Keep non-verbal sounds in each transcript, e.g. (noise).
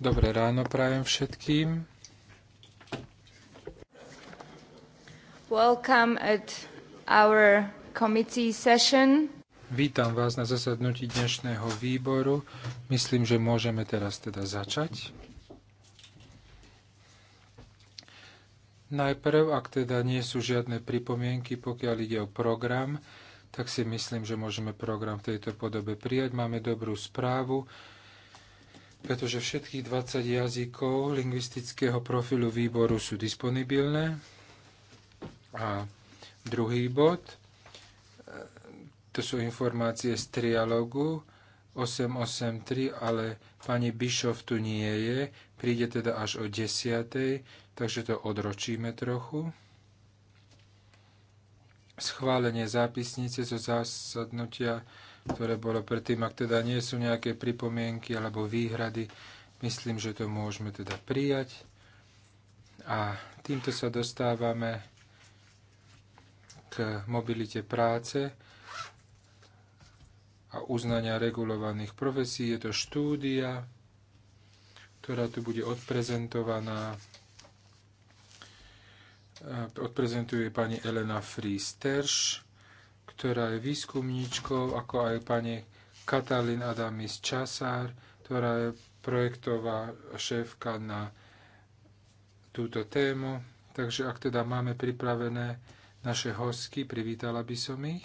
Dobré ráno prajem všetkým. Welcome at our committee session. Vítam vás na zasadnutí dnešného výboru. Myslím, že môžeme teraz teda začať. Najprv, ak teda nie sú žiadne pripomienky, pokiaľ ide o program, tak si myslím, že môžeme program v tejto podobe prijať. Máme dobrú správu pretože všetkých 20 jazykov lingvistického profilu výboru sú disponibilné. A druhý bod, e, to sú informácie z trialogu 883, ale pani Bišov tu nie je, príde teda až o 10. Takže to odročíme trochu. Schválenie zápisnice zo zásadnutia ktoré bolo predtým. Ak teda nie sú nejaké pripomienky alebo výhrady, myslím, že to môžeme teda prijať. A týmto sa dostávame k mobilite práce a uznania regulovaných profesí. Je to štúdia, ktorá tu bude odprezentovaná. E, odprezentuje pani Elena fries ktorá je výskumníčkou, ako aj pani Katalin Adamis Časár, ktorá je projektová šéfka na túto tému. Takže ak teda máme pripravené naše hostky, privítala by som ich.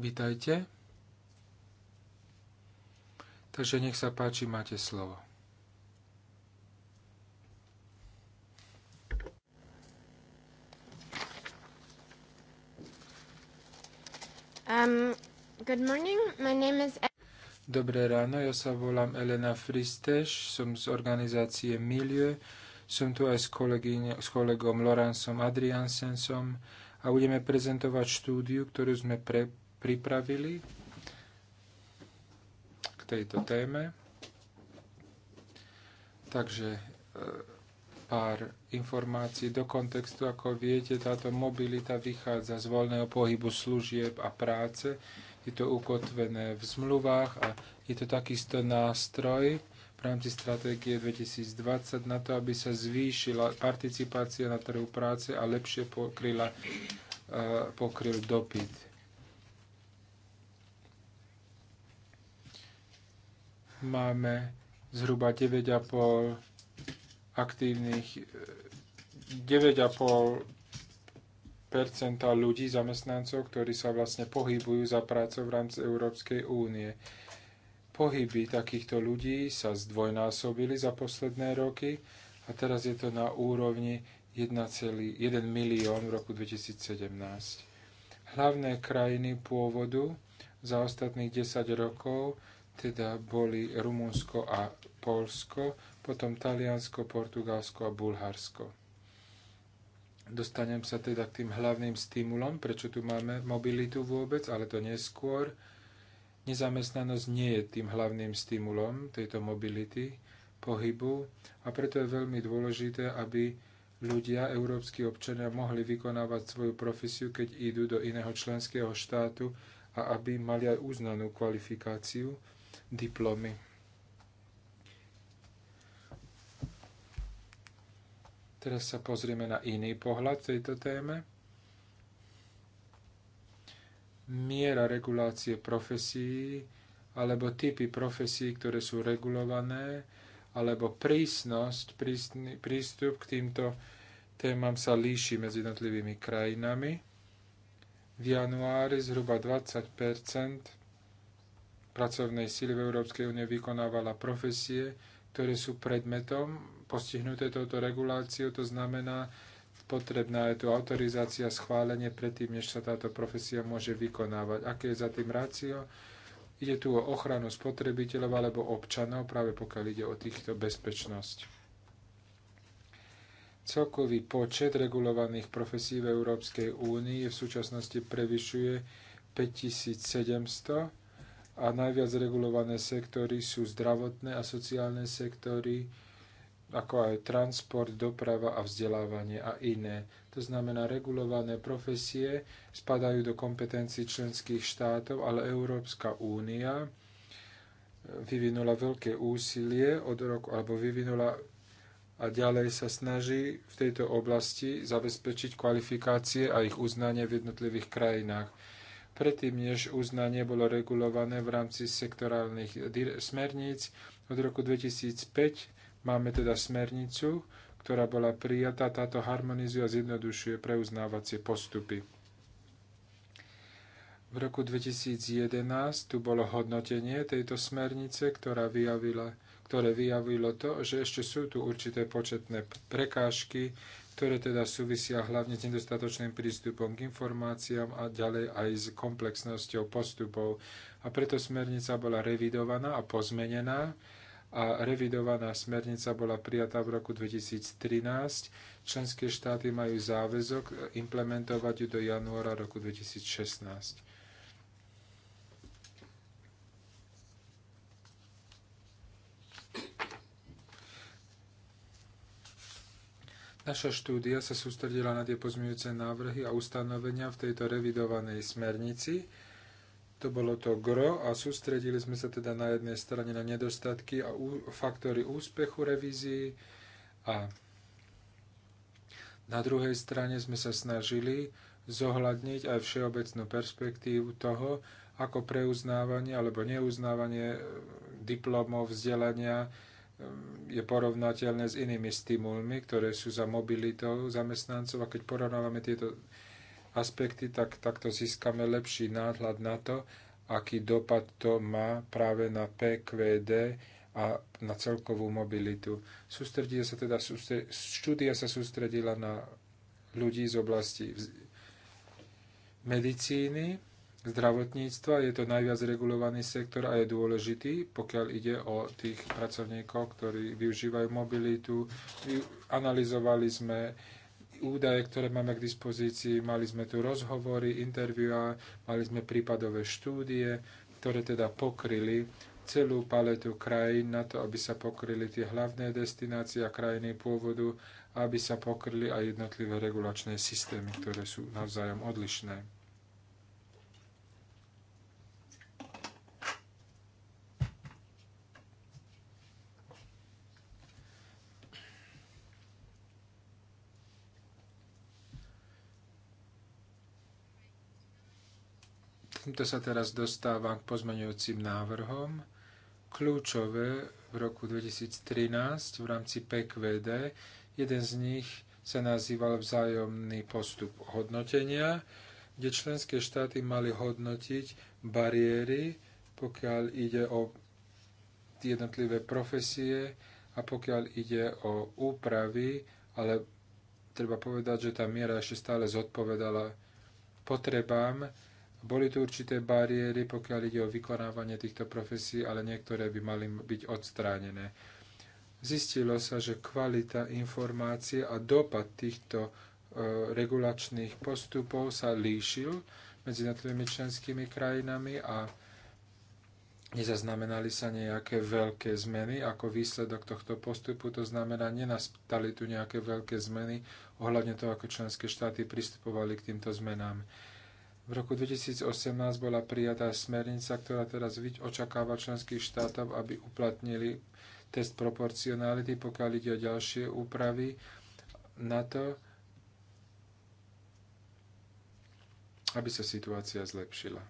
Vítajte. Takže nech sa páči, máte slovo. Um, good morning, my name is... E- Dobré ráno, ja sa volám Elena Fristeš, som z organizácie Milieu, som tu aj s, s kolegom Lorancom Adriansensom a budeme prezentovať štúdiu, ktorú sme pre, pripravili k tejto téme. Takže e, pár informácií do kontextu. Ako viete, táto mobilita vychádza z voľného pohybu služieb a práce. Je to ukotvené v zmluvách a je to takisto nástroj v rámci stratégie 2020 na to, aby sa zvýšila participácia na trhu práce a lepšie pokryla, eh, pokryl dopyt. Máme zhruba 9,5 aktívnych 9,5 e, ľudí, zamestnancov, ktorí sa vlastne pohybujú za prácu v rámci Európskej únie. Pohyby takýchto ľudí sa zdvojnásobili za posledné roky a teraz je to na úrovni 1,1 milión v roku 2017. Hlavné krajiny pôvodu za ostatných 10 rokov teda boli Rumunsko a Polsko potom Taliansko, Portugalsko a Bulharsko. Dostanem sa teda k tým hlavným stimulom, prečo tu máme mobilitu vôbec, ale to neskôr. Nezamestnanosť nie je tým hlavným stimulom tejto mobility, pohybu a preto je veľmi dôležité, aby ľudia, európsky občania, mohli vykonávať svoju profesiu, keď idú do iného členského štátu a aby mali aj uznanú kvalifikáciu, diplomy. Teraz sa pozrieme na iný pohľad tejto téme. Miera regulácie profesí alebo typy profesí, ktoré sú regulované, alebo prísnosť, prísny, prístup k týmto témam sa líši medzi jednotlivými krajinami. V januári zhruba 20 pracovnej síly v Európskej únie vykonávala profesie, ktoré sú predmetom postihnuté touto reguláciou, to znamená, potrebná je tu autorizácia, schválenie predtým, než sa táto profesia môže vykonávať. Aké je za tým rácio? Ide tu o ochranu spotrebiteľov alebo občanov, práve pokiaľ ide o týchto bezpečnosť. Celkový počet regulovaných profesí v Európskej únii v súčasnosti prevyšuje 5700 a najviac regulované sektory sú zdravotné a sociálne sektory, ako aj transport, doprava a vzdelávanie a iné. To znamená, regulované profesie spadajú do kompetencií členských štátov, ale Európska únia vyvinula veľké úsilie od roku, alebo vyvinula a ďalej sa snaží v tejto oblasti zabezpečiť kvalifikácie a ich uznanie v jednotlivých krajinách. Predtým, než uznanie bolo regulované v rámci sektorálnych smerníc, od roku 2005 Máme teda smernicu, ktorá bola prijatá, táto harmonizuje a zjednodušuje preuznávacie postupy. V roku 2011 tu bolo hodnotenie tejto smernice, ktorá vyjavila, ktoré vyjavilo to, že ešte sú tu určité početné prekážky, ktoré teda súvisia hlavne s nedostatočným prístupom k informáciám a ďalej aj s komplexnosťou postupov. A preto smernica bola revidovaná a pozmenená a revidovaná smernica bola prijatá v roku 2013. Členské štáty majú záväzok implementovať ju do januára roku 2016. Naša štúdia sa sústredila na tie pozmeňujúce návrhy a ustanovenia v tejto revidovanej smernici to bolo to gro a sústredili sme sa teda na jednej strane na nedostatky a faktory úspechu revízií a na druhej strane sme sa snažili zohľadniť aj všeobecnú perspektívu toho, ako preuznávanie alebo neuznávanie e, diplomov, vzdelania e, je porovnateľné s inými stimulmi, ktoré sú za mobilitou zamestnancov. A keď porovnávame tieto aspekty, tak takto získame lepší náhľad na to, aký dopad to má práve na PQD a na celkovú mobilitu. Sústredia sa teda, štúdia sa sústredila na ľudí z oblasti medicíny, zdravotníctva. Je to najviac regulovaný sektor a je dôležitý, pokiaľ ide o tých pracovníkov, ktorí využívajú mobilitu. Analyzovali sme údaje, ktoré máme k dispozícii. Mali sme tu rozhovory, interviua, mali sme prípadové štúdie, ktoré teda pokryli celú paletu krajín na to, aby sa pokryli tie hlavné destinácie a krajiny pôvodu, aby sa pokryli aj jednotlivé regulačné systémy, ktoré sú navzájom odlišné. Týmto sa teraz dostávam k pozmeňujúcim návrhom. Kľúčové v roku 2013 v rámci PQD, jeden z nich sa nazýval vzájomný postup hodnotenia, kde členské štáty mali hodnotiť bariéry, pokiaľ ide o jednotlivé profesie a pokiaľ ide o úpravy, ale treba povedať, že tá miera ešte stále zodpovedala potrebám boli tu určité bariéry, pokiaľ ide o vykonávanie týchto profesí, ale niektoré by mali byť odstránené. Zistilo sa, že kvalita informácie a dopad týchto e, regulačných postupov sa líšil medzi jednotlivými členskými krajinami a nezaznamenali sa nejaké veľké zmeny ako výsledok tohto postupu. To znamená, nenastali tu nejaké veľké zmeny ohľadne toho, ako členské štáty pristupovali k týmto zmenám. V roku 2018 bola prijatá smernica, ktorá teraz očakáva členských štátov, aby uplatnili test proporcionality, pokiaľ ide o ďalšie úpravy na to, aby sa situácia zlepšila.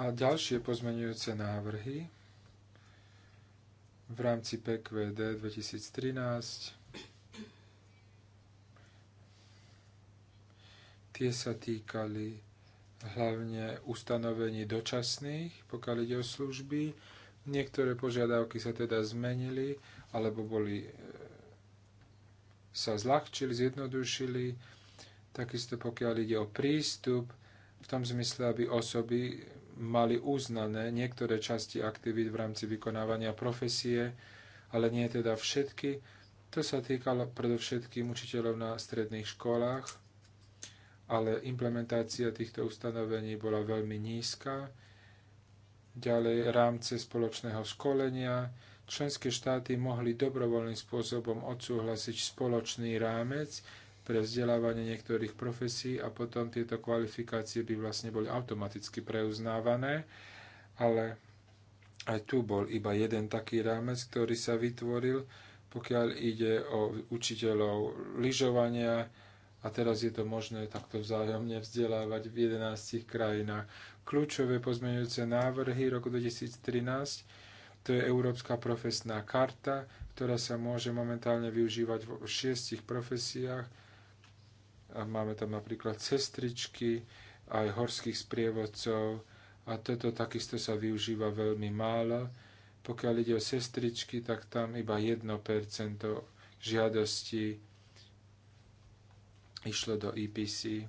A ďalšie pozmenujúce návrhy v rámci PQD 2013 Tie sa týkali hlavne ustanovení dočasných, pokiaľ ide o služby. Niektoré požiadavky sa teda zmenili, alebo boli, e, sa zľahčili, zjednodušili. Takisto pokiaľ ide o prístup, v tom zmysle, aby osoby mali uznané niektoré časti aktivít v rámci vykonávania profesie, ale nie teda všetky. To sa týkalo predovšetkým učiteľov na stredných školách ale implementácia týchto ustanovení bola veľmi nízka. Ďalej rámce spoločného školenia. Členské štáty mohli dobrovoľným spôsobom odsúhlasiť spoločný rámec pre vzdelávanie niektorých profesí a potom tieto kvalifikácie by vlastne boli automaticky preuznávané, ale aj tu bol iba jeden taký rámec, ktorý sa vytvoril, pokiaľ ide o učiteľov lyžovania, a teraz je to možné takto vzájomne vzdelávať v 11 krajinách. Kľúčové pozmeňujúce návrhy roku 2013 to je Európska profesná karta, ktorá sa môže momentálne využívať v šiestich profesiách. A máme tam napríklad sestričky, aj horských sprievodcov a toto takisto sa využíva veľmi málo. Pokiaľ ide o sestričky, tak tam iba 1% žiadosti išlo do EPC.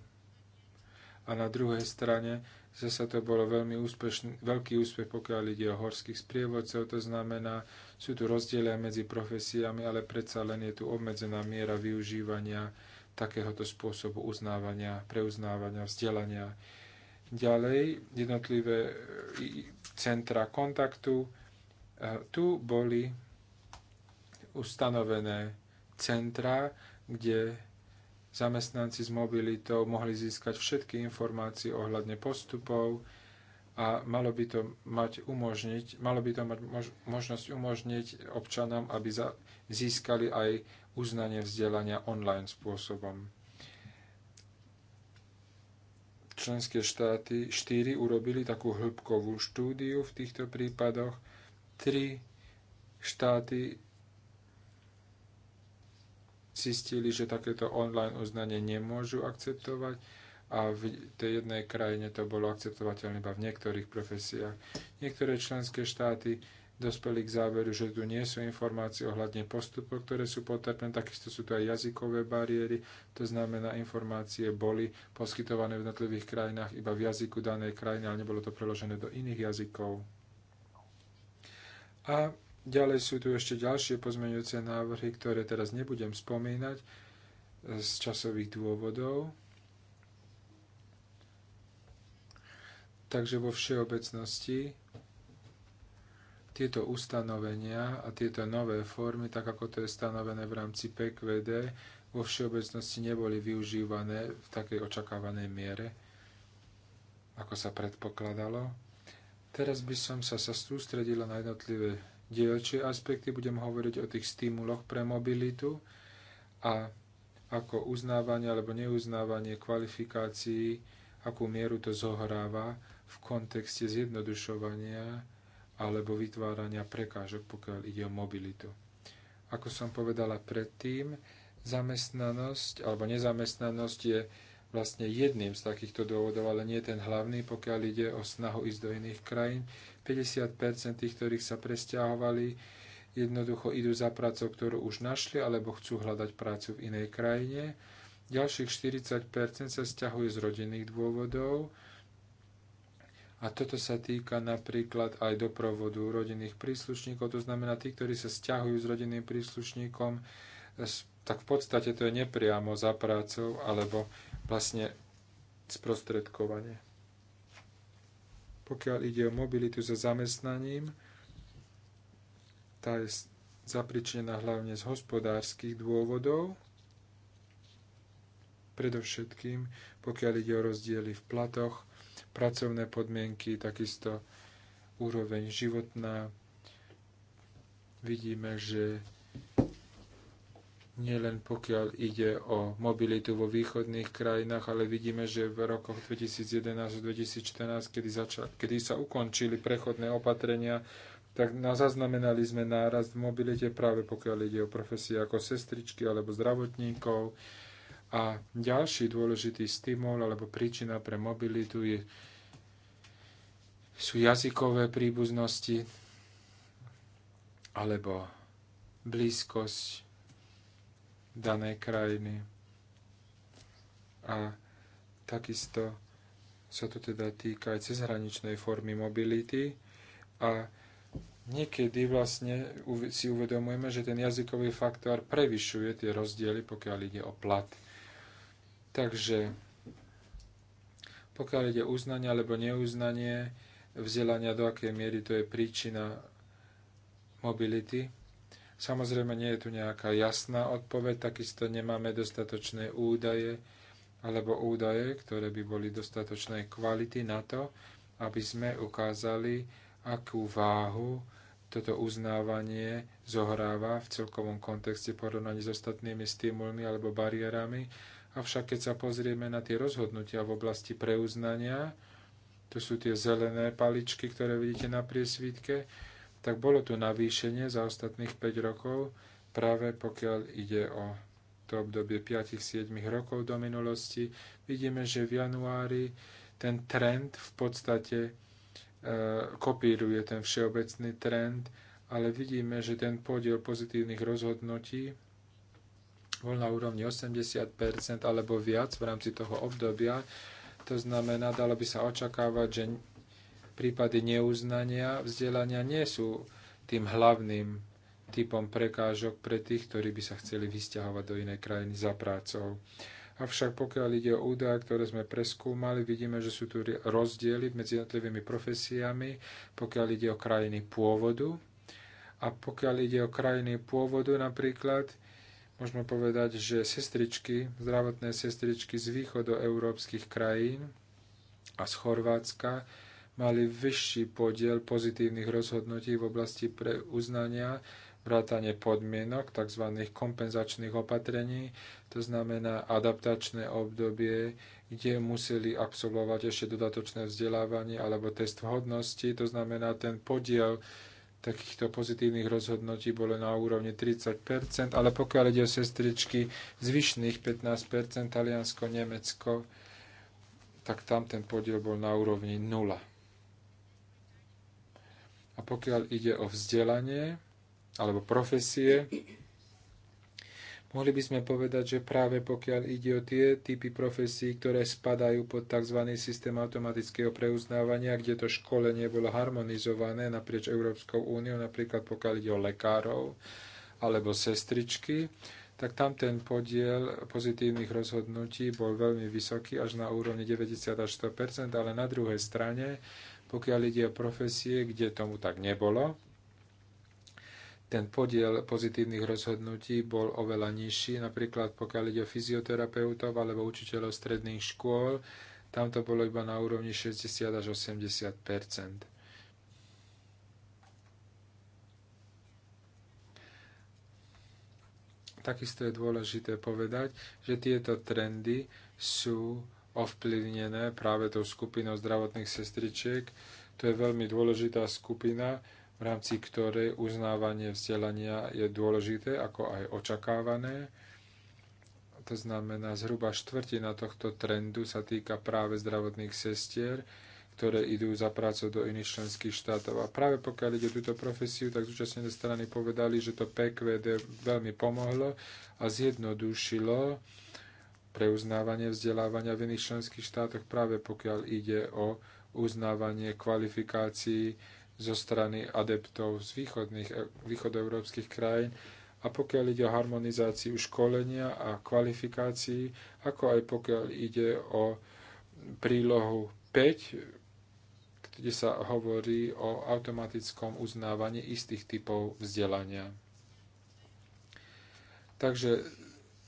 A na druhej strane zase to bolo veľmi úspešný, veľký úspech, pokiaľ ide o horských sprievodcov. To znamená, sú tu rozdiely medzi profesiami, ale predsa len je tu obmedzená miera využívania takéhoto spôsobu uznávania, preuznávania, vzdelania. Ďalej jednotlivé e, centra kontaktu. E, tu boli ustanovené centra, kde zamestnanci s mobilitou mohli získať všetky informácie ohľadne postupov a malo by to mať umožniť, malo by to mať mož, možnosť umožniť občanom, aby za, získali aj uznanie vzdelania online spôsobom. Členské štáty 4 urobili takú hĺbkovú štúdiu v týchto prípadoch, 3 štáty zistili, že takéto online uznanie nemôžu akceptovať a v tej jednej krajine to bolo akceptovateľné iba v niektorých profesiách. Niektoré členské štáty dospeli k záveru, že tu nie sú informácie ohľadne postupov, ktoré sú potrebné, takisto sú tu aj jazykové bariéry, to znamená, informácie boli poskytované v jednotlivých krajinách iba v jazyku danej krajiny, ale nebolo to preložené do iných jazykov. A Ďalej sú tu ešte ďalšie pozmeňujúce návrhy, ktoré teraz nebudem spomínať z časových dôvodov. Takže vo všeobecnosti tieto ustanovenia a tieto nové formy, tak ako to je stanovené v rámci PQD, vo všeobecnosti neboli využívané v takej očakávanej miere, ako sa predpokladalo. Teraz by som sa, sústredila na jednotlivé dielčie aspekty, budem hovoriť o tých stimuloch pre mobilitu a ako uznávanie alebo neuznávanie kvalifikácií, akú mieru to zohráva v kontexte zjednodušovania alebo vytvárania prekážok, pokiaľ ide o mobilitu. Ako som povedala predtým, zamestnanosť alebo nezamestnanosť je vlastne jedným z takýchto dôvodov, ale nie ten hlavný, pokiaľ ide o snahu ísť do iných krajín. 50% tých, ktorých sa presťahovali, jednoducho idú za prácou, ktorú už našli, alebo chcú hľadať prácu v inej krajine. Ďalších 40% sa stiahuje z rodinných dôvodov. A toto sa týka napríklad aj doprovodu rodinných príslušníkov, to znamená tí, ktorí sa stiahujú s rodinným príslušníkom, tak v podstate to je nepriamo za prácou alebo vlastne sprostredkovanie. Pokiaľ ide o mobilitu so zamestnaním, tá je zapričnená hlavne z hospodárskych dôvodov, predovšetkým pokiaľ ide o rozdiely v platoch, pracovné podmienky, takisto úroveň životná. Vidíme, že nielen pokiaľ ide o mobilitu vo východných krajinách, ale vidíme, že v rokoch 2011 a 2014, kedy, začal, kedy sa ukončili prechodné opatrenia, tak zaznamenali sme nárast v mobilite práve pokiaľ ide o profesie ako sestričky alebo zdravotníkov. A ďalší dôležitý stimul alebo príčina pre mobilitu je, sú jazykové príbuznosti alebo blízkosť danej krajiny. A takisto sa to teda týka aj cezhraničnej formy mobility a niekedy vlastne si uvedomujeme, že ten jazykový faktor prevyšuje tie rozdiely, pokiaľ ide o plat. Takže pokiaľ ide uznanie alebo neuznanie vzdelania, do akej miery to je príčina mobility, Samozrejme, nie je tu nejaká jasná odpoveď, takisto nemáme dostatočné údaje alebo údaje, ktoré by boli dostatočnej kvality na to, aby sme ukázali, akú váhu toto uznávanie zohráva v celkovom kontexte porovnaní s ostatnými stimulmi alebo bariérami. Avšak keď sa pozrieme na tie rozhodnutia v oblasti preuznania, to sú tie zelené paličky, ktoré vidíte na priesvítke, tak bolo tu navýšenie za ostatných 5 rokov, práve pokiaľ ide o to obdobie 5-7 rokov do minulosti. Vidíme, že v januári ten trend v podstate e, kopíruje ten všeobecný trend, ale vidíme, že ten podiel pozitívnych rozhodnutí bol na úrovni 80% alebo viac v rámci toho obdobia. To znamená, dalo by sa očakávať, že prípady neuznania vzdelania nie sú tým hlavným typom prekážok pre tých, ktorí by sa chceli vysťahovať do inej krajiny za prácou. Avšak pokiaľ ide o údaje, ktoré sme preskúmali, vidíme, že sú tu rozdiely medzi jednotlivými profesiami, pokiaľ ide o krajiny pôvodu. A pokiaľ ide o krajiny pôvodu napríklad, môžeme povedať, že sestričky, zdravotné sestričky z východoeurópskych krajín a z Chorvátska mali vyšší podiel pozitívnych rozhodnutí v oblasti pre uznania, vrátanie podmienok, tzv. kompenzačných opatrení, to znamená adaptačné obdobie, kde museli absolvovať ešte dodatočné vzdelávanie alebo test vhodnosti, to znamená ten podiel takýchto pozitívnych rozhodnutí bolo na úrovni 30%, ale pokiaľ ide o sestričky zvyšných 15%, Taliansko, Nemecko, tak tam ten podiel bol na úrovni 0. A pokiaľ ide o vzdelanie alebo profesie, mohli by sme povedať, že práve pokiaľ ide o tie typy profesí, ktoré spadajú pod tzv. systém automatického preuznávania, kde to školenie bolo harmonizované naprieč Európskou úniou, napríklad pokiaľ ide o lekárov alebo sestričky, tak tam ten podiel pozitívnych rozhodnutí bol veľmi vysoký, až na úrovni 90 až 100 ale na druhej strane pokiaľ ide o profesie, kde tomu tak nebolo, ten podiel pozitívnych rozhodnutí bol oveľa nižší, napríklad pokiaľ ide o fyzioterapeutov alebo učiteľov stredných škôl, tam to bolo iba na úrovni 60 až 80 Takisto je dôležité povedať, že tieto trendy sú ovplyvnené práve tou skupinou zdravotných sestričiek. To je veľmi dôležitá skupina, v rámci ktorej uznávanie vzdelania je dôležité, ako aj očakávané. To znamená, zhruba štvrtina tohto trendu sa týka práve zdravotných sestier, ktoré idú za prácu do iných členských štátov. A práve pokiaľ ide túto profesiu, tak zúčastnené strany povedali, že to PQD veľmi pomohlo a zjednodušilo pre uznávanie vzdelávania v iných členských štátoch, práve pokiaľ ide o uznávanie kvalifikácií zo strany adeptov z východných, východoeurópskych krajín a pokiaľ ide o harmonizáciu školenia a kvalifikácií, ako aj pokiaľ ide o prílohu 5, kde sa hovorí o automatickom uznávaní istých typov vzdelania. Takže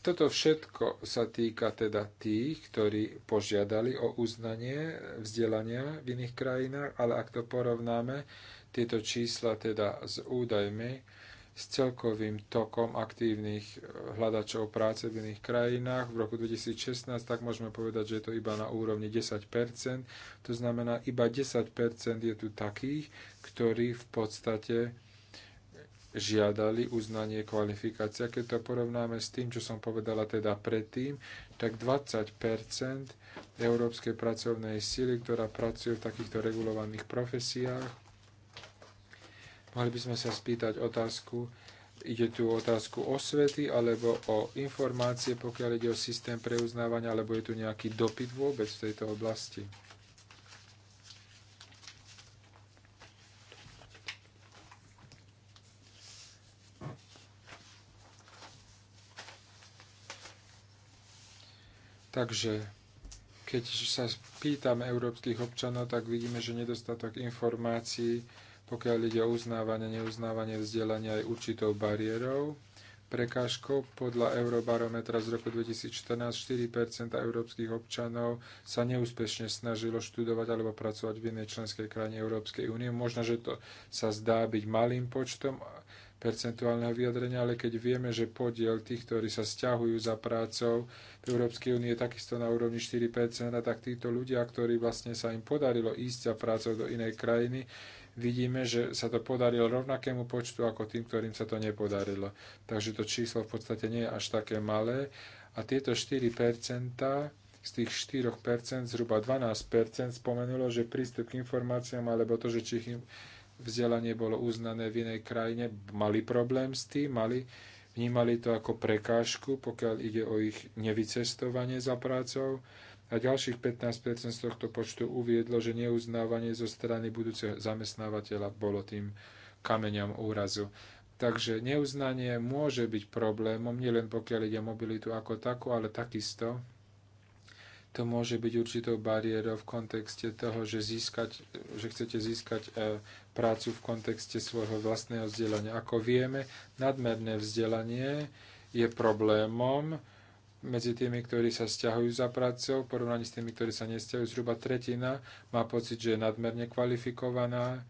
toto všetko sa týka teda tých, ktorí požiadali o uznanie vzdelania v iných krajinách, ale ak to porovnáme, tieto čísla teda s údajmi, s celkovým tokom aktívnych eh, hľadačov práce v iných krajinách v roku 2016, tak môžeme povedať, že je to iba na úrovni 10 To znamená, iba 10 je tu takých, ktorí v podstate žiadali uznanie kvalifikácia. Keď to porovnáme s tým, čo som povedala teda predtým, tak 20 európskej pracovnej sily, ktorá pracuje v takýchto regulovaných profesiách. Mohli by sme sa spýtať otázku, ide tu o otázku osvety alebo o informácie, pokiaľ ide o systém preuznávania, alebo je tu nejaký dopyt vôbec v tejto oblasti. Takže keď sa pýtam európskych občanov, tak vidíme, že nedostatok informácií, pokiaľ ide o uznávanie, neuznávanie vzdelania, aj určitou bariérou. Prekážkou podľa Eurobarometra z roku 2014 4 európskych občanov sa neúspešne snažilo študovať alebo pracovať v inej členskej krajine Európskej únie. Možno, že to sa zdá byť malým počtom, percentuálneho vyjadrenia, ale keď vieme, že podiel tých, ktorí sa stiahujú za prácou v Európskej únie je takisto na úrovni 4%, tak títo ľudia, ktorí vlastne sa im podarilo ísť za prácou do inej krajiny, vidíme, že sa to podarilo rovnakému počtu ako tým, ktorým sa to nepodarilo. Takže to číslo v podstate nie je až také malé. A tieto 4% z tých 4% zhruba 12% spomenulo, že prístup k informáciám alebo to, že či ich vzdelanie bolo uznané v inej krajine, mali problém s tým, mali, vnímali to ako prekážku, pokiaľ ide o ich nevycestovanie za prácou. A ďalších 15% z tohto počtu uviedlo, že neuznávanie zo strany budúceho zamestnávateľa bolo tým kameňom úrazu. Takže neuznanie môže byť problémom, nielen pokiaľ ide o mobilitu ako takú, ale takisto to môže byť určitou bariérou v kontexte toho, že, získať, že chcete získať e, prácu v kontexte svojho vlastného vzdelania. Ako vieme, nadmerné vzdelanie je problémom medzi tými, ktorí sa stiahujú za prácou, v porovnaní s tými, ktorí sa nestiahujú. Zhruba tretina má pocit, že je nadmerne kvalifikovaná,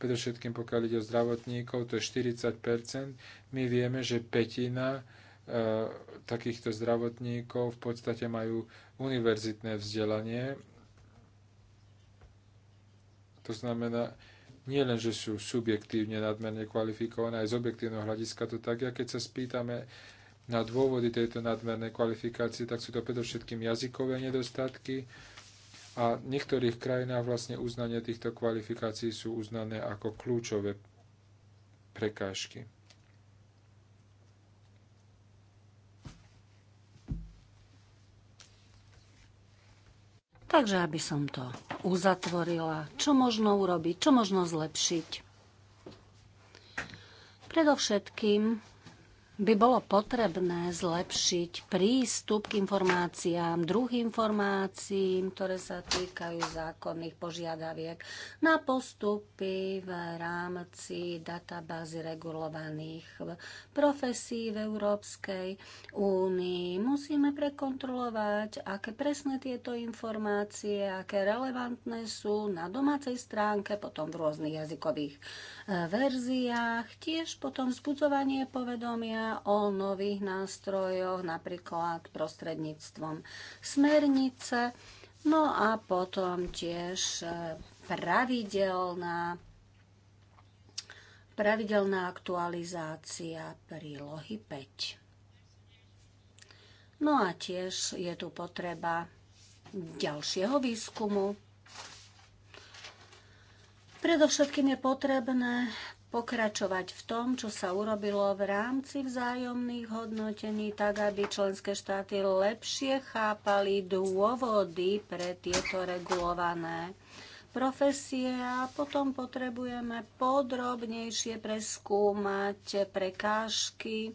predovšetkým pokiaľ ide o zdravotníkov, to je 40 My vieme, že petina e, takýchto zdravotníkov v podstate majú univerzitné vzdelanie. To znamená, nie len, že sú subjektívne nadmerne kvalifikované, aj z objektívneho hľadiska to tak, a keď sa spýtame na dôvody tejto nadmernej kvalifikácie, tak sú to predovšetkým jazykové nedostatky a v niektorých krajinách vlastne uznanie týchto kvalifikácií sú uznané ako kľúčové prekážky. Takže aby som to uzatvorila, čo možno urobiť, čo možno zlepšiť. Predovšetkým by bolo potrebné zlepšiť prístup k informáciám, druhým informáciám, ktoré sa týkajú zákonných požiadaviek na postupy v rámci databázy regulovaných profesí v Európskej únii. Musíme prekontrolovať, aké presné tieto informácie, aké relevantné sú na domácej stránke, potom v rôznych jazykových eh, verziách, tiež potom spudzovanie povedomia o nových nástrojoch, napríklad prostredníctvom smernice, no a potom tiež e, pravidelná pravidelná aktualizácia prílohy 5. No a tiež je tu potreba ďalšieho výskumu. Predovšetkým je potrebné pokračovať v tom, čo sa urobilo v rámci vzájomných hodnotení, tak aby členské štáty lepšie chápali dôvody pre tieto regulované profesie a potom potrebujeme podrobnejšie preskúmať prekážky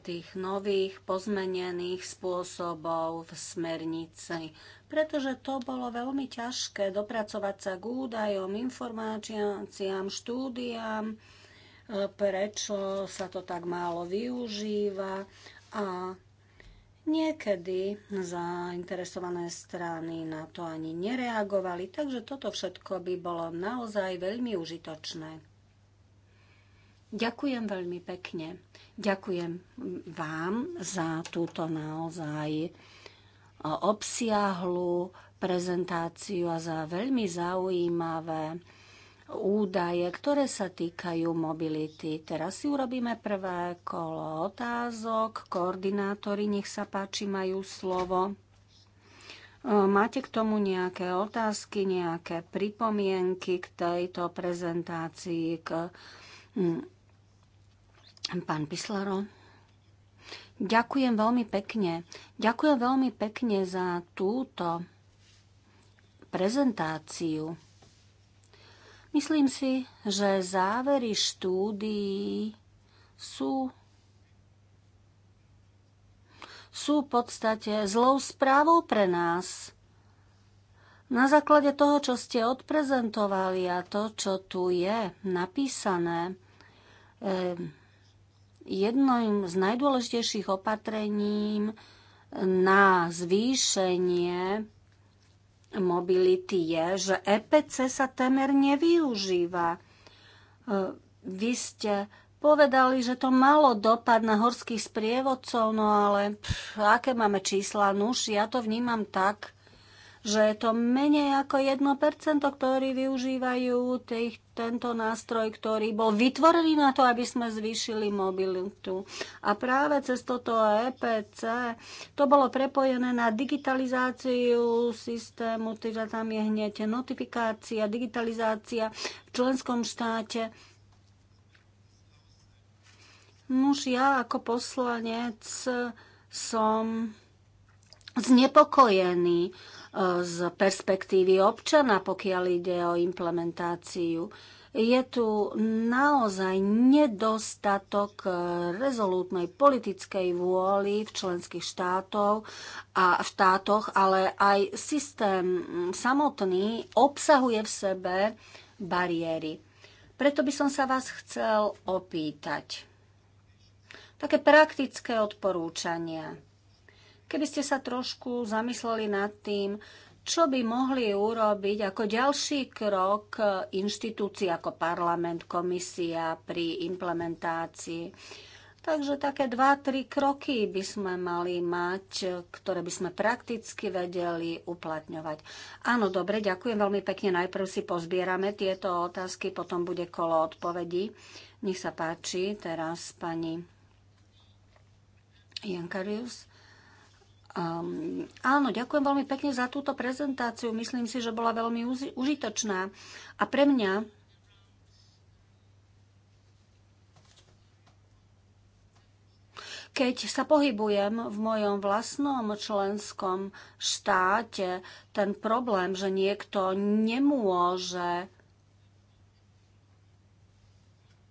tých nových pozmenených spôsobov v smernici, pretože to bolo veľmi ťažké dopracovať sa k údajom, informáciám, štúdiám, e, prečo sa to tak málo využíva a Niekedy zainteresované strany na to ani nereagovali, takže toto všetko by bolo naozaj veľmi užitočné. Ďakujem veľmi pekne. Ďakujem vám za túto naozaj e, obsiahlu prezentáciu a za veľmi zaujímavé údaje, ktoré sa týkajú mobility. Teraz si urobíme prvé kolo otázok. Koordinátori, nech sa páči, majú slovo. E, máte k tomu nejaké otázky, nejaké pripomienky k tejto prezentácii, k Pán Pislaro. Ďakujem veľmi pekne. Ďakujem veľmi pekne za túto prezentáciu. Myslím si, že závery štúdií sú sú v podstate zlou správou pre nás. Na základe toho, čo ste odprezentovali a to, čo tu je napísané, eh, jedným z najdôležitejších opatrením na zvýšenie mobility je, že EPC sa temer nevyužíva. E, vy ste povedali, že to malo dopad na horských sprievodcov, no ale pff, aké máme čísla? Nuž, ja to vnímam tak, že je to menej ako 1%, ktorí využívajú tých, tento nástroj, ktorý bol vytvorený na to, aby sme zvýšili mobilitu. A práve cez toto EPC to bolo prepojené na digitalizáciu systému, teda tam je hneď notifikácia, digitalizácia v členskom štáte. Nuž ja ako poslanec som znepokojení e, z perspektívy občana, pokiaľ ide o implementáciu. Je tu naozaj nedostatok e, rezolútnej politickej vôly v členských štátov a v štátoch, ale aj systém samotný obsahuje v sebe bariéry. Preto by som sa vás chcel opýtať. Také praktické odporúčania keby ste sa trošku zamysleli nad tým, čo by mohli urobiť ako ďalší krok inštitúcií ako parlament, komisia pri implementácii. Takže také 2-3 kroky by sme mali mať, ktoré by sme prakticky vedeli uplatňovať. Áno, dobre, ďakujem veľmi pekne. Najprv si pozbierame tieto otázky, potom bude kolo odpovedí. Nech sa páči teraz pani Jankarius. Um, áno, ďakujem veľmi pekne za túto prezentáciu. Myslím si, že bola veľmi užitočná. A pre mňa keď sa pohybujem v mojom vlastnom členskom štáte, ten problém, že niekto nemôže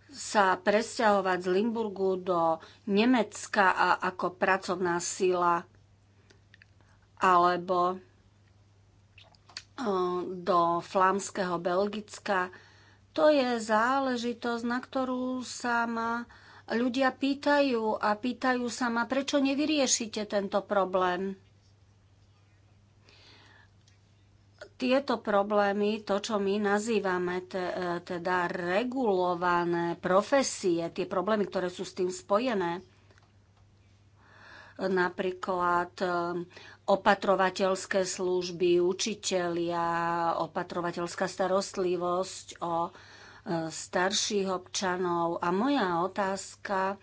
sa presťahovať z Limburgu do Nemecka a ako pracovná sila alebo eh, do flámskeho Belgicka. To je záležitosť, na ktorú sa ma ľudia pýtajú a pýtajú sa ma, prečo nevyriešite tento problém. Tieto problémy, to, čo my nazývame eh, teda regulované profesie, tie problémy, ktoré sú s tým spojené, napríklad e, opatrovateľské služby, učitelia, opatrovateľská starostlivosť o e, starších občanov. A moja otázka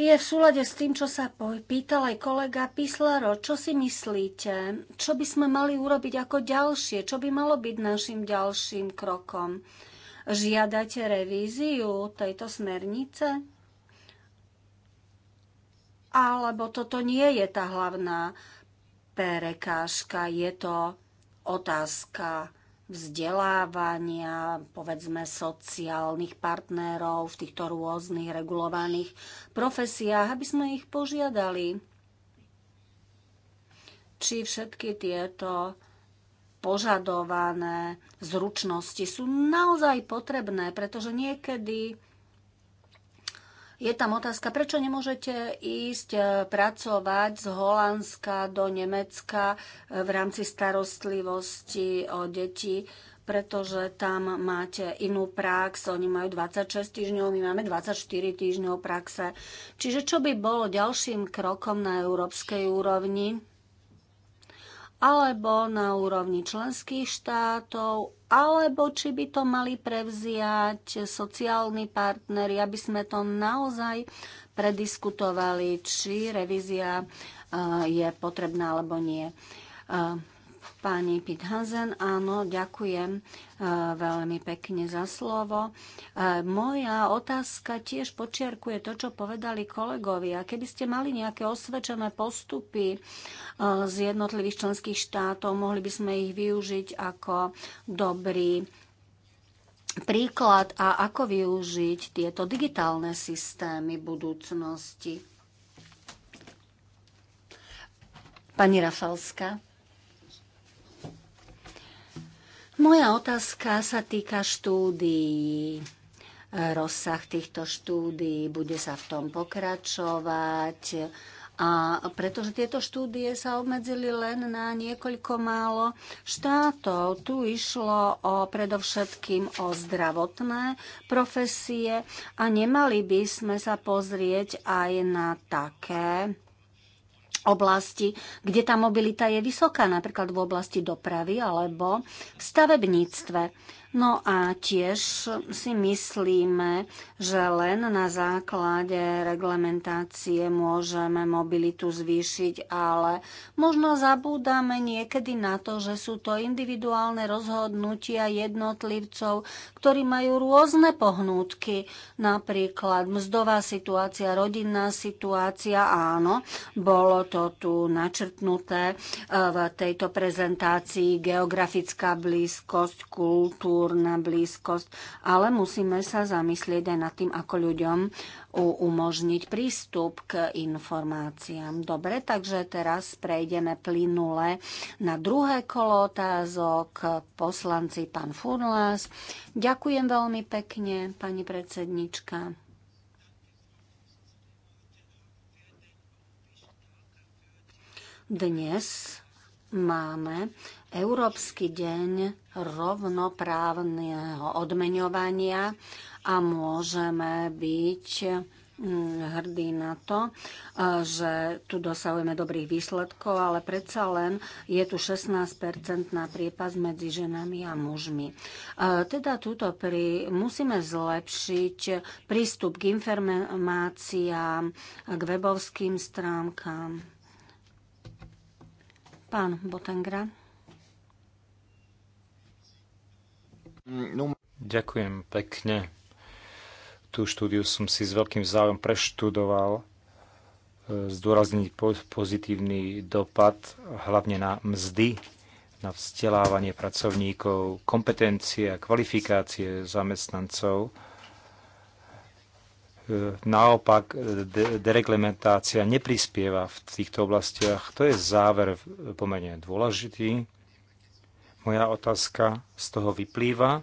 je v súlade s tým, čo sa pýtal aj kolega Pislaro. Čo si myslíte, čo by sme mali urobiť ako ďalšie? Čo by malo byť našim ďalším krokom? Žiadate revíziu tejto smernice? alebo toto nie je tá hlavná prekážka, je to otázka vzdelávania, povedzme sociálnych partnerov v týchto rôznych regulovaných profesiách, aby sme ich požiadali, či všetky tieto požadované zručnosti sú naozaj potrebné, pretože niekedy je tam otázka, prečo nemôžete ísť e, pracovať z Holandska do Nemecka e, v rámci starostlivosti o deti, pretože tam máte inú prax, oni majú 26 týždňov, my máme 24 týždňov praxe. Čiže čo by bolo ďalším krokom na európskej úrovni? alebo na úrovni členských štátov, alebo či by to mali prevziať sociálni partnery, aby sme to naozaj prediskutovali, či revízia eh, je potrebná alebo nie. Eh, Pani Pithansen, áno, ďakujem e, veľmi pekne za slovo. E, moja otázka tiež počiarkuje to, čo povedali kolegovia. Keby ste mali nejaké osvedčené postupy e, z jednotlivých členských štátov, mohli by sme ich využiť ako dobrý príklad a ako využiť tieto digitálne systémy budúcnosti. Pani Rafalská. Moja otázka sa týka štúdií rozsah týchto štúdií, bude sa v tom pokračovať. A pretože tieto štúdie sa obmedzili len na niekoľko málo štátov, tu išlo o, predovšetkým o zdravotné profesie a nemali by sme sa pozrieť aj na také oblasti, kde tá mobilita je vysoká, napríklad v oblasti dopravy alebo v stavebníctve. No a tiež si myslíme, že len na základe reglementácie môžeme mobilitu zvýšiť, ale možno zabúdame niekedy na to, že sú to individuálne rozhodnutia jednotlivcov, ktorí majú rôzne pohnútky, napríklad mzdová situácia, rodinná situácia, áno, bolo to tu načrtnuté eh, v tejto prezentácii geografická blízkosť, kultúra, kultúrna blízkosť, ale musíme sa zamyslieť aj nad tým, ako ľuďom umožniť prístup k informáciám. Dobre, takže teraz prejdeme plynule na druhé kolo otázok. Poslanci pán Furlás. Ďakujem veľmi pekne, pani predsednička. Dnes máme Európsky deň rovnoprávneho odmeňovania a môžeme byť mm, hrdí na to, e, že tu dosahujeme dobrých výsledkov, ale predsa len je tu 16-percentná priepas medzi ženami a mužmi. E, teda túto pri, musíme zlepšiť prístup k informáciám, k webovským stránkám. Pán Botengra. Ďakujem pekne. Tú štúdiu som si s veľkým záujem preštudoval. E, zdôrazniť pozitívny dopad hlavne na mzdy, na vzdelávanie pracovníkov, kompetencie a kvalifikácie zamestnancov. E, naopak, e, dereglementácia neprispieva v týchto oblastiach. To je záver pomerne dôležitý moja otázka z toho vyplýva.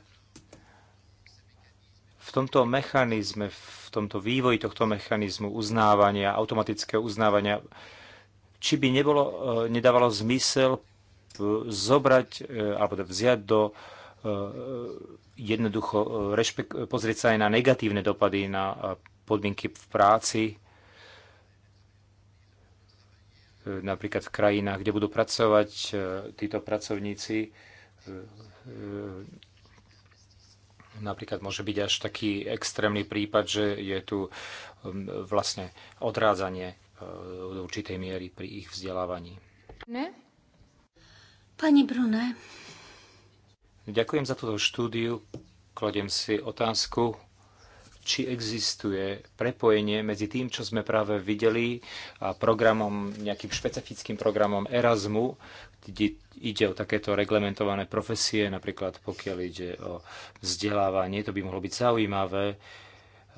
V tomto mechanizme, v tomto vývoji tohto mechanizmu uznávania, automatického uznávania, či by nebolo, e, nedávalo zmysel zobrať e, alebo teda vziať do e, jednoducho pozrieť sa aj na negatívne dopady na podmienky v práci, napríklad v krajinách, kde budú pracovať e, títo pracovníci. E, e, napríklad môže byť až taký extrémny prípad, že je tu vlastne odrádzanie do určitej miery pri ich vzdelávaní. Ne? Pani Brune. Ďakujem za túto štúdiu. Kladiem si otázku, či existuje prepojenie medzi tým, čo sme práve videli a programom, nejakým špecifickým programom Erasmu, kde ide o takéto reglementované profesie, napríklad pokiaľ ide o vzdelávanie, to by mohlo byť zaujímavé,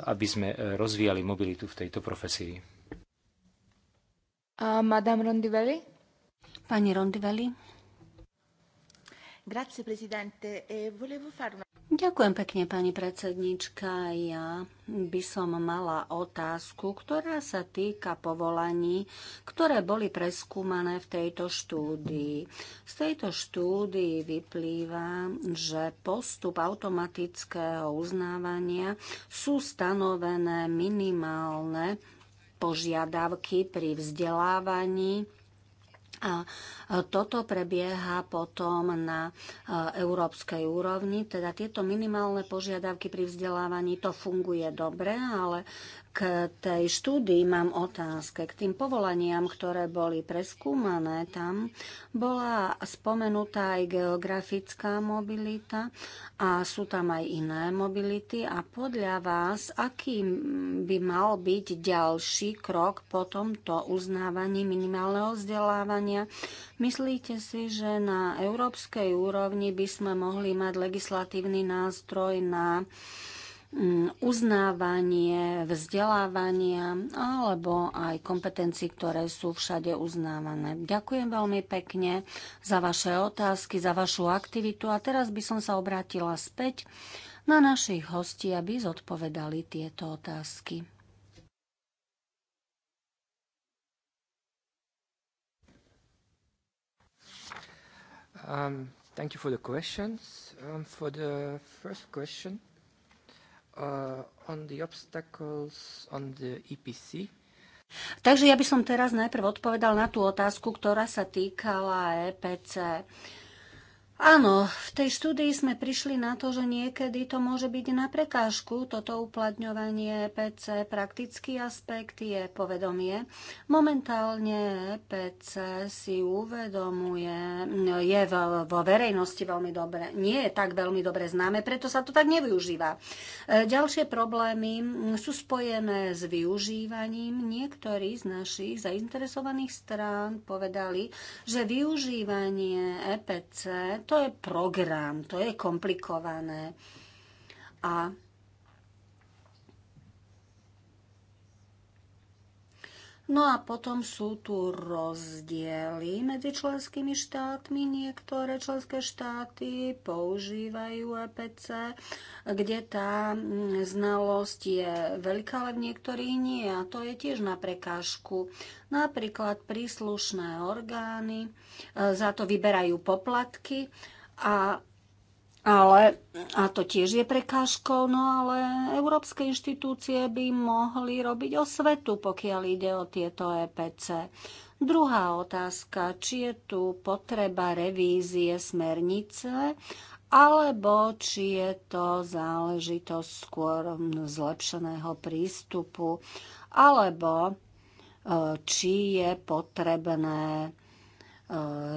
aby sme rozvíjali mobilitu v tejto profesii. A Madame Rondivelli? Pani Rondivelli. Grazie Presidente. E volevo fare una... Ďakujem pekne, pani predsednička. Ja by som mala otázku, ktorá sa týka povolaní, ktoré boli preskúmané v tejto štúdii. Z tejto štúdii vyplýva, že postup automatického uznávania sú stanovené minimálne požiadavky pri vzdelávaní a toto prebieha potom na európskej úrovni. Teda tieto minimálne požiadavky pri vzdelávaní, to funguje dobre, ale k tej štúdii mám otázke. K tým povolaniam, ktoré boli preskúmané, tam bola spomenutá aj geografická mobilita a sú tam aj iné mobility. A podľa vás, aký by mal byť ďalší krok po tomto uznávaní minimálneho vzdelávania? Myslíte si, že na európskej úrovni by sme mohli mať legislatívny nástroj na Mm, uznávanie vzdelávania alebo aj kompetencií, ktoré sú všade uznávané. Ďakujem veľmi pekne za vaše otázky, za vašu aktivitu a teraz by som sa obrátila späť na našich hostí, aby zodpovedali tieto otázky. Um, thank you for the questions. Um, for the first question, Uh, on the obstacles on the EPC. Takže ja by som teraz najprv odpovedal na tú otázku, ktorá sa týkala EPC. Uh, Áno, v tej štúdii sme prišli na to, že niekedy to môže byť na prekážku, toto uplatňovanie PC. Praktický aspekt je povedomie. Momentálne PC si uvedomuje, je vo verejnosti veľmi dobre, nie je tak veľmi dobre známe, preto sa to tak nevyužíva. E, ďalšie problémy sú spojené s využívaním. Niektorí z našich zainteresovaných strán povedali, že využívanie EPC to je program, to je komplikované. A No a potom sú tu rozdiely medzi členskými štátmi. Niektoré členské štáty používajú EPC, kde tá mm, znalosť je veľká, ale v niektorých nie. A to je tiež na prekážku. Napríklad príslušné orgány e, za to vyberajú poplatky a ale, a to tiež je prekážkou, no ale európske inštitúcie by mohli robiť osvetu, pokiaľ ide o tieto EPC. Druhá otázka, či je tu potreba revízie smernice, alebo či je to záležitosť skôr zlepšeného prístupu, alebo e, či je potrebné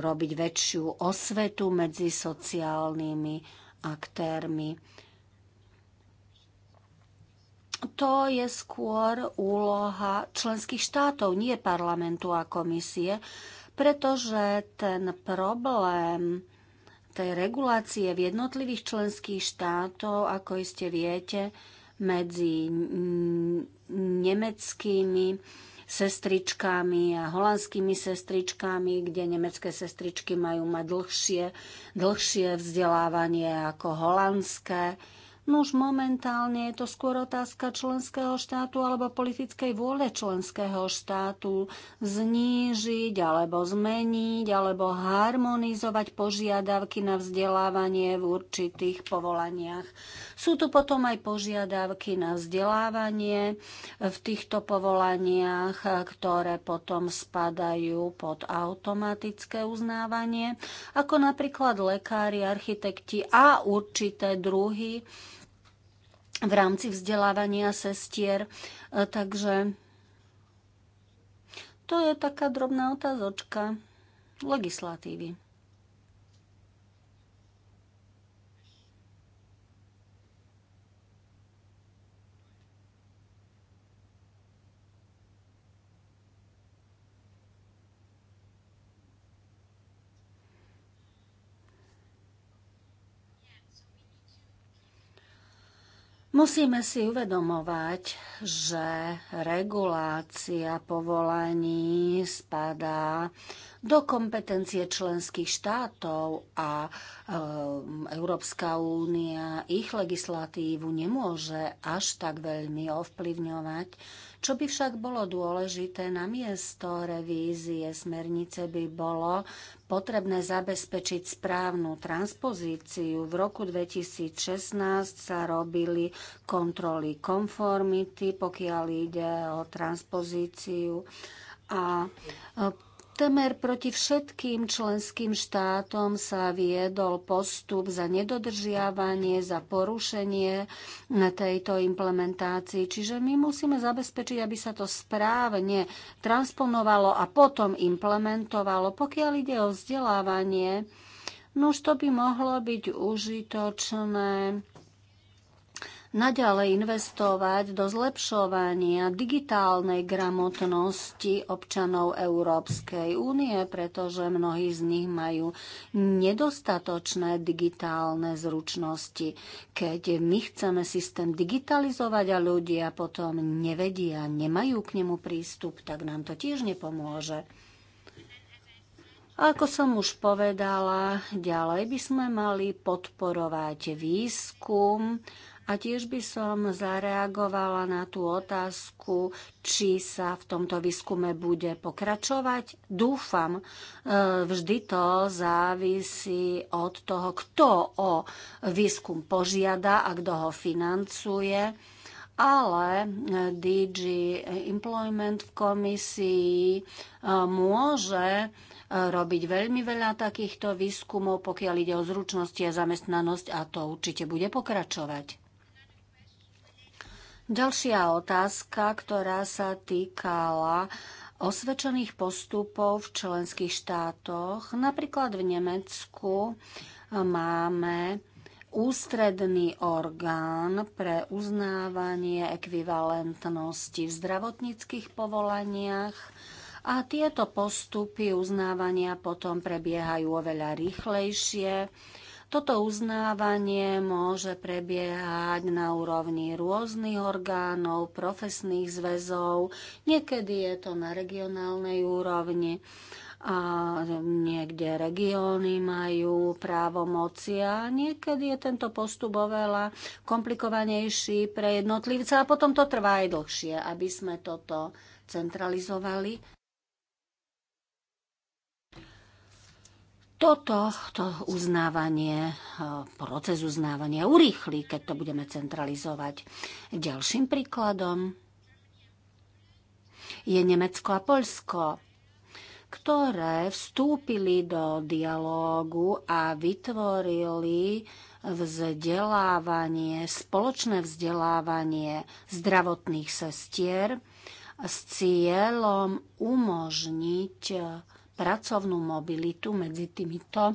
robiť väčšiu osvetu medzi sociálnymi aktérmi. To je skôr úloha členských štátov, nie parlamentu a komisie, pretože ten problém tej regulácie v jednotlivých členských štátov, ako iste viete, medzi nemeckými sestričkami a holandskými sestričkami, kde nemecké sestričky majú mať dlhšie, dlhšie vzdelávanie ako holandské. No už momentálne je to skôr otázka členského štátu alebo politickej vôle členského štátu znížiť alebo zmeniť alebo harmonizovať požiadavky na vzdelávanie v určitých povolaniach. Sú tu potom aj požiadavky na vzdelávanie v týchto povolaniach, ktoré potom spadajú pod automatické uznávanie, ako napríklad lekári, architekti a určité druhy v rámci vzdelávania sestier. Takže to je taká drobná otázočka legislatívy. Musíme si uvedomovať, že regulácia povolaní spadá do kompetencie členských štátov a ehm, Európska únia ich legislatívu nemôže až tak veľmi ovplyvňovať. Čo by však bolo dôležité na miesto revízie smernice by bolo potrebné zabezpečiť správnu transpozíciu. V roku 2016 sa robili kontroly konformity, pokiaľ ide o transpozíciu a Temer proti všetkým členským štátom sa viedol postup za nedodržiavanie, za porušenie tejto implementácii. Čiže my musíme zabezpečiť, aby sa to správne transponovalo a potom implementovalo. Pokiaľ ide o vzdelávanie, no už to by mohlo byť užitočné naďalej investovať do zlepšovania digitálnej gramotnosti občanov Európskej únie, pretože mnohí z nich majú nedostatočné digitálne zručnosti. Keď my chceme systém digitalizovať a ľudia potom nevedia, nemajú k nemu prístup, tak nám to tiež nepomôže. Ako som už povedala, ďalej by sme mali podporovať výskum a tiež by som zareagovala na tú otázku, či sa v tomto výskume bude pokračovať. Dúfam, e, vždy to závisí od toho, kto o výskum požiada a kto ho financuje ale e, DG Employment v komisii e, môže robiť veľmi veľa takýchto výskumov, pokiaľ ide o zručnosti a zamestnanosť a to určite bude pokračovať. Ďalšia otázka, ktorá sa týkala osvedčených postupov v členských štátoch. Napríklad v Nemecku máme ústredný orgán pre uznávanie ekvivalentnosti v zdravotníckých povolaniach a tieto postupy uznávania potom prebiehajú oveľa rýchlejšie toto uznávanie môže prebiehať na úrovni rôznych orgánov, profesných zväzov, niekedy je to na regionálnej úrovni a niekde regióny majú právomoci a niekedy je tento postup oveľa komplikovanejší pre jednotlivca a potom to trvá aj dlhšie, aby sme toto centralizovali. toto to uznávanie, e, proces uznávania urýchli, keď to budeme centralizovať. Ďalším príkladom je Nemecko a Polsko, ktoré vstúpili do dialógu a vytvorili vzdelávanie, spoločné vzdelávanie zdravotných sestier s cieľom umožniť pracovnú mobilitu medzi týmito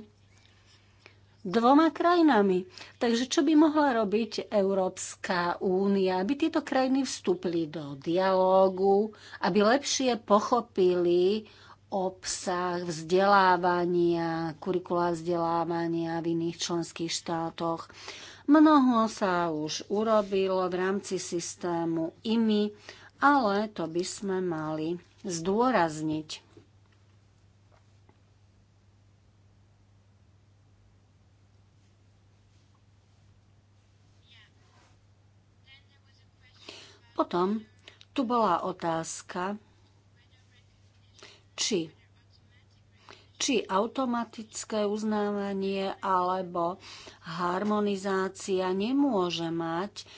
dvoma krajinami. Takže čo by mohla robiť Európska únia, aby tieto krajiny vstúpili do dialógu, aby lepšie pochopili obsah vzdelávania, kurikula vzdelávania v iných členských štátoch. Mnoho sa už urobilo v rámci systému IMI, ale to by sme mali zdôrazniť. Potom tu bola otázka, či či automatické uznávanie alebo harmonizácia nemôže mať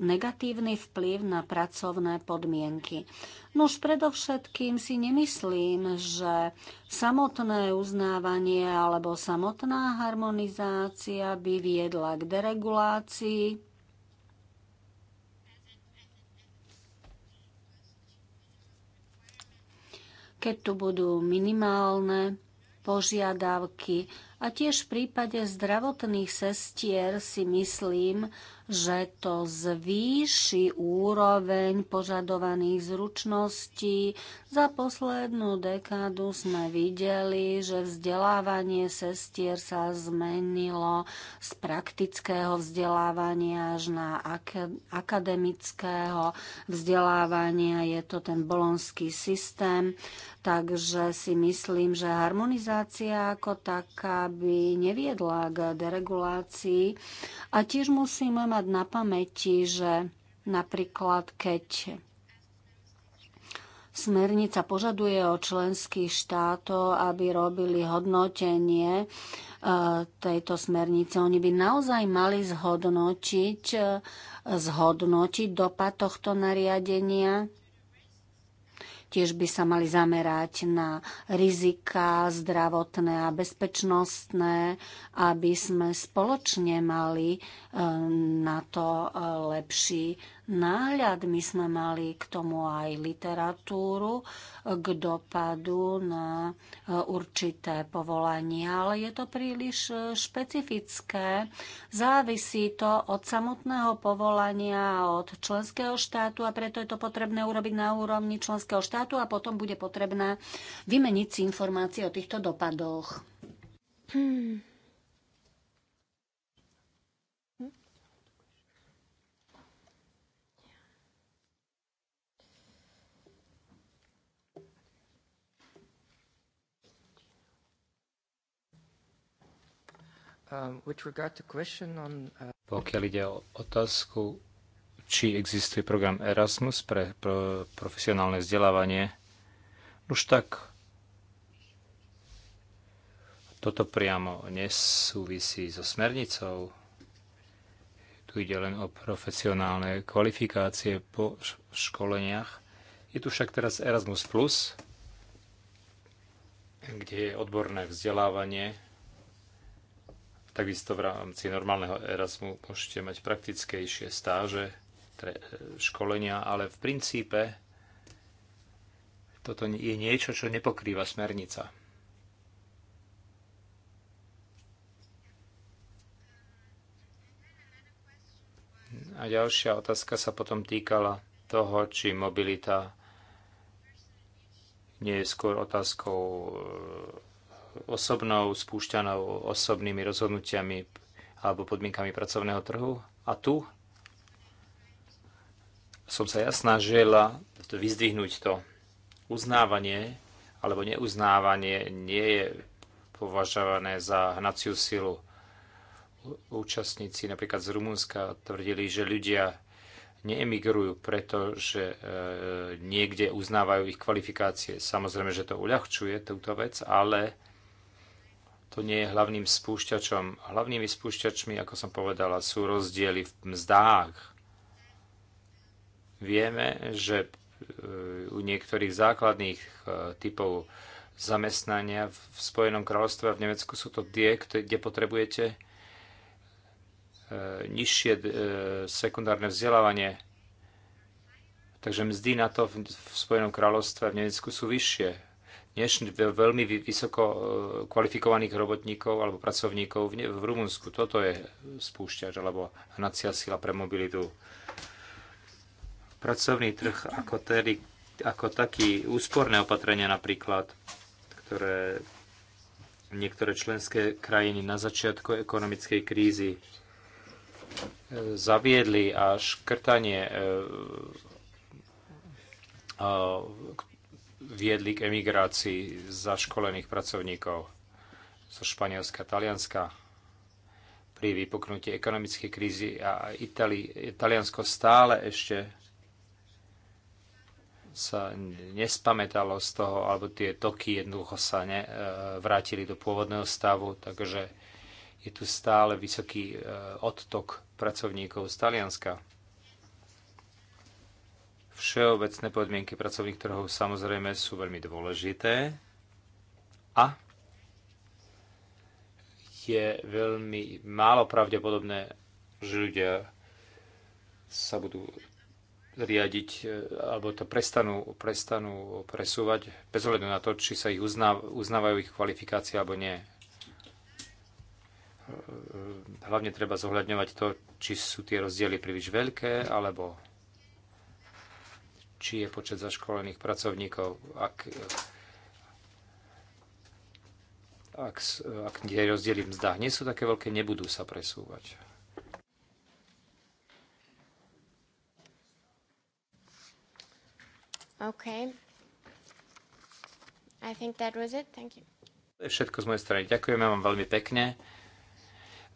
negatívny vplyv na pracovné podmienky. No už predovšetkým si nemyslím, že samotné uznávanie alebo samotná harmonizácia by viedla k deregulácii keď tu budú minimálne požiadavky a tiež v prípade zdravotných sestier si myslím, že to zvýši úroveň požadovaných zručností. Za poslednú dekádu sme videli, že vzdelávanie sestier sa zmenilo z praktického vzdelávania až na akademického vzdelávania. Je to ten bolonský systém. Takže si myslím, že harmonizácia ako taká aby neviedla k deregulácii. A tiež musíme mať na pamäti, že napríklad keď Smernica požaduje o členských štátov, aby robili hodnotenie e, tejto smernice. Oni by naozaj mali zhodnotiť, e, zhodnotiť dopad tohto nariadenia Tiež by sa mali zamerať na rizika zdravotné a bezpečnostné, aby sme spoločne mali eh, na to eh, lepší náhľad. My sme mali k tomu aj literatúru k dopadu na e, určité povolania, ale je to príliš e, špecifické. Závisí to od samotného povolania, od členského štátu a preto je to potrebné urobiť na úrovni členského štátu a potom bude potrebné vymeniť si informácie o týchto dopadoch. Hmm. (clears throat) Um, uh, Pokiaľ ide o otázku, či existuje program Erasmus pre, pre profesionálne vzdelávanie, už tak toto priamo nesúvisí so smernicou. Tu ide len o profesionálne kvalifikácie po školeniach. Je tu však teraz Erasmus+, kde je odborné vzdelávanie Takisto v rámci normálneho Erasmu môžete mať praktickejšie stáže, tre, e, školenia, ale v princípe toto je niečo, čo nepokrýva smernica. A ďalšia otázka sa potom týkala toho, či mobilita nie je skôr otázkou e, osobnou spúšťanou osobnými rozhodnutiami alebo podmienkami pracovného trhu. A tu som sa ja snažila vyzdvihnúť to. Uznávanie alebo neuznávanie nie je považované za hnaciu silu. Účastníci napríklad z Rumunska tvrdili, že ľudia neemigrujú, pretože e, niekde uznávajú ich kvalifikácie. Samozrejme, že to uľahčuje túto vec, ale to nie je hlavným spúšťačom. Hlavnými spúšťačmi, ako som povedala, sú rozdiely v mzdách. Vieme, že e, u niektorých základných e, typov zamestnania v Spojenom kráľovstve a v Nemecku sú to tie, kde potrebujete e, nižšie sekundárne vzdelávanie. Takže mzdy na to v Spojenom kráľovstve a v Nemecku sú vyššie než veľmi vysoko e, kvalifikovaných robotníkov alebo pracovníkov v Rumunsku. Toto je spúšťač alebo hnacia sila pre mobilitu. Pracovný trh ako, tedy, ako taký úsporné opatrenia napríklad, ktoré niektoré členské krajiny na začiatku ekonomickej krízy e, zaviedli a škrtanie e, viedli k emigrácii zaškolených pracovníkov zo Španielska, a Talianska. Pri vypuknutí ekonomickej krízy a Itali- Taliansko stále ešte sa nespamätalo z toho, alebo tie toky jednoducho sa ne, e, vrátili do pôvodného stavu, takže je tu stále vysoký e, odtok pracovníkov z Talianska. Všeobecné podmienky pracovných trhov samozrejme sú veľmi dôležité a je veľmi málo pravdepodobné, že ľudia sa budú riadiť, e, alebo to prestanú, prestanú presúvať bez ohľadu na to, či sa ich uzná, uznávajú ich kvalifikácie alebo nie. E, e, hlavne treba zohľadňovať to, či sú tie rozdiely príliš veľké, alebo či je počet zaškolených pracovníkov, ak, ak, ak je rozdiely v mzdách nie sú také veľké, nebudú sa presúvať. OK. I think that was it. Thank you. Všetko z mojej strany. Ďakujeme vám veľmi pekne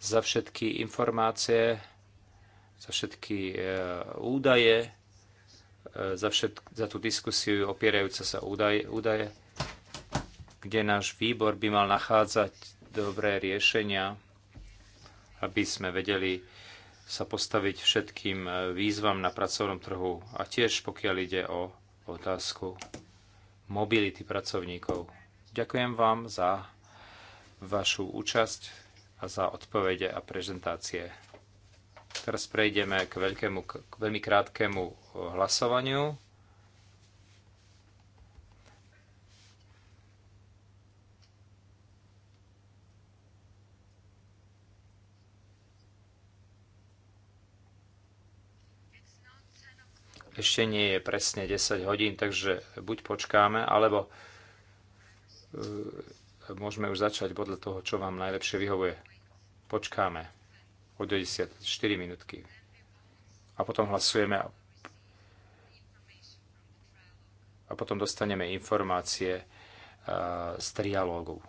za všetky informácie, za všetky e, údaje. E, za, všet, za tú diskusiu opierajúca sa údaje, údaje, kde náš výbor by mal nachádzať dobré riešenia, aby sme vedeli sa postaviť všetkým e, výzvam na pracovnom trhu a tiež pokiaľ ide o otázku mobility pracovníkov. Ďakujem vám za vašu účasť a za odpovede a prezentácie. Teraz prejdeme k, veľkému, k veľmi krátkému hlasovaniu. Ešte nie je presne 10 hodín, takže buď počkáme, alebo e, môžeme už začať podľa toho, čo vám najlepšie vyhovuje. Počkáme o 94 minútky. A potom hlasujeme a potom dostaneme informácie eh, z trialógu.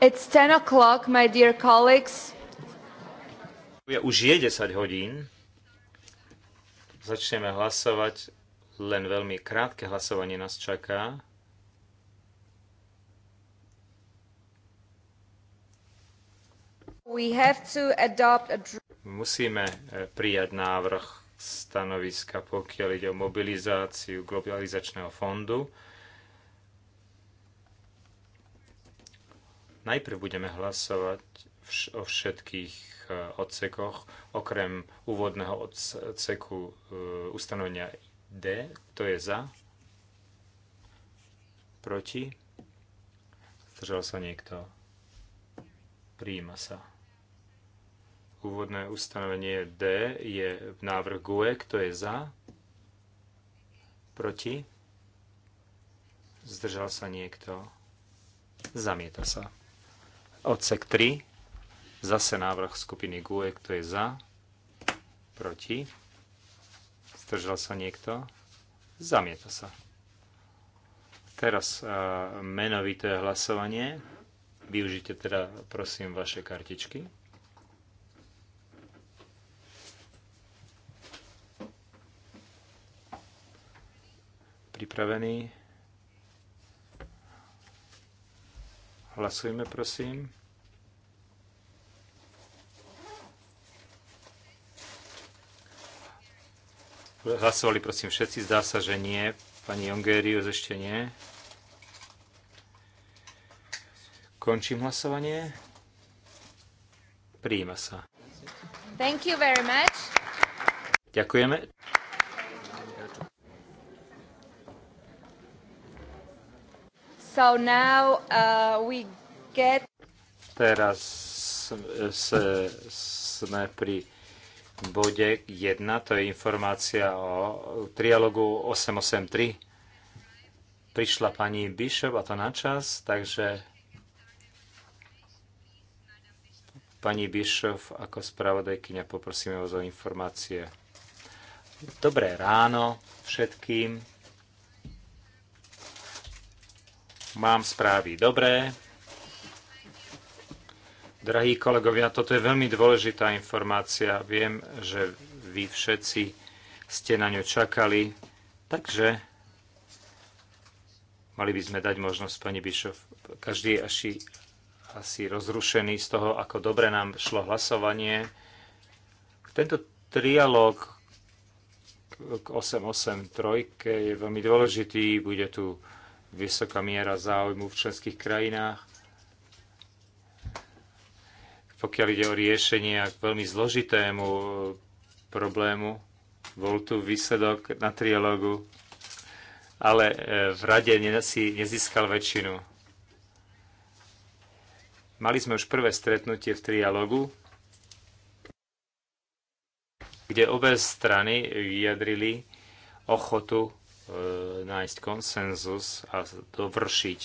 It's 10 o'clock, my dear colleagues. Už je 10 hodín. Začneme hlasovať. Len veľmi krátke hlasovanie nás čaká. We have to adopt a... Musíme eh, prijať návrh stanoviska, pokiaľ ide o mobilizáciu globalizačného fondu. Najprv budeme hlasovať o všetkých eh, odsekoch, okrem úvodného odseku eh, ustanovenia D. Kto je za? Proti? Zdržal sa niekto? Príjima sa. Úvodné ustanovenie D je návrh GUE. Kto je za? Proti? Zdržal sa niekto? Zamieta sa. Odsek 3. Zase návrh skupiny GUE. Kto je za? Proti? Zdržal sa niekto? Zamieta sa. Teraz e, menovité hlasovanie. Využite teda, prosím, vaše kartičky. pripravení? Hlasujme, prosím. Hlasovali, prosím, všetci. Zdá sa, že nie. Pani Jongerius ešte nie. Končím hlasovanie. Príjima sa. Thank you very much. Ďakujeme. So now, uh, we get... Teraz se, sme pri bode 1, to je informácia o trialogu 883. Prišla pani Bishop a to na čas, takže pani Bishop ako spravodajkyňa poprosíme vás o informácie. Dobré ráno všetkým. Mám správy dobré. Drahí kolegovia, toto je veľmi dôležitá informácia. Viem, že vy všetci ste na ňu čakali, takže mali by sme dať možnosť pani Bišov. Každý je asi, asi rozrušený z toho, ako dobre nám šlo hlasovanie. Tento trialóg k 883 je veľmi dôležitý. Bude tu vysoká miera záujmu v členských krajinách. Pokiaľ ide o riešenie k veľmi zložitému e, problému, bol tu výsledok na trialógu, ale e, v rade si nezískal väčšinu. Mali sme už prvé stretnutie v trialógu, kde obe strany vyjadrili ochotu E, nájsť konsenzus a dovršiť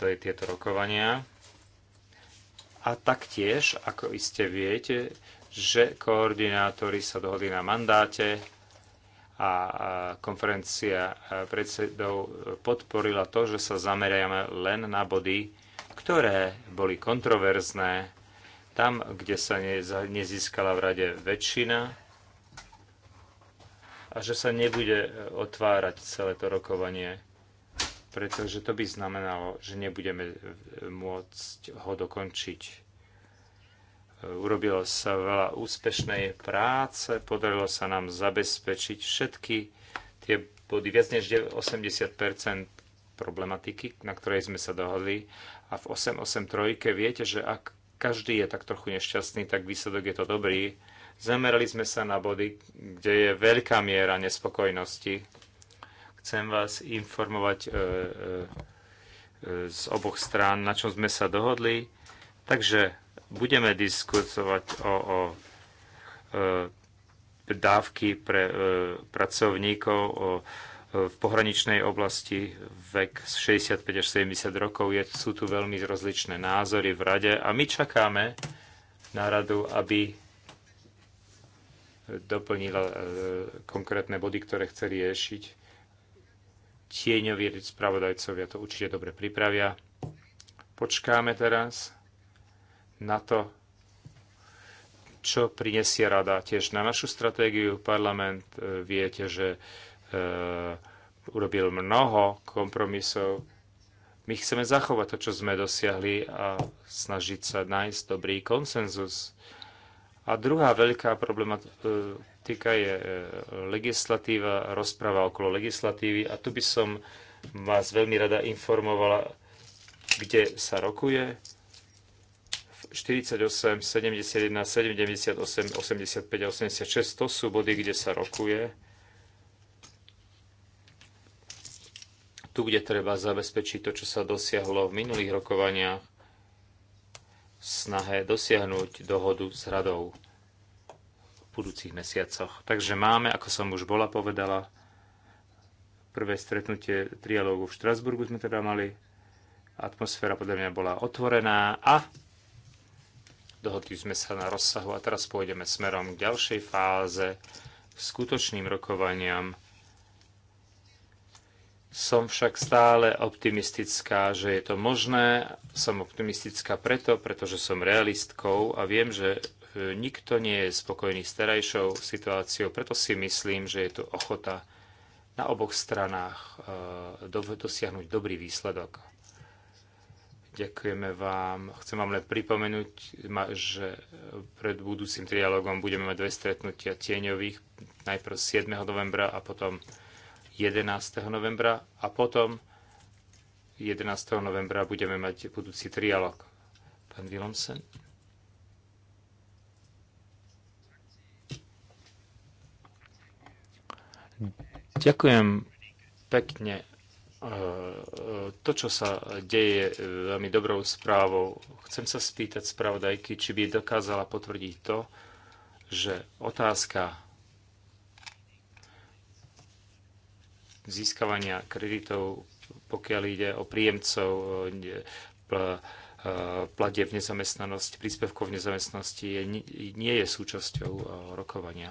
to je tieto rokovania. A taktiež, ako iste viete, že koordinátori sa dohodli na mandáte a konferencia predsedov podporila to, že sa zameriame len na body, ktoré boli kontroverzné, tam, kde sa nezískala v rade väčšina a že sa nebude e, otvárať celé to rokovanie, pretože to by znamenalo, že nebudeme e, môcť ho dokončiť. E, urobilo sa veľa úspešnej práce, podarilo sa nám zabezpečiť všetky tie body, viac než 80 problematiky, na ktorej sme sa dohodli. A v 883 viete, že ak každý je tak trochu nešťastný, tak výsledok je to dobrý. Zamerali sme sa na body, kde je veľká miera nespokojnosti. Chcem vás informovať e, e, e, z oboch strán, na čom sme sa dohodli. Takže budeme diskutovať o, o e, dávky pre e, pracovníkov o, e, v pohraničnej oblasti vek 65 až 70 rokov. Je, sú tu veľmi rozličné názory v rade a my čakáme na radu, aby doplnila e, konkrétne body, ktoré chce riešiť. Tieňoví spravodajcovia to určite dobre pripravia. Počkáme teraz na to, čo prinesie rada tiež na našu stratégiu. Parlament e, viete, že e, urobil mnoho kompromisov. My chceme zachovať to, čo sme dosiahli a snažiť sa nájsť dobrý konsenzus a druhá veľká problematika je e, legislatíva, rozpráva okolo legislatívy. A tu by som vás veľmi rada informovala, kde sa rokuje. 48, 71, 78, 85 a 86 to sú body, kde sa rokuje. Tu, kde treba zabezpečiť to, čo sa dosiahlo v minulých rokovaniach, snahe dosiahnuť dohodu s radou v budúcich mesiacoch. Takže máme, ako som už bola povedala, prvé stretnutie trialógu v Štrasburgu sme teda mali. Atmosféra podľa mňa bola otvorená a dohodli sme sa na rozsahu a teraz pôjdeme smerom k ďalšej fáze, skutočným rokovaniam som však stále optimistická, že je to možné. Som optimistická preto, pretože som realistkou a viem, že e, nikto nie je spokojný s terajšou situáciou, preto si myslím, že je tu ochota na oboch stranách e, dosiahnuť dobrý výsledok. Ďakujeme vám. Chcem vám len pripomenúť, že pred budúcim trialogom budeme mať dve stretnutia tieňových, najprv 7. novembra a potom 11. novembra a potom 11. novembra budeme mať budúci trialog. Pán Willemsen. Ďakujem pekne. E, e, to, čo sa deje, je veľmi dobrou správou. Chcem sa spýtať spravodajky, či by dokázala potvrdiť to, že otázka získavania kreditov, pokiaľ ide o príjemcov e, e, platie v nezamestnanosti, príspevkov v nezamestnanosti, nie je súčasťou e, rokovania.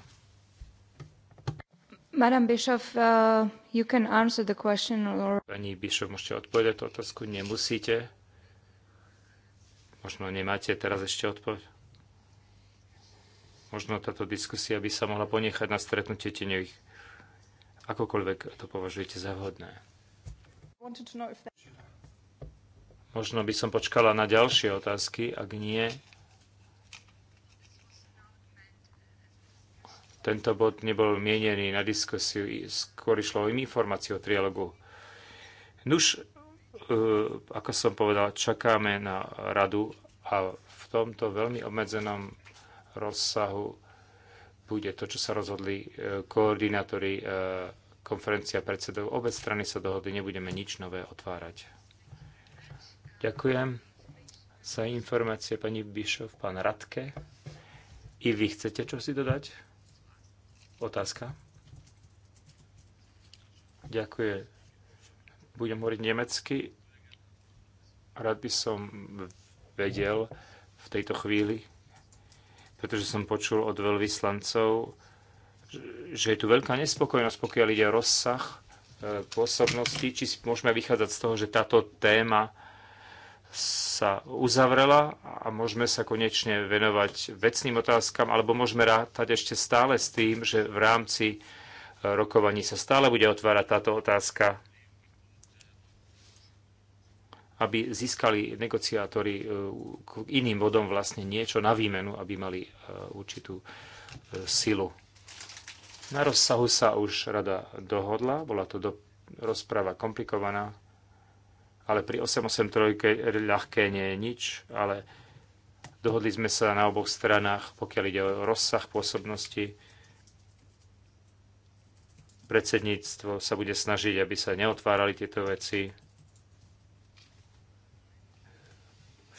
Madam Bishop, uh, you can answer the question or... Pani Bishop môžete odpovedať tú otázku? Nemusíte. Možno nemáte teraz ešte odpoveď. Možno táto diskusia by sa mohla ponechať na stretnutie teňových akokoľvek to považujete za vhodné. Možno by som počkala na ďalšie otázky, ak nie. Tento bod nebol mienený na diskusiu, skôr išlo o informáciu o trialogu. Nuž, e, ako som povedal, čakáme na radu a v tomto veľmi obmedzenom rozsahu bude to, čo sa rozhodli e, koordinátori e, konferencia predsedov. Obe strany sa dohodli, nebudeme nič nové otvárať. Ďakujem za informácie pani Bišov, pán Radke. I vy chcete čo si dodať? Otázka? Ďakujem. Budem hovoriť nemecky. Rád by som vedel v tejto chvíli, pretože som počul od veľvyslancov, že je tu veľká nespokojnosť, pokiaľ ide o rozsah e, pôsobnosti, či môžeme vychádzať z toho, že táto téma sa uzavrela a môžeme sa konečne venovať vecným otázkam, alebo môžeme rátať ešte stále s tým, že v rámci e, rokovaní sa stále bude otvárať táto otázka aby získali negociátori e, k iným bodom vlastne niečo na výmenu, aby mali e, určitú e, silu. Na rozsahu sa už rada dohodla, bola to do, rozpráva komplikovaná, ale pri 883 ľahké nie je nič, ale dohodli sme sa na oboch stranách, pokiaľ ide o rozsah pôsobnosti. Predsedníctvo sa bude snažiť, aby sa neotvárali tieto veci,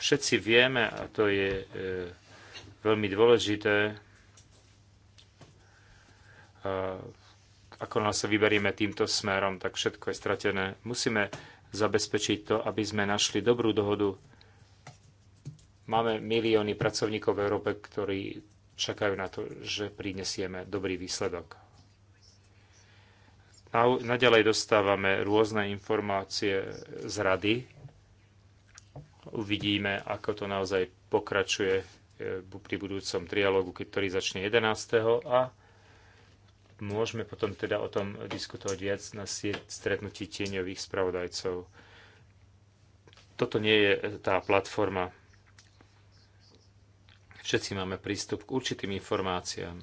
Všetci vieme, a to je e, veľmi dôležité, e, ako nás sa vyberieme týmto smerom, tak všetko je stratené. Musíme zabezpečiť to, aby sme našli dobrú dohodu. Máme milióny pracovníkov v Európe, ktorí čakajú na to, že prinesieme dobrý výsledok. Naďalej dostávame rôzne informácie z rady, Uvidíme, ako to naozaj pokračuje e, pri budúcom trialógu, ktorý začne 11. a môžeme potom teda o tom diskutovať viac na stretnutí tieňových spravodajcov. Toto nie je e, tá platforma. Všetci máme prístup k určitým informáciám.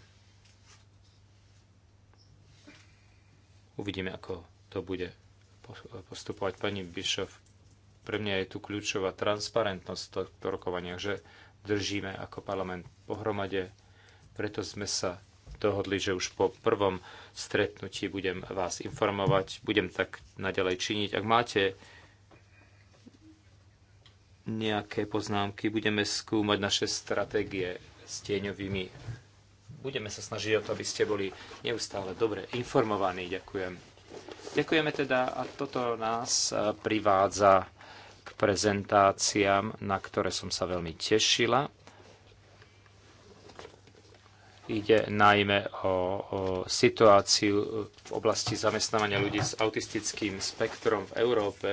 Uvidíme, ako to bude postupovať. Pani Bischoff pre mňa je tu kľúčová transparentnosť v tohto rokovania, že držíme ako parlament pohromade. Preto sme sa dohodli, že už po prvom stretnutí budem vás informovať, budem tak naďalej činiť. Ak máte nejaké poznámky, budeme skúmať naše stratégie s tieňovými. Budeme sa snažiť o to, aby ste boli neustále dobre informovaní. Ďakujem. Ďakujeme teda a toto nás privádza k prezentáciám, na ktoré som sa veľmi tešila. Ide najmä o, o situáciu v oblasti zamestnávania ľudí s autistickým spektrom v Európe,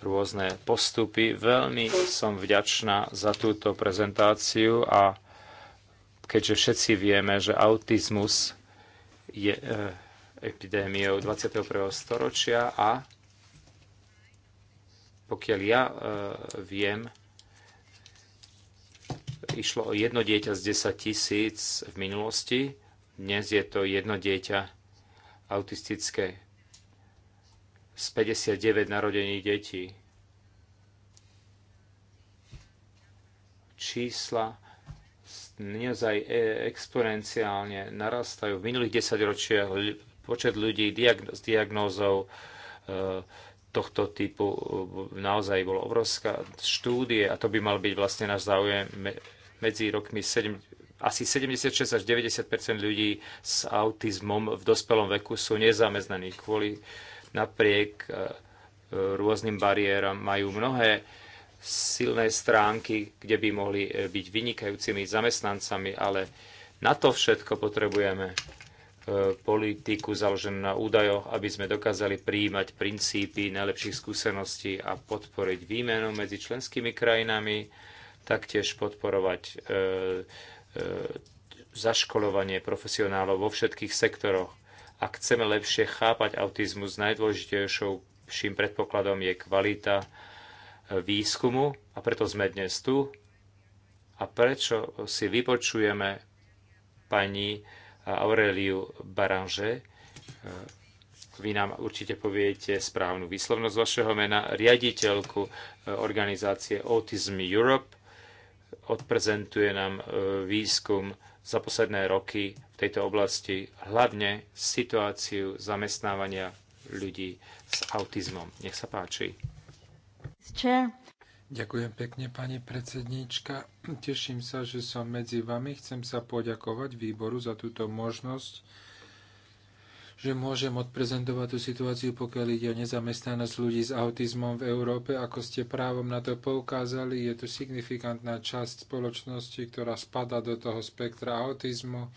rôzne postupy. Veľmi som vďačná za túto prezentáciu a keďže všetci vieme, že autizmus je e, epidémiou 21. storočia a pokiaľ ja e, viem, išlo o jedno dieťa z 10 tisíc v minulosti, dnes je to jedno dieťa autistické z 59 narodených detí. Čísla naozaj e, exponenciálne narastajú. V minulých desaťročiach počet ľudí diag- s diagnózou e, tohto typu eh, naozaj bolo obrovská štúdie a to by mal byť vlastne náš záujem medzi rokmi 7, asi 76 až 90 ľudí s autizmom v dospelom veku sú nezamestnaní kvôli napriek eh, rôznym bariéram majú mnohé silné stránky, kde by mohli eh, byť vynikajúcimi zamestnancami, ale na to všetko potrebujeme politiku založenú na údajoch, aby sme dokázali prijímať princípy najlepších skúseností a podporiť výmenu medzi členskými krajinami, taktiež podporovať e, e, zaškolovanie profesionálov vo všetkých sektoroch. Ak chceme lepšie chápať autizmus, najdôležitejším predpokladom je kvalita e, výskumu a preto sme dnes tu. A prečo si vypočujeme pani a Aureliu Baranže. Vy nám určite poviete správnu výslovnosť vašeho mena, riaditeľku e, organizácie Autism Europe. Odprezentuje nám e, výskum za posledné roky v tejto oblasti, hlavne situáciu zamestnávania ľudí s autizmom. Nech sa páči. Chair. Ďakujem pekne, pani predsedníčka. Teším sa, že som medzi vami. Chcem sa poďakovať výboru za túto možnosť, že môžem odprezentovať tú situáciu, pokiaľ ide o nezamestnanosť ľudí s autizmom v Európe. Ako ste právom na to poukázali, je to signifikantná časť spoločnosti, ktorá spada do toho spektra autizmu.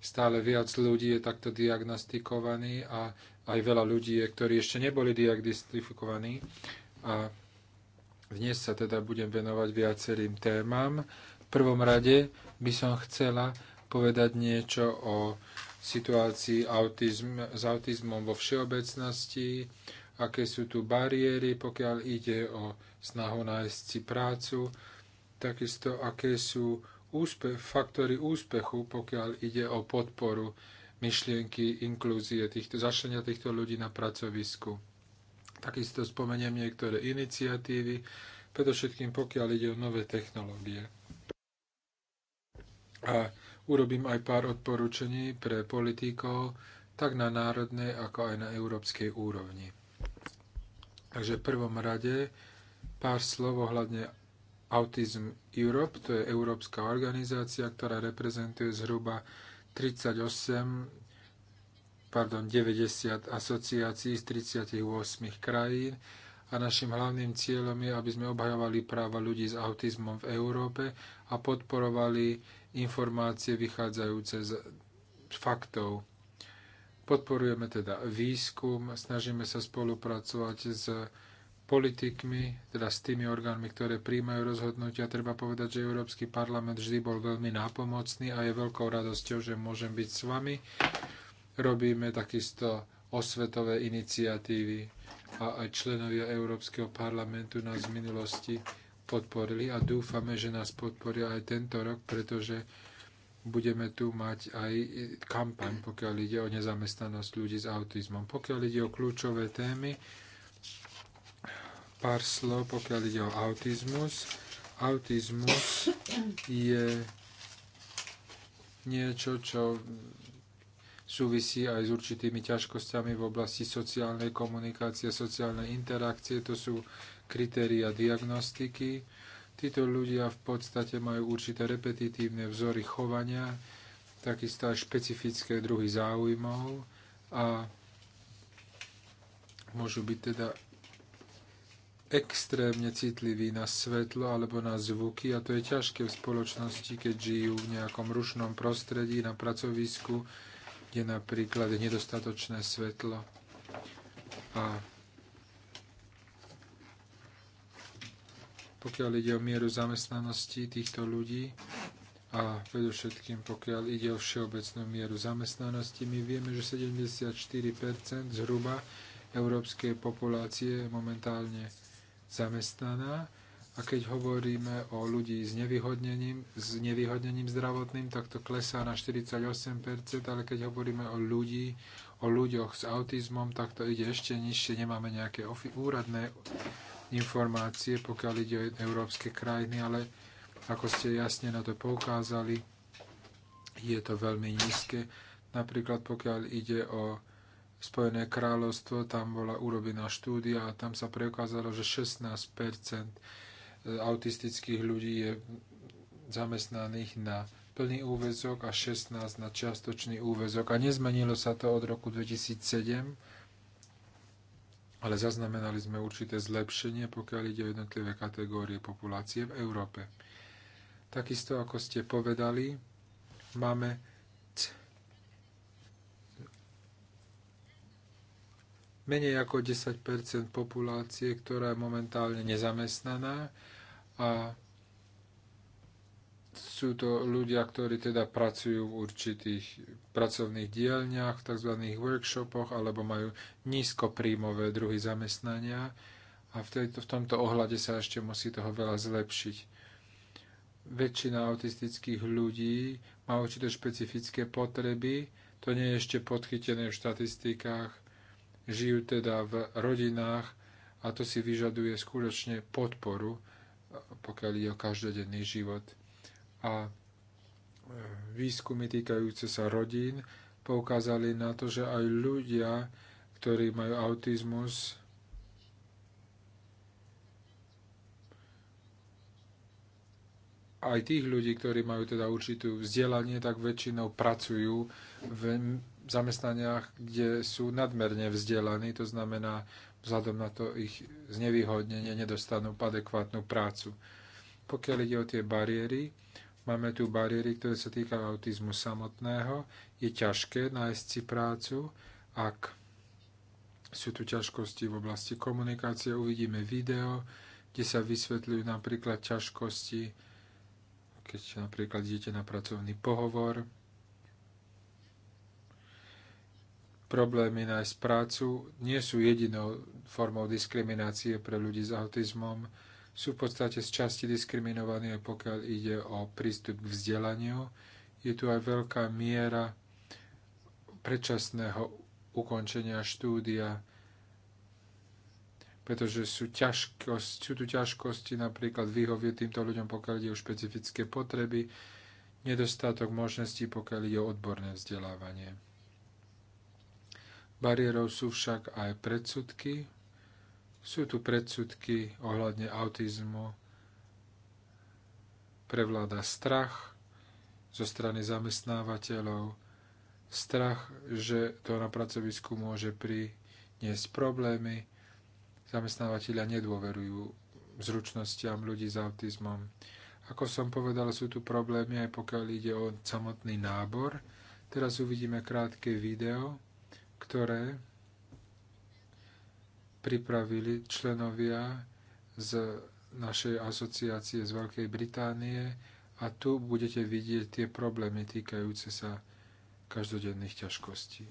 Stále viac ľudí je takto diagnostikovaní a aj veľa ľudí, ktorí ešte neboli diagnostikovaní. A dnes sa teda budem venovať viacerým témam. V prvom rade by som chcela povedať niečo o situácii autizm, s autizmom vo všeobecnosti, aké sú tu bariéry, pokiaľ ide o snahu nájsť si prácu, takisto aké sú úspe- faktory úspechu, pokiaľ ide o podporu myšlienky inklúzie týchto, začlenia týchto ľudí na pracovisku. Takisto spomeniem niektoré iniciatívy, predovšetkým pokiaľ ide o nové technológie. A urobím aj pár odporúčení pre politikov, tak na národnej, ako aj na európskej úrovni. Takže v prvom rade pár slov ohľadne Autism Europe, to je európska organizácia, ktorá reprezentuje zhruba 38 pardon, 90 asociácií z 38 krajín a našim hlavným cieľom je, aby sme obhajovali práva ľudí s autizmom v Európe a podporovali informácie vychádzajúce z faktov. Podporujeme teda výskum, snažíme sa spolupracovať s politikmi, teda s tými orgánmi, ktoré príjmajú rozhodnutia. Treba povedať, že Európsky parlament vždy bol veľmi nápomocný a je veľkou radosťou, že môžem byť s vami Robíme takisto osvetové iniciatívy a aj členovia Európskeho parlamentu nás v minulosti podporili a dúfame, že nás podporia aj tento rok, pretože budeme tu mať aj kampaň, pokiaľ ide o nezamestnanosť ľudí s autizmom. Pokiaľ ide o kľúčové témy, pár slov, pokiaľ ide o autizmus. Autizmus je niečo, čo súvisí aj s určitými ťažkosťami v oblasti sociálnej komunikácie, sociálnej interakcie. To sú kritéria diagnostiky. Títo ľudia v podstate majú určité repetitívne vzory chovania, takisto aj špecifické druhy záujmov a môžu byť teda extrémne citliví na svetlo alebo na zvuky a to je ťažké v spoločnosti, keď žijú v nejakom rušnom prostredí, na pracovisku, kde napríklad je nedostatočné svetlo a pokiaľ ide o mieru zamestnanosti týchto ľudí a predovšetkým pokiaľ ide o všeobecnú mieru zamestnanosti, my vieme, že 74% zhruba európskej populácie je momentálne zamestnaná a keď hovoríme o ľudí s nevyhodnením, s nevyhodnením zdravotným, tak to klesá na 48%, ale keď hovoríme o ľudí, o ľuďoch s autizmom, tak to ide ešte nižšie. Nemáme nejaké úradné informácie, pokiaľ ide o európske krajiny, ale ako ste jasne na to poukázali, je to veľmi nízke. Napríklad pokiaľ ide o Spojené kráľovstvo, tam bola urobená štúdia a tam sa preukázalo, že 16 autistických ľudí je zamestnaných na plný úvezok a 16 na čiastočný úvezok. A nezmenilo sa to od roku 2007, ale zaznamenali sme určité zlepšenie, pokiaľ ide o jednotlivé kategórie populácie v Európe. Takisto, ako ste povedali, máme menej ako 10 populácie, ktorá je momentálne nezamestnaná a sú to ľudia, ktorí teda pracujú v určitých pracovných dielniach, tzv. workshopoch, alebo majú nízkopríjmové druhy zamestnania. A v, tejto, v tomto ohľade sa ešte musí toho veľa zlepšiť. Väčšina autistických ľudí má určité špecifické potreby, to nie je ešte podchytené v štatistikách, žijú teda v rodinách a to si vyžaduje skutočne podporu pokiaľ ide o každodenný život. A e, výskumy týkajúce sa rodín poukázali na to, že aj ľudia, ktorí majú autizmus, aj tých ľudí, ktorí majú teda určitú vzdelanie, tak väčšinou pracujú v zamestnaniach, kde sú nadmerne vzdelaní, to znamená vzhľadom na to ich znevýhodnenie nedostanú adekvátnu prácu. Pokiaľ ide o tie bariéry, máme tu bariéry, ktoré sa týkajú autizmu samotného. Je ťažké nájsť si prácu, ak sú tu ťažkosti v oblasti komunikácie. Uvidíme video, kde sa vysvetľujú napríklad ťažkosti, keď napríklad idete na pracovný pohovor, problémy nájsť prácu nie sú jedinou formou diskriminácie pre ľudí s autizmom. Sú v podstate z časti diskriminovaní, pokiaľ ide o prístup k vzdelaniu. Je tu aj veľká miera predčasného ukončenia štúdia, pretože sú, ťažkosti, sú tu ťažkosti napríklad vyhovieť týmto ľuďom, pokiaľ ide o špecifické potreby, nedostatok možností, pokiaľ ide o odborné vzdelávanie. Bariérou sú však aj predsudky. Sú tu predsudky ohľadne autizmu. Prevláda strach zo strany zamestnávateľov, strach, že to na pracovisku môže priniesť problémy. Zamestnávateľia nedôverujú zručnostiam ľudí s autizmom. Ako som povedal, sú tu problémy aj pokiaľ ide o samotný nábor. Teraz uvidíme krátke video ktoré pripravili členovia z našej asociácie z Veľkej Británie a tu budete vidieť tie problémy týkajúce sa každodenných ťažkostí.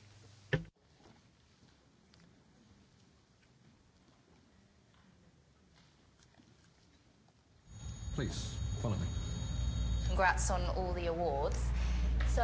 Please, follow me. Congrats on all the awards. So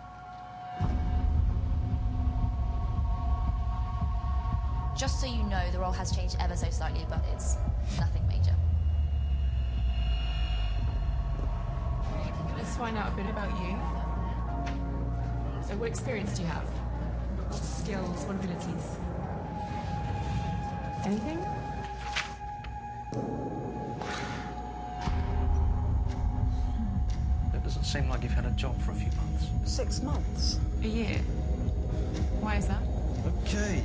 so you know, the role has changed ever so slightly, but it's nothing major. Let's find out a bit about you. So what experience do you have? What skills, what abilities? Anything? It hmm. doesn't seem like you've had a job for a few months. Six months? A year. Why is that? Okay.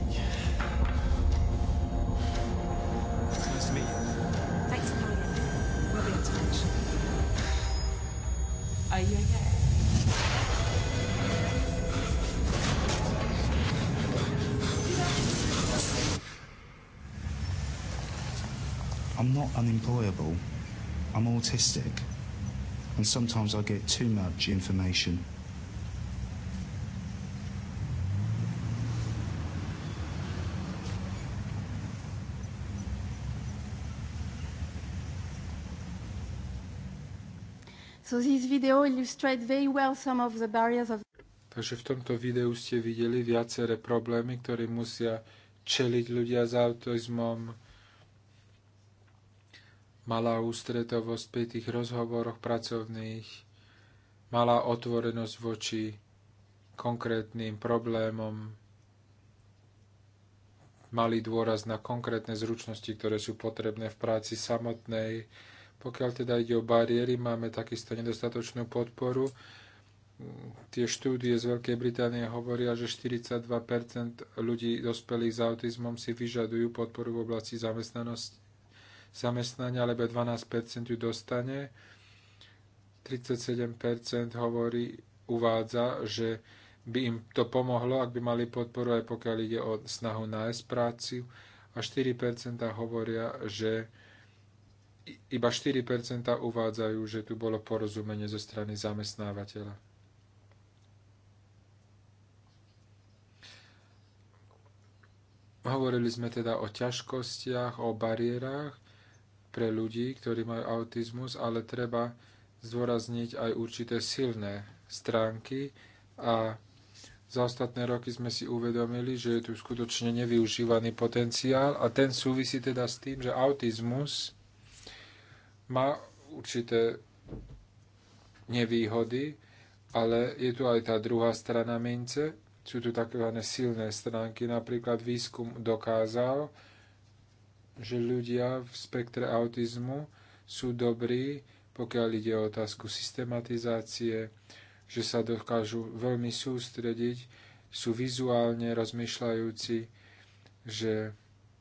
unemployable. I'm autistic, and sometimes I get too much information. So this video illustrates very well some of the barriers of Takže v tomto videu ste videli viaceré problémy, ktoré musia čeliť ľudia s autizmom, malá ústretovosť pri tých rozhovoroch pracovných, malá otvorenosť voči konkrétnym problémom, malý dôraz na konkrétne zručnosti, ktoré sú potrebné v práci samotnej. Pokiaľ teda ide o bariéry, máme takisto nedostatočnú podporu. Tie štúdie z Veľkej Británie hovoria, že 42 ľudí dospelých s autizmom si vyžadujú podporu v oblasti zamestnanosti zamestnania, alebo 12% ju dostane. 37% hovorí, uvádza, že by im to pomohlo, ak by mali podporu, aj pokiaľ ide o snahu nájsť prácu. A 4% hovoria, že iba 4% uvádzajú, že tu bolo porozumenie zo strany zamestnávateľa. Hovorili sme teda o ťažkostiach, o bariérach pre ľudí, ktorí majú autizmus, ale treba zdôrazniť aj určité silné stránky a za ostatné roky sme si uvedomili, že je tu skutočne nevyužívaný potenciál a ten súvisí teda s tým, že autizmus má určité nevýhody, ale je tu aj tá druhá strana mince. Sú tu takzvané silné stránky. Napríklad výskum dokázal, že ľudia v spektre autizmu sú dobrí, pokiaľ ide o otázku systematizácie, že sa dokážu veľmi sústrediť, sú vizuálne rozmýšľajúci, že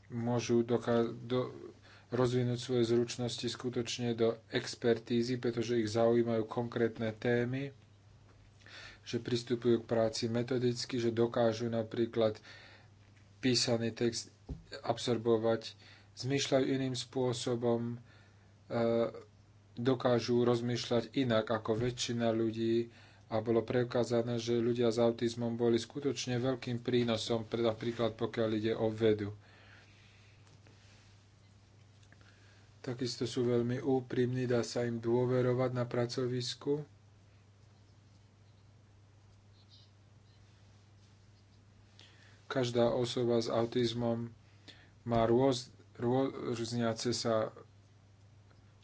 môžu doká- do- rozvinúť svoje zručnosti skutočne do expertízy, pretože ich zaujímajú konkrétne témy, že pristupujú k práci metodicky, že dokážu napríklad písaný text absorbovať zmyšľajú iným spôsobom, e, dokážu rozmýšľať inak ako väčšina ľudí a bolo preukázané, že ľudia s autizmom boli skutočne veľkým prínosom, napríklad pokiaľ ide o vedu. Takisto sú veľmi úprimní, dá sa im dôverovať na pracovisku. Každá osoba s autizmom má rôz, rôzniace sa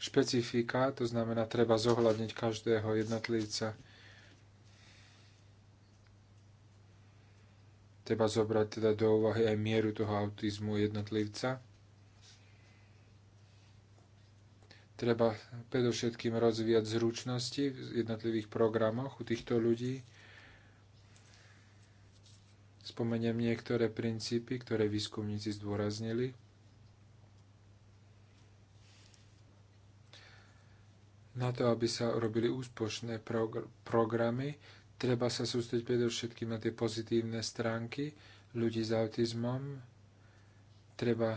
špecifika, to znamená, treba zohľadniť každého jednotlivca. Treba zobrať teda do úvahy aj mieru toho autizmu jednotlivca. Treba predovšetkým rozvíjať zručnosti v jednotlivých programoch u týchto ľudí. Spomeniem niektoré princípy, ktoré výskumníci zdôraznili. Na to, aby sa robili úspešné progr- programy, treba sa sústrediť predovšetkým na tie pozitívne stránky ľudí s autizmom. Treba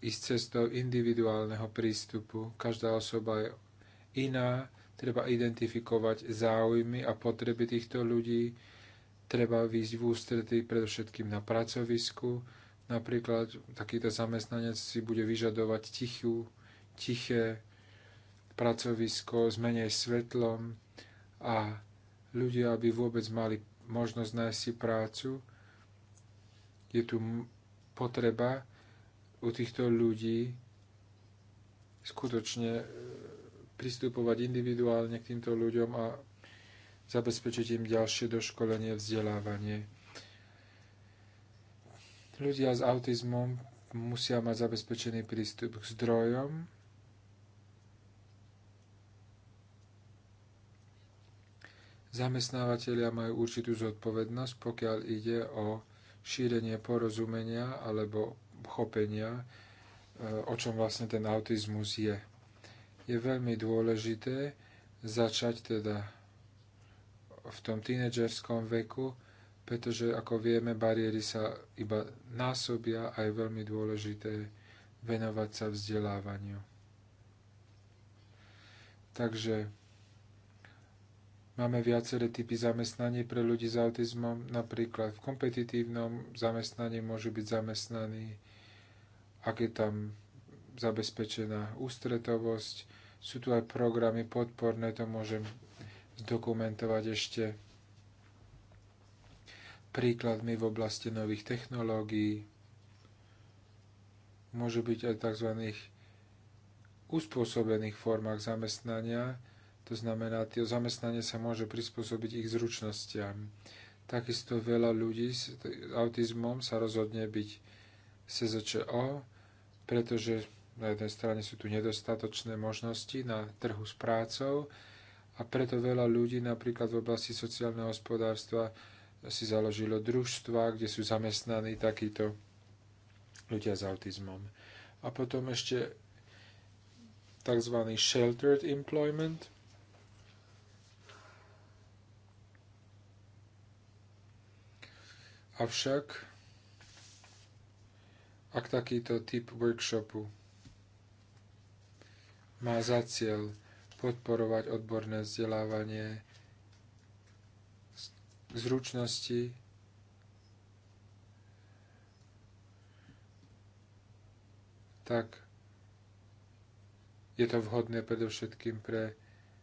ísť cestou individuálneho prístupu. Každá osoba je iná, treba identifikovať záujmy a potreby týchto ľudí, treba výjsť v ústretí predovšetkým na pracovisku. Napríklad takýto zamestnanec si bude vyžadovať tichú, tiché pracovisko s menej svetlom a ľudia, aby vôbec mali možnosť nájsť si prácu. Je tu potreba u týchto ľudí skutočne e, pristupovať individuálne k týmto ľuďom a zabezpečiť im ďalšie doškolenie, vzdelávanie. Ľudia s autizmom musia mať zabezpečený prístup k zdrojom, Zamestnávateľia majú určitú zodpovednosť, pokiaľ ide o šírenie porozumenia alebo chopenia, e, o čom vlastne ten autizmus je. Je veľmi dôležité začať teda v tom tínedžerskom veku, pretože ako vieme, bariéry sa iba násobia a je veľmi dôležité venovať sa vzdelávaniu. Takže Máme viaceré typy zamestnaní pre ľudí s autizmom. Napríklad v kompetitívnom zamestnaní môžu byť zamestnaní, ak je tam zabezpečená ústretovosť. Sú tu aj programy podporné, to môžem zdokumentovať ešte príkladmi v oblasti nových technológií. Môžu byť aj tzv. uspôsobených formách zamestnania, to znamená, to zamestnanie sa môže prispôsobiť ich zručnostiam. Takisto veľa ľudí s autizmom sa rozhodne byť SZČO, pretože na jednej strane sú tu nedostatočné možnosti na trhu s prácou a preto veľa ľudí napríklad v oblasti sociálneho hospodárstva si založilo družstva, kde sú zamestnaní takíto ľudia s autizmom. A potom ešte tzv. sheltered employment – Avšak, ak takýto typ workshopu má za cieľ podporovať odborné vzdelávanie, zručnosti, tak je to vhodné predovšetkým pre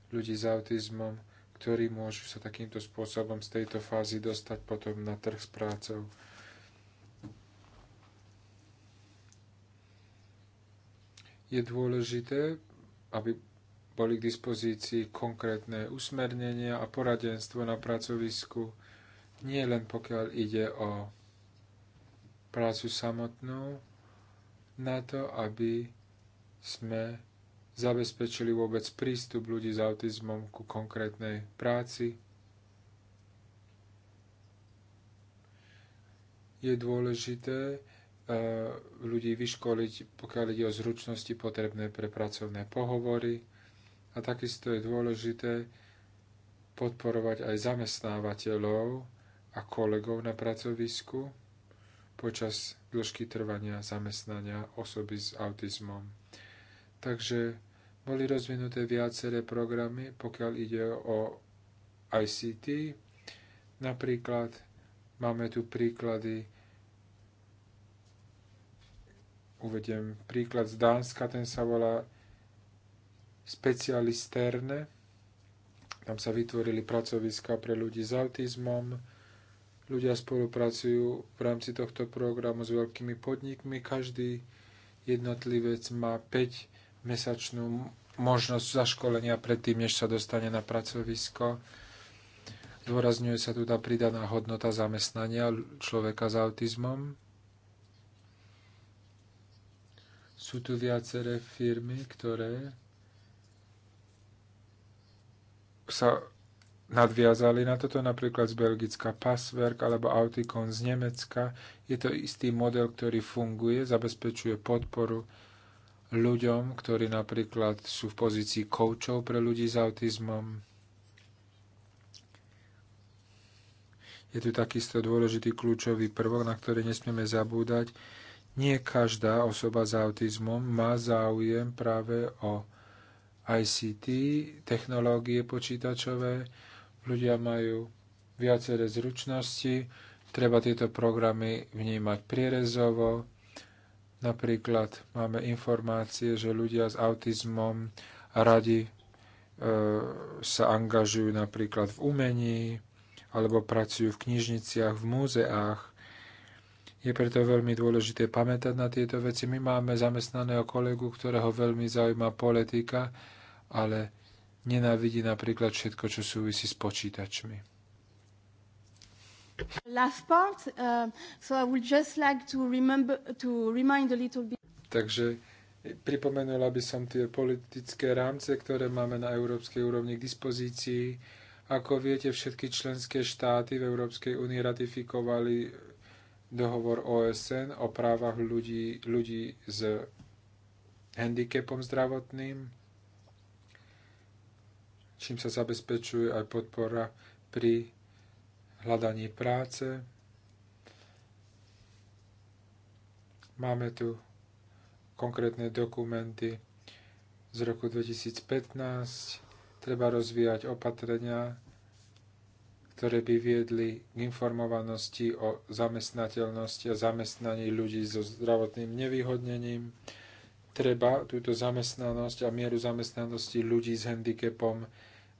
ľudí s autizmom, ktorí môžu sa takýmto spôsobom z tejto fázy dostať potom na trh s prácou. Je dôležité, aby boli k dispozícii konkrétne usmernenia a poradenstvo na pracovisku, nie len pokiaľ ide o prácu samotnú, na to, aby sme zabezpečili vôbec prístup ľudí s autizmom ku konkrétnej práci. Je dôležité e, ľudí vyškoliť, pokiaľ ide o zručnosti potrebné pre pracovné pohovory. A takisto je dôležité podporovať aj zamestnávateľov a kolegov na pracovisku počas dĺžky trvania zamestnania osoby s autizmom. Takže boli rozvinuté viaceré programy, pokiaľ ide o ICT. Napríklad máme tu príklady, uvediem príklad z Dánska, ten sa volá Specialisterne. Tam sa vytvorili pracoviska pre ľudí s autizmom. Ľudia spolupracujú v rámci tohto programu s veľkými podnikmi. Každý jednotlivec má 5 mesačnú možnosť zaškolenia predtým, než sa dostane na pracovisko. Zdôrazňuje sa tu tá pridaná hodnota zamestnania človeka s autizmom. Sú tu viaceré firmy, ktoré sa nadviazali na toto, napríklad z Belgická Passwerk alebo Autikon z Nemecka. Je to istý model, ktorý funguje, zabezpečuje podporu ľuďom, ktorí napríklad sú v pozícii koučov pre ľudí s autizmom. Je tu takisto dôležitý kľúčový prvok, na ktorý nesmieme zabúdať. Nie každá osoba s autizmom má záujem práve o ICT, technológie počítačové. Ľudia majú viaceré zručnosti, treba tieto programy vnímať prierezovo, Napríklad máme informácie, že ľudia s autizmom radi e, sa angažujú napríklad v umení alebo pracujú v knižniciach, v múzeách. Je preto veľmi dôležité pamätať na tieto veci. My máme zamestnaného kolegu, ktorého veľmi zaujíma politika, ale nenávidí napríklad všetko, čo súvisí s počítačmi. Last part, uh, so I would just like to remember, to remind a little bit. Takže pripomenula by som tie politické rámce, ktoré máme na európskej úrovni k dispozícii. Ako viete, všetky členské štáty v Európskej únii ratifikovali dohovor OSN o právach ľudí, ľudí s handicapom zdravotným, čím sa zabezpečuje aj podpora pri Hľadanie práce. Máme tu konkrétne dokumenty z roku 2015. Treba rozvíjať opatrenia, ktoré by viedli k informovanosti o zamestnateľnosti a zamestnaní ľudí so zdravotným nevýhodnením. Treba túto zamestnanosť a mieru zamestnanosti ľudí s handicapom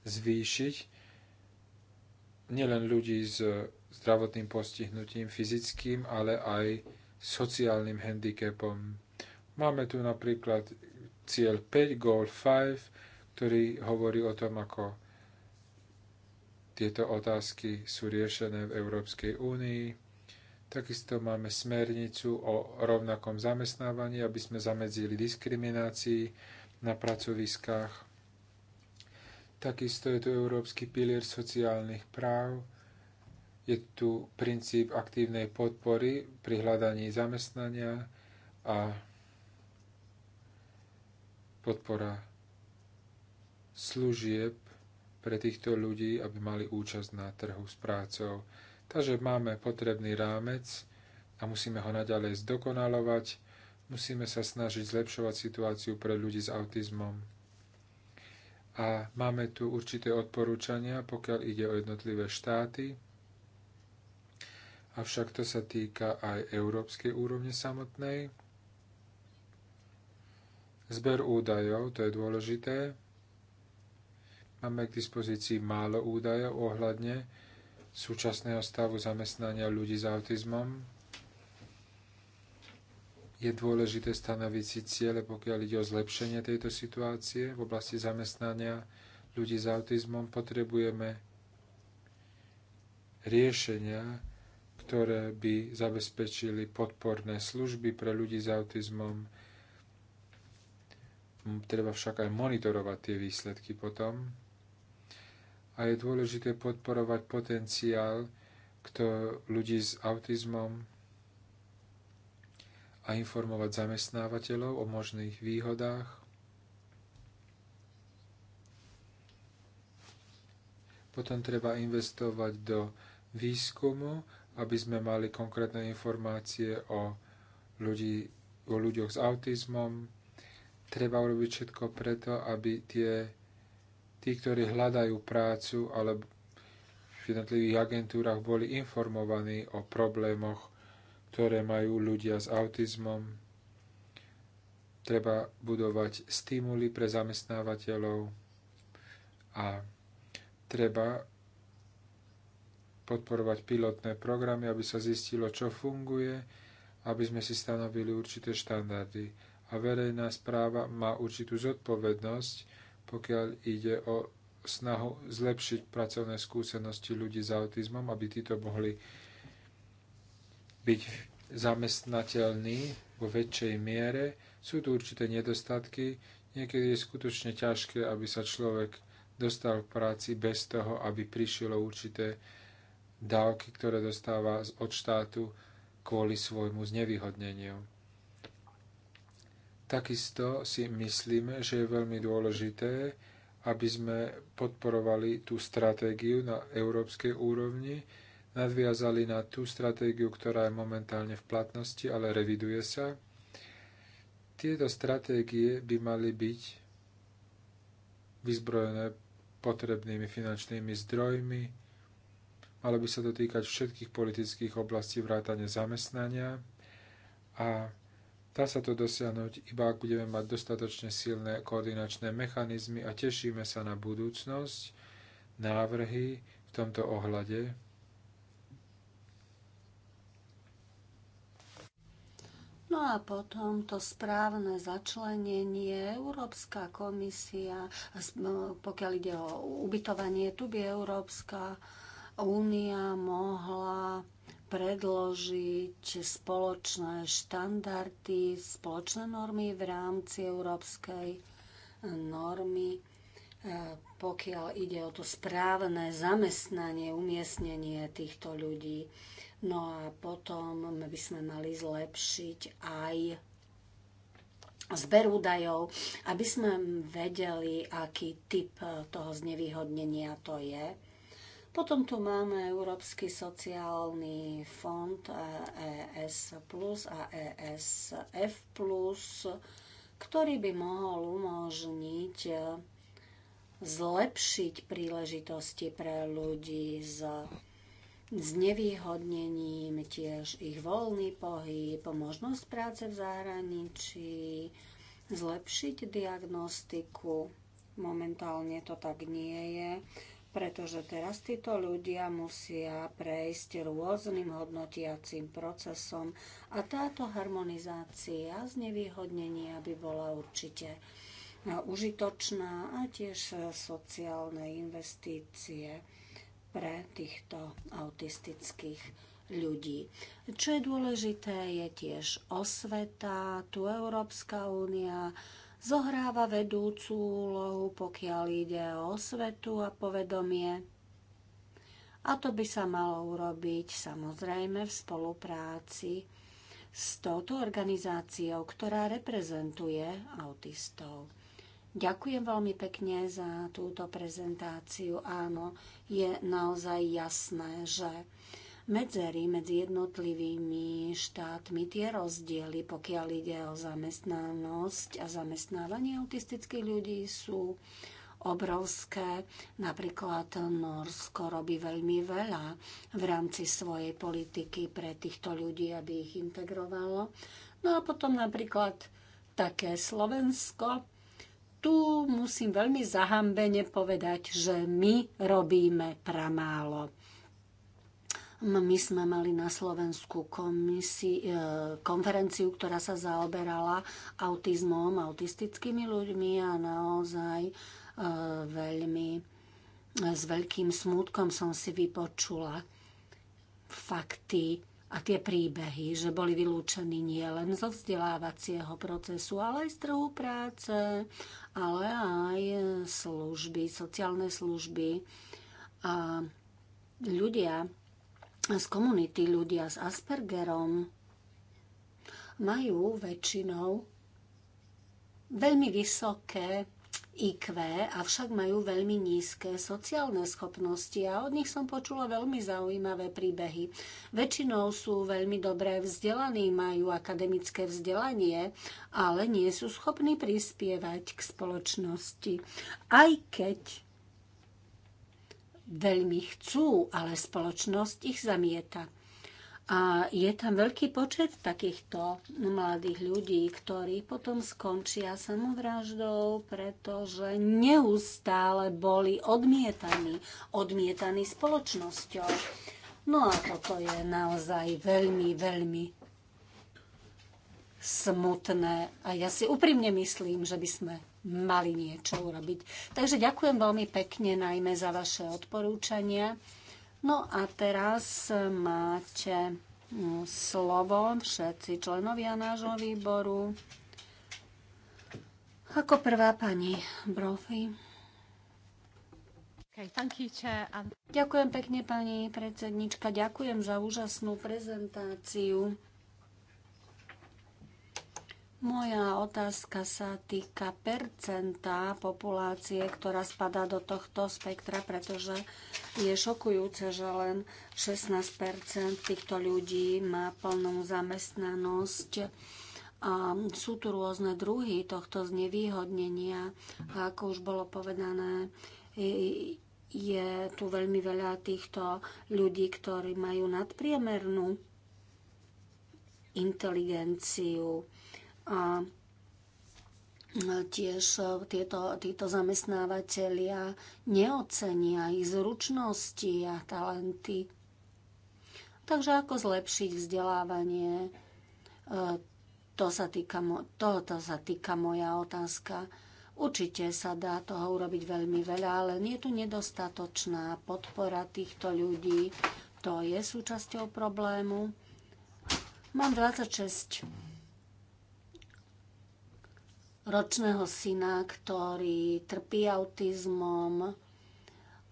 zvýšiť nielen ľudí s e, zdravotným postihnutím fyzickým, ale aj sociálnym handicapom. Máme tu napríklad cieľ 5, goal 5, ktorý hovorí o tom, ako tieto otázky sú riešené v Európskej únii. Takisto máme smernicu o rovnakom zamestnávaní, aby sme zamedzili diskriminácii na pracoviskách. Takisto je tu Európsky pilier sociálnych práv, je tu princíp aktívnej podpory pri hľadaní zamestnania a podpora služieb pre týchto ľudí, aby mali účasť na trhu s prácou. Takže máme potrebný rámec a musíme ho naďalej zdokonalovať, musíme sa snažiť zlepšovať situáciu pre ľudí s autizmom a máme tu určité odporúčania, pokiaľ ide o jednotlivé štáty, avšak to sa týka aj európskej úrovne samotnej. Zber údajov, to je dôležité. Máme k dispozícii málo údajov ohľadne súčasného stavu zamestnania ľudí s autizmom je dôležité stanoviť si ciele, pokiaľ ide o zlepšenie tejto situácie v oblasti zamestnania ľudí s autizmom. Potrebujeme riešenia, ktoré by zabezpečili podporné služby pre ľudí s autizmom. Treba však aj monitorovať tie výsledky potom. A je dôležité podporovať potenciál kto ľudí s autizmom a informovať zamestnávateľov o možných výhodách. Potom treba investovať do výskumu, aby sme mali konkrétne informácie o, ľudí, o ľuďoch s autizmom. Treba urobiť všetko preto, aby tie, tí, ktorí hľadajú prácu alebo v jednotlivých agentúrach boli informovaní o problémoch ktoré majú ľudia s autizmom. Treba budovať stimuly pre zamestnávateľov a treba podporovať pilotné programy, aby sa zistilo, čo funguje, aby sme si stanovili určité štandardy. A verejná správa má určitú zodpovednosť, pokiaľ ide o snahu zlepšiť pracovné skúsenosti ľudí s autizmom, aby títo mohli byť zamestnateľní vo väčšej miere. Sú tu určité nedostatky. Niekedy je skutočne ťažké, aby sa človek dostal k práci bez toho, aby prišiel určité dávky, ktoré dostáva od štátu kvôli svojmu znevýhodneniu. Takisto si myslíme, že je veľmi dôležité, aby sme podporovali tú stratégiu na európskej úrovni, nadviazali na tú stratégiu, ktorá je momentálne v platnosti, ale reviduje sa. Tieto stratégie by mali byť vyzbrojené potrebnými finančnými zdrojmi, malo by sa to týkať všetkých politických oblastí vrátane zamestnania a dá sa to dosiahnuť iba ak budeme mať dostatočne silné koordinačné mechanizmy a tešíme sa na budúcnosť, návrhy v tomto ohľade. No a potom to správne začlenenie Európska komisia, pokiaľ ide o ubytovanie, tu by Európska únia mohla predložiť spoločné štandardy, spoločné normy v rámci európskej e, normy, e, pokiaľ ide o to správne zamestnanie, umiestnenie týchto ľudí. No a potom by sme mali zlepšiť aj zber údajov, aby sme vedeli, aký typ e, toho znevýhodnenia to je. Potom tu máme Európsky sociálny fond ES e plus a ESF plus, ktorý by mohol umožniť e, zlepšiť príležitosti pre ľudí s znevýhodnením, tiež ich voľný pohyb, možnosť práce v zahraničí, zlepšiť diagnostiku. Momentálne to tak nie je, pretože teraz títo ľudia musia prejsť rôznym hodnotiacím procesom a táto harmonizácia znevýhodnenia by bola určite e, užitočná a tiež e, sociálne investície pre týchto autistických ľudí. Čo je dôležité, je tiež osveta. Tu Európska únia zohráva vedúcu úlohu, pokiaľ ide o osvetu a povedomie. A to by sa malo urobiť samozrejme v spolupráci s touto organizáciou, ktorá reprezentuje autistov. Ďakujem veľmi pekne za túto prezentáciu. Áno, je naozaj jasné, že medzery medzi jednotlivými štátmi, tie rozdiely, pokiaľ ide o zamestnanosť a zamestnávanie autistických ľudí, sú obrovské. Napríklad Norsko robí veľmi veľa v rámci svojej politiky pre týchto ľudí, aby ich integrovalo. No a potom napríklad také Slovensko, tu musím veľmi zahambene povedať, že my robíme pramálo. My sme mali na Slovensku komisi, e, konferenciu, ktorá sa zaoberala autizmom, autistickými ľuďmi a naozaj e, veľmi e, s veľkým smútkom som si vypočula fakty a tie príbehy, že boli vylúčení nielen zo vzdelávacieho procesu, ale aj z trhu práce, ale aj služby, sociálne služby. A ľudia z komunity, ľudia s Aspergerom majú väčšinou veľmi vysoké IQ, avšak majú veľmi nízke sociálne schopnosti a od nich som počula veľmi zaujímavé príbehy. Väčšinou sú veľmi dobré vzdelaní, majú akademické vzdelanie, ale nie sú schopní prispievať k spoločnosti. Aj keď veľmi chcú, ale spoločnosť ich zamieta. A je tam veľký počet takýchto mladých ľudí, ktorí potom skončia samovraždou, pretože neustále boli odmietaní, odmietaní spoločnosťou. No a toto je naozaj veľmi, veľmi smutné. A ja si úprimne myslím, že by sme mali niečo urobiť. Takže ďakujem veľmi pekne najmä za vaše odporúčania. No a teraz e, máte mm, slovo všetci členovia nášho výboru. Ako prvá pani Brophy. Okay, you, Ďakujem pekne, pani predsednička. Ďakujem za úžasnú prezentáciu. Moja otázka sa týka percenta populácie, ktorá spadá do tohto spektra, pretože je šokujúce, že len 16 týchto ľudí má plnú zamestnanosť. A sú tu rôzne druhy tohto znevýhodnenia. A ako už bolo povedané, je tu veľmi veľa týchto ľudí, ktorí majú nadpriemernú inteligenciu a mm, tiež e, tieto, títo zamestnávateľia neocenia ich zručnosti a talenty. Takže ako zlepšiť vzdelávanie, e, to sa týka, tohoto sa týka moja otázka. Určite sa dá toho urobiť veľmi veľa, ale nie je tu nedostatočná podpora týchto ľudí. To je súčasťou problému. Mám 26 ročného syna, ktorý trpí autizmom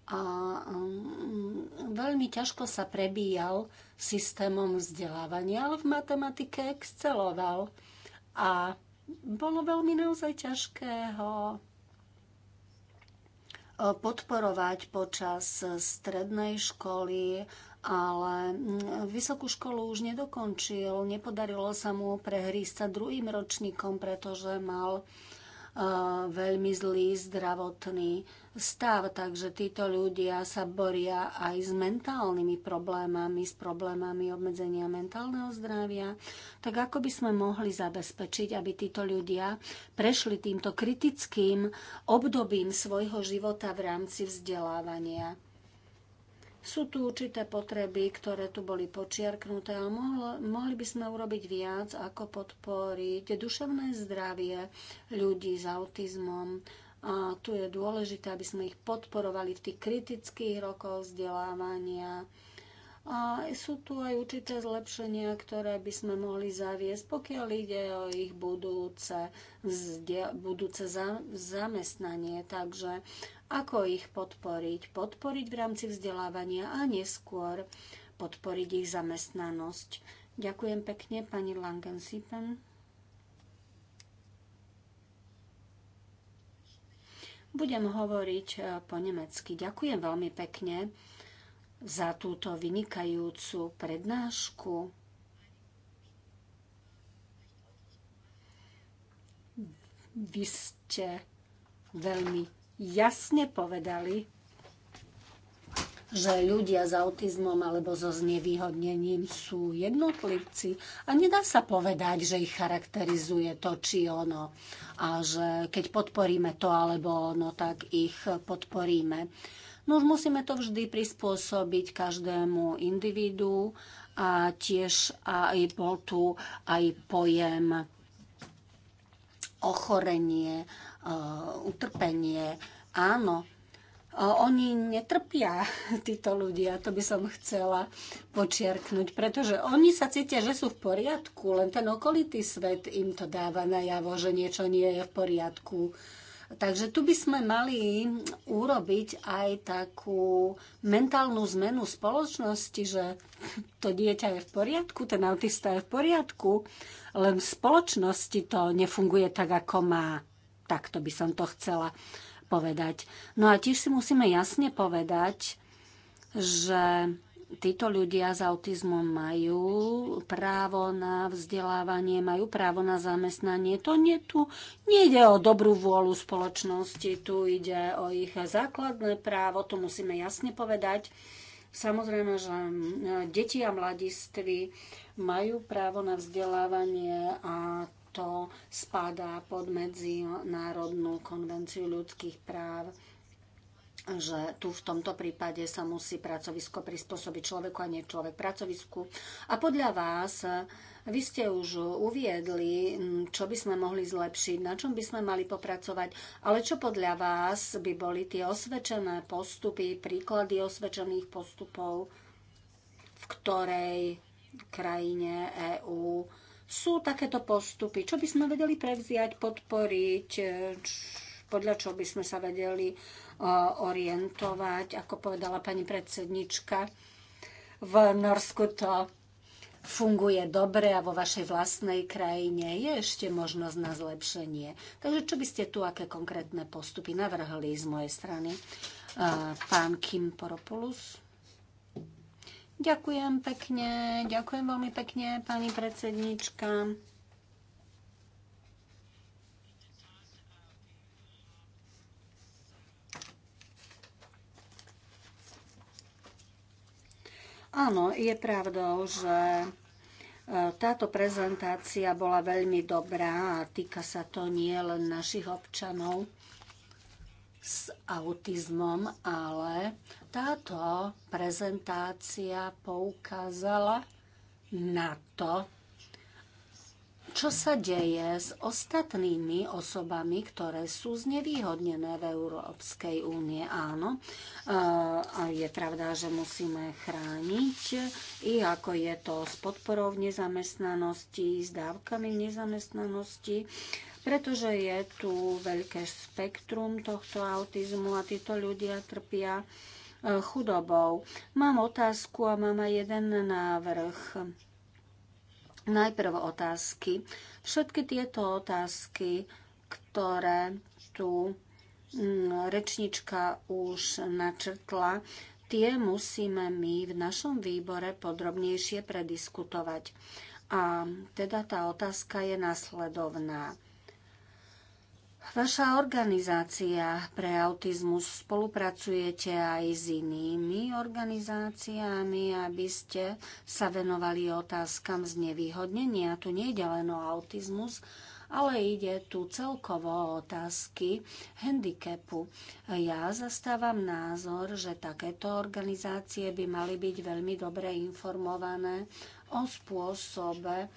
a mm, veľmi ťažko sa prebíjal systémom vzdelávania, ale v matematike exceloval. A bolo veľmi naozaj ťažké ho e, podporovať počas strednej školy ale mm, vysokú školu už nedokončil, nepodarilo sa mu prehrísť sa druhým ročníkom, pretože mal e, veľmi zlý zdravotný stav, takže títo ľudia sa boria aj s mentálnymi problémami, s problémami obmedzenia mentálneho zdravia. Tak ako by sme mohli zabezpečiť, aby títo ľudia prešli týmto kritickým obdobím svojho života v rámci vzdelávania? Sú tu určité potreby, ktoré tu boli počiarknuté, ale mohlo, mohli by sme urobiť viac, ako podporiť duševné zdravie ľudí s autizmom. A tu je dôležité, aby sme ich podporovali v tých kritických rokoch vzdelávania. A sú tu aj určité zlepšenia, ktoré by sme mohli zaviesť, pokiaľ ide o ich budúce, budúce zamestnanie. Takže ako ich podporiť. Podporiť v rámci vzdelávania a neskôr podporiť ich zamestnanosť. Ďakujem pekne, pani Langensipen. Budem hovoriť eh, po nemecky. Ďakujem veľmi pekne za túto vynikajúcu prednášku. Vy ste veľmi jasne povedali, že ľudia s autizmom alebo so znevýhodnením sú jednotlivci a nedá sa povedať, že ich charakterizuje to či ono a že keď podporíme to alebo ono, tak ich podporíme. No už musíme to vždy prispôsobiť každému individu a tiež aj bol tu aj pojem ochorenie Eh, utrpenie. Áno, eh, oni netrpia, (laughs) títo ľudia, to by som chcela počiarknúť, pretože oni sa cítia, že sú v poriadku, len ten okolitý svet im to dáva najavo, že niečo nie je v poriadku. Takže tu by sme mali urobiť aj takú mentálnu zmenu spoločnosti, že (laughs) to dieťa je v poriadku, ten autista je v poriadku, len v spoločnosti to nefunguje tak, ako má. Takto by som to chcela povedať. No a tiež si musíme jasne povedať, že títo ľudia s autizmom majú právo na vzdelávanie, majú právo na zamestnanie. To nie tu nejde o dobrú vôľu spoločnosti, tu ide o ich základné právo, to musíme jasne povedať. Samozrejme, že e, deti a mladiství majú právo na vzdelávanie a to spadá pod Medzinárodnú konvenciu ľudských práv že tu v tomto prípade sa musí pracovisko prispôsobiť človeku a nie človek pracovisku. A podľa vás, vy ste už uviedli, čo by sme mohli zlepšiť, na čom by sme mali popracovať, ale čo podľa vás by boli tie osvedčené postupy, príklady osvedčených postupov, v ktorej krajine EÚ sú takéto postupy? Čo by sme vedeli prevziať, podporiť? E, podľa čo by sme sa vedeli e, orientovať? Ako povedala pani predsednička, v Norsku to funguje dobre a vo vašej vlastnej krajine je ešte možnosť na zlepšenie. Takže čo by ste tu, aké konkrétne postupy navrhli z mojej strany? E, pán Kim Poropoulos. Ďakujem pekne, ďakujem veľmi pekne, pani predsednička. Áno, je pravdou, že e, táto prezentácia bola veľmi dobrá a týka sa to nie len našich občanov s autizmom, ale táto prezentácia poukázala na to, čo sa deje s ostatnými osobami, ktoré sú znevýhodnené v Európskej únie. Áno, a je pravda, že musíme chrániť i ako je to s podporou v nezamestnanosti, s dávkami v nezamestnanosti, pretože je tu veľké spektrum tohto autizmu a títo ľudia trpia Eh, chudobou. Mám otázku a mám aj jeden návrh. Najprv otázky. Všetky tieto otázky, ktoré tu mm, rečnička už načrtla, tie musíme my v našom výbore podrobnejšie prediskutovať. A teda tá otázka je nasledovná. Vaša organizácia pre autizmus spolupracujete aj s inými organizáciami, aby ste sa venovali otázkam znevýhodnenia. Tu je len o autizmus, ale ide tu celkovo o otázky handicapu. Ja zastávam názor, že takéto organizácie by mali byť veľmi dobre informované o spôsobe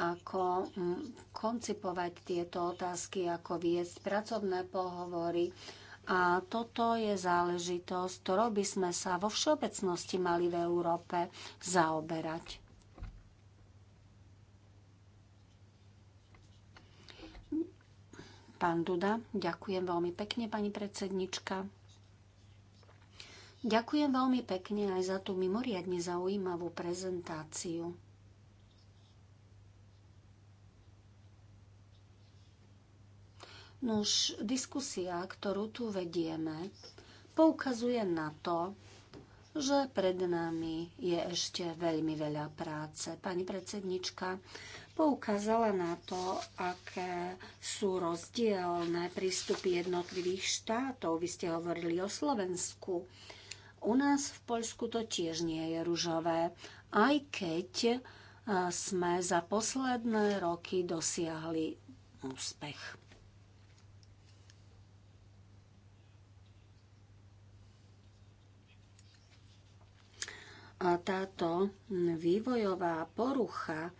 ako mm, koncipovať tieto otázky, ako viesť pracovné pohovory. A toto je záležitosť, ktorou by sme sa vo všeobecnosti mali v Európe zaoberať. Pán Duda, ďakujem veľmi pekne, pani predsednička. Ďakujem veľmi pekne aj za tú mimoriadne zaujímavú prezentáciu. Nuž, diskusia, ktorú tu vedieme, poukazuje na to, že pred nami je ešte veľmi veľa práce. Pani predsednička poukázala na to, aké sú rozdielne prístupy jednotlivých štátov. Vy ste hovorili o Slovensku. U nás v Poľsku to tiež nie je ružové, aj keď e, sme za posledné roky dosiahli úspech. táto vývojová porucha,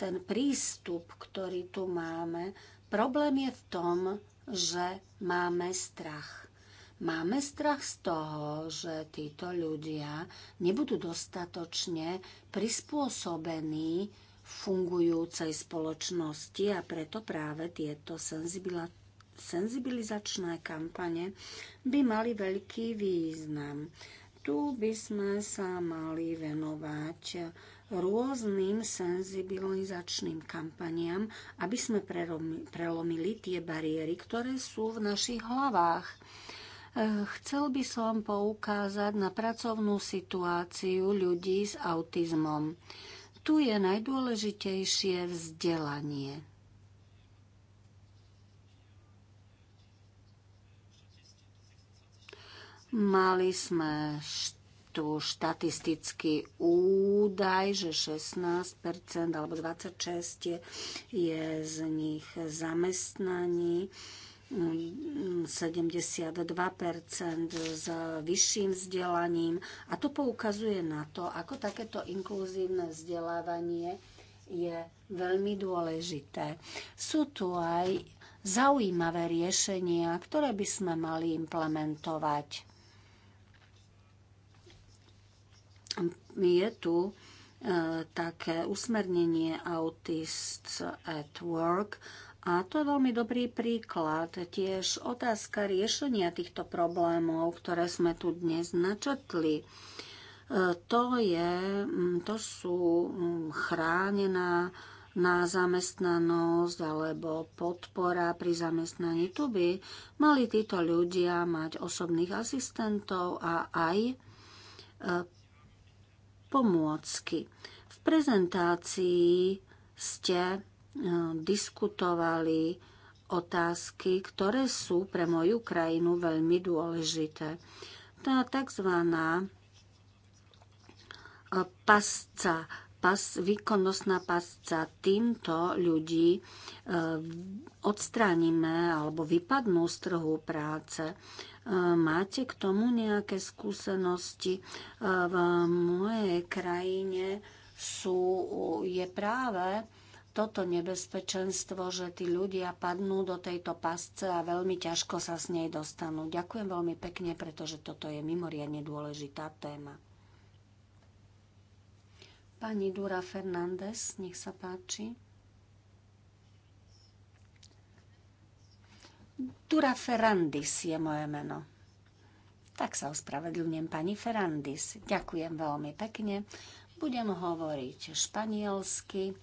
ten prístup, ktorý tu máme, problém je v tom, že máme strach. Máme strach z toho, že títo ľudia nebudú dostatočne prispôsobení fungujúcej spoločnosti a preto práve tieto senzibilizačné kampane by mali veľký význam tu by sme sa mali venovať rôznym senzibilizačným kampaniam, aby sme prelomili tie bariéry, ktoré sú v našich hlavách. Eh, chcel by som poukázať na pracovnú situáciu ľudí s autizmom. Tu je najdôležitejšie vzdelanie. Mali sme tu štatistický údaj, že 16% alebo 26% je z nich zamestnaní. 72% s vyšším vzdelaním. A to poukazuje na to, ako takéto inkluzívne vzdelávanie je veľmi dôležité. Sú tu aj zaujímavé riešenia, ktoré by sme mali implementovať. je tu e, také usmernenie Autists at Work a to je veľmi dobrý príklad. Tiež otázka riešenia týchto problémov, ktoré sme tu dnes načetli. E, to, je, to sú chránená na zamestnanosť alebo podpora pri zamestnaní. Tu by mali títo ľudia mať osobných asistentov a aj e, pomôcky. V prezentácii ste e, diskutovali otázky, ktoré sú pre moju krajinu veľmi dôležité. Tá tzv e, pasca pas, výkonnostná pasca týmto ľudí e, odstránime alebo vypadnú z trhu práce. E, máte k tomu nejaké skúsenosti? E, v mojej krajine sú, je práve toto nebezpečenstvo, že tí ľudia padnú do tejto pasce a veľmi ťažko sa z nej dostanú. Ďakujem veľmi pekne, pretože toto je mimoriadne dôležitá téma. Pani Dura Fernández, nech sa páči. Dura Ferrandis je moje meno. Tak sa ospravedlňujem pani Ferrandis. Ďakujem veľmi pekne. Budem hovoriť španielsky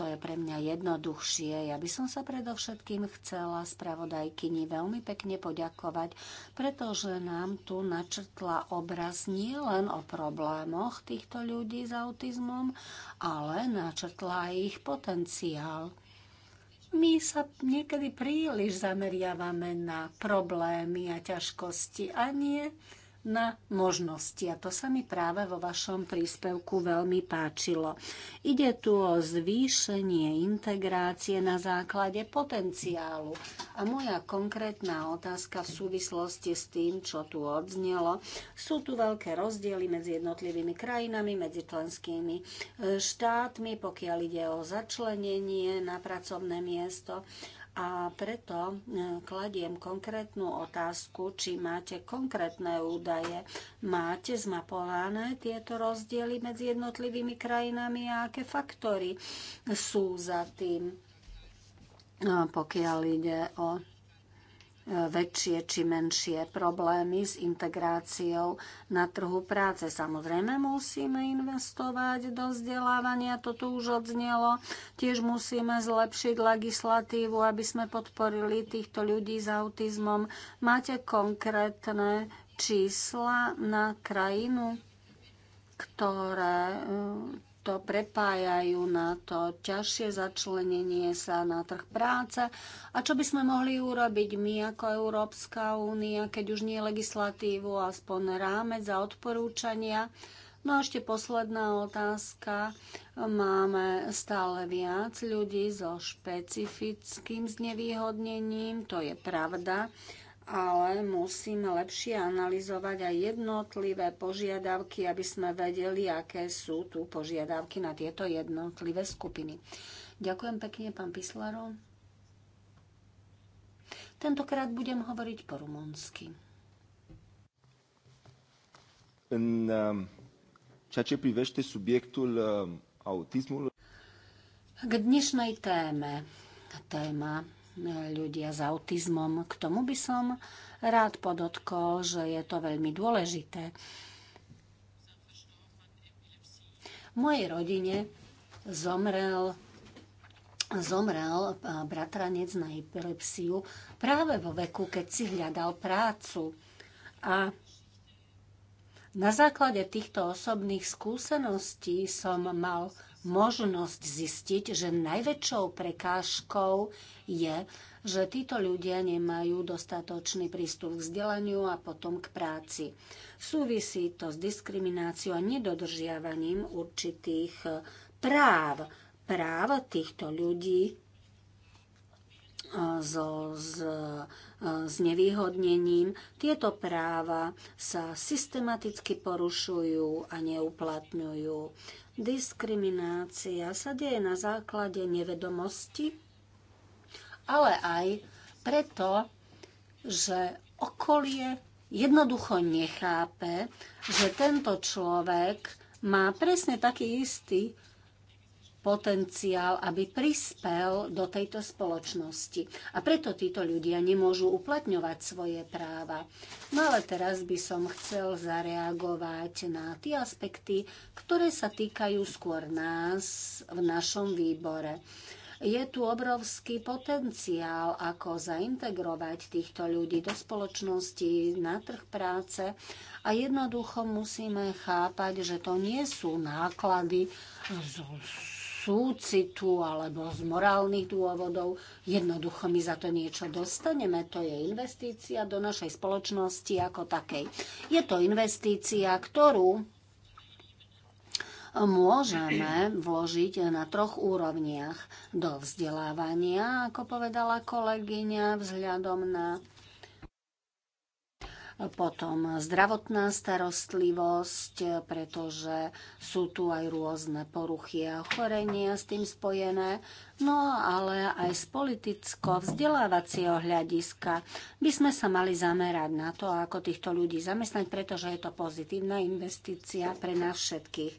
to je pre mňa jednoduchšie. Ja by som sa predovšetkým chcela spravodajkyni veľmi pekne poďakovať, pretože nám tu načrtla obraz nie len o problémoch týchto ľudí s autizmom, ale načrtla aj ich potenciál my sa niekedy príliš zameriavame na problémy a ťažkosti a nie na možnosti. A to sa mi práve vo vašom príspevku veľmi páčilo. Ide tu o zvýšenie integrácie na základe potenciálu. A moja konkrétna otázka v súvislosti s tým, čo tu odznelo, sú tu veľké rozdiely medzi jednotlivými krajinami, medzi členskými e, štátmi, pokiaľ ide o začlenenie na pracovné miesto a preto e, kladiem konkrétnu otázku, či máte konkrétne údaje. Máte zmapované tieto rozdiely medzi jednotlivými krajinami a aké faktory sú za tým, e, pokiaľ ide o väčšie či menšie problémy s integráciou na trhu práce. Samozrejme musíme investovať do vzdelávania, to tu už odznelo. Tiež musíme zlepšiť legislatívu, aby sme podporili týchto ľudí s autizmom. Máte konkrétne čísla na krajinu, ktoré to prepájajú na to ťažšie začlenenie sa na trh práce a čo by sme mohli urobiť my ako Európska únia, keď už nie legislatívu, aspoň rámec a odporúčania. No a ešte posledná otázka. Máme stále viac ľudí so špecifickým znevýhodnením, to je pravda ale musíme lepšie analyzovať aj jednotlivé požiadavky, aby sme vedeli, aké sú tu požiadavky na tieto jednotlivé skupiny. Ďakujem pekne, pán Pislaro. Tentokrát budem hovoriť po rumúnsky. În um, ceea ce privește subiectul um, autismului... K dnešnej téme, téma ľudia s autizmom. K tomu by som rád podotkol, že je to veľmi dôležité. V mojej rodine zomrel zomrel e, bratranec na epilepsiu práve vo veku, keď si hľadal prácu. A na základe týchto osobných skúseností som mal možnosť zistiť, že najväčšou prekážkou je, že títo ľudia nemajú dostatočný prístup k vzdelaniu a potom k práci. Súvisí to s diskrimináciou a nedodržiavaním určitých eh, práv. Práv týchto ľudí so, eh, s, eh, s nevýhodnením. Tieto práva sa systematicky porušujú a neuplatňujú. Diskriminácia sa deje na základe nevedomosti, ale aj preto, že okolie jednoducho nechápe, že tento človek má presne taký istý potenciál, aby prispel do tejto spoločnosti. A preto títo ľudia nemôžu uplatňovať svoje práva. No ale teraz by som chcel zareagovať na tie aspekty, ktoré sa týkajú skôr nás v našom výbore. Je tu obrovský potenciál, ako zaintegrovať týchto ľudí do spoločnosti, na trh práce a jednoducho musíme chápať, že to nie sú náklady súcitu alebo z morálnych dôvodov. Jednoducho my za to niečo dostaneme. To je investícia do našej spoločnosti ako takej. Je to investícia, ktorú môžeme vložiť na troch úrovniach. Do vzdelávania, ako povedala kolegyňa, vzhľadom na potom zdravotná starostlivosť, pretože sú tu aj rôzne poruchy a ochorenia s tým spojené no ale aj z politicko-vzdelávacieho hľadiska by sme sa mali zamerať na to, ako týchto ľudí zamestnať, pretože je to pozitívna investícia pre nás všetkých.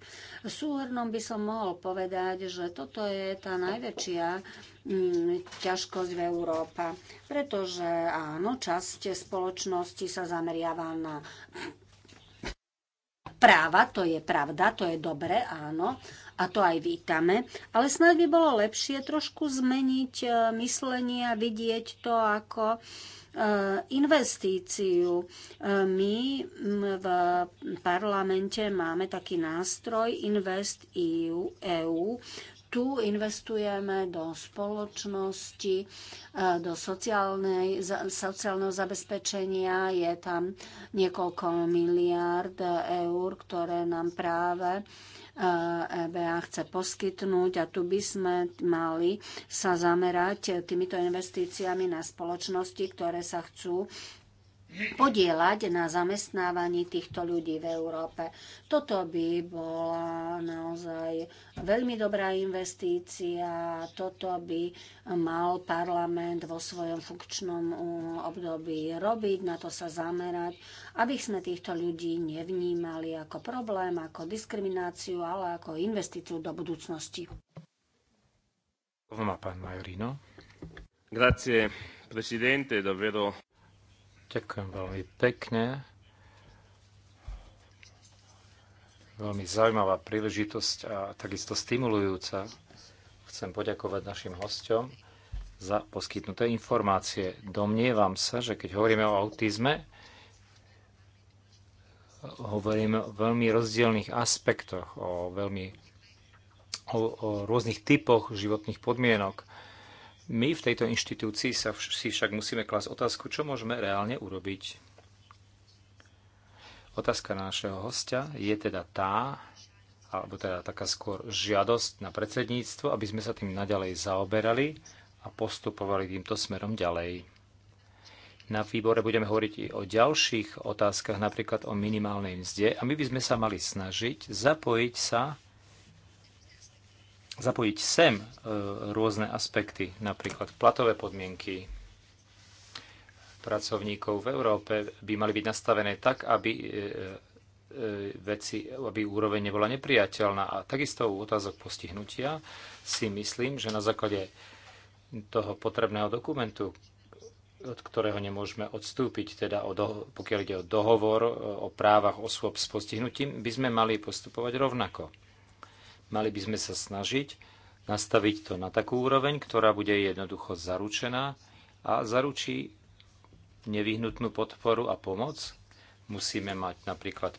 Súhrnom by som mohol povedať, že toto je tá najväčšia mm, ťažkosť v Európa, pretože áno, časť spoločnosti sa zameriava na práva, to je pravda, to je dobre, áno, a to aj vítame, ale snad by bolo lepšie trošku zmeniť e, myslenie a vidieť to ako e, investíciu. E, my v parlamente máme taký nástroj Invest EU, EU tu investujeme do spoločnosti, do sociálnej, sociálneho zabezpečenia. Je tam niekoľko miliárd eur, ktoré nám práve EBA chce poskytnúť a tu by sme mali sa zamerať týmito investíciami na spoločnosti, ktoré sa chcú podielať na zamestnávaní týchto ľudí v Európe. Toto by bola naozaj veľmi dobrá investícia. Toto by mal parlament vo svojom funkčnom um, období robiť, na to sa zamerať, aby sme týchto ľudí nevnímali ako problém, ako diskrimináciu, ale ako investíciu do budúcnosti. má pán Majorino. Grazie, presidente, davvero. Ďakujem veľmi pekne. Veľmi zaujímavá príležitosť a takisto stimulujúca. Chcem poďakovať našim hosťom za poskytnuté informácie. Domnievam sa, že keď hovoríme o autizme, hovoríme o veľmi rozdielných aspektoch, o veľmi o, o rôznych typoch životných podmienok. My v tejto inštitúcii sa vš- si však musíme klásť otázku, čo môžeme reálne urobiť. Otázka nášho hostia je teda tá, alebo teda taká skôr žiadosť na predsedníctvo, aby sme sa tým naďalej zaoberali a postupovali týmto smerom ďalej. Na výbore budeme hovoriť i o ďalších otázkach, napríklad o minimálnej mzde. A my by sme sa mali snažiť zapojiť sa zapojiť sem e, rôzne aspekty, napríklad platové podmienky pracovníkov v Európe by mali byť nastavené tak, aby e, e, veci, aby úroveň nebola nepriateľná. A takisto u otázok postihnutia si myslím, že na základe toho potrebného dokumentu, od ktorého nemôžeme odstúpiť, teda o doho- pokiaľ ide o dohovor o právach osôb s postihnutím, by sme mali postupovať rovnako. Mali by sme sa snažiť nastaviť to na takú úroveň, ktorá bude jednoducho zaručená a zaručí nevyhnutnú podporu a pomoc. Musíme mať napríklad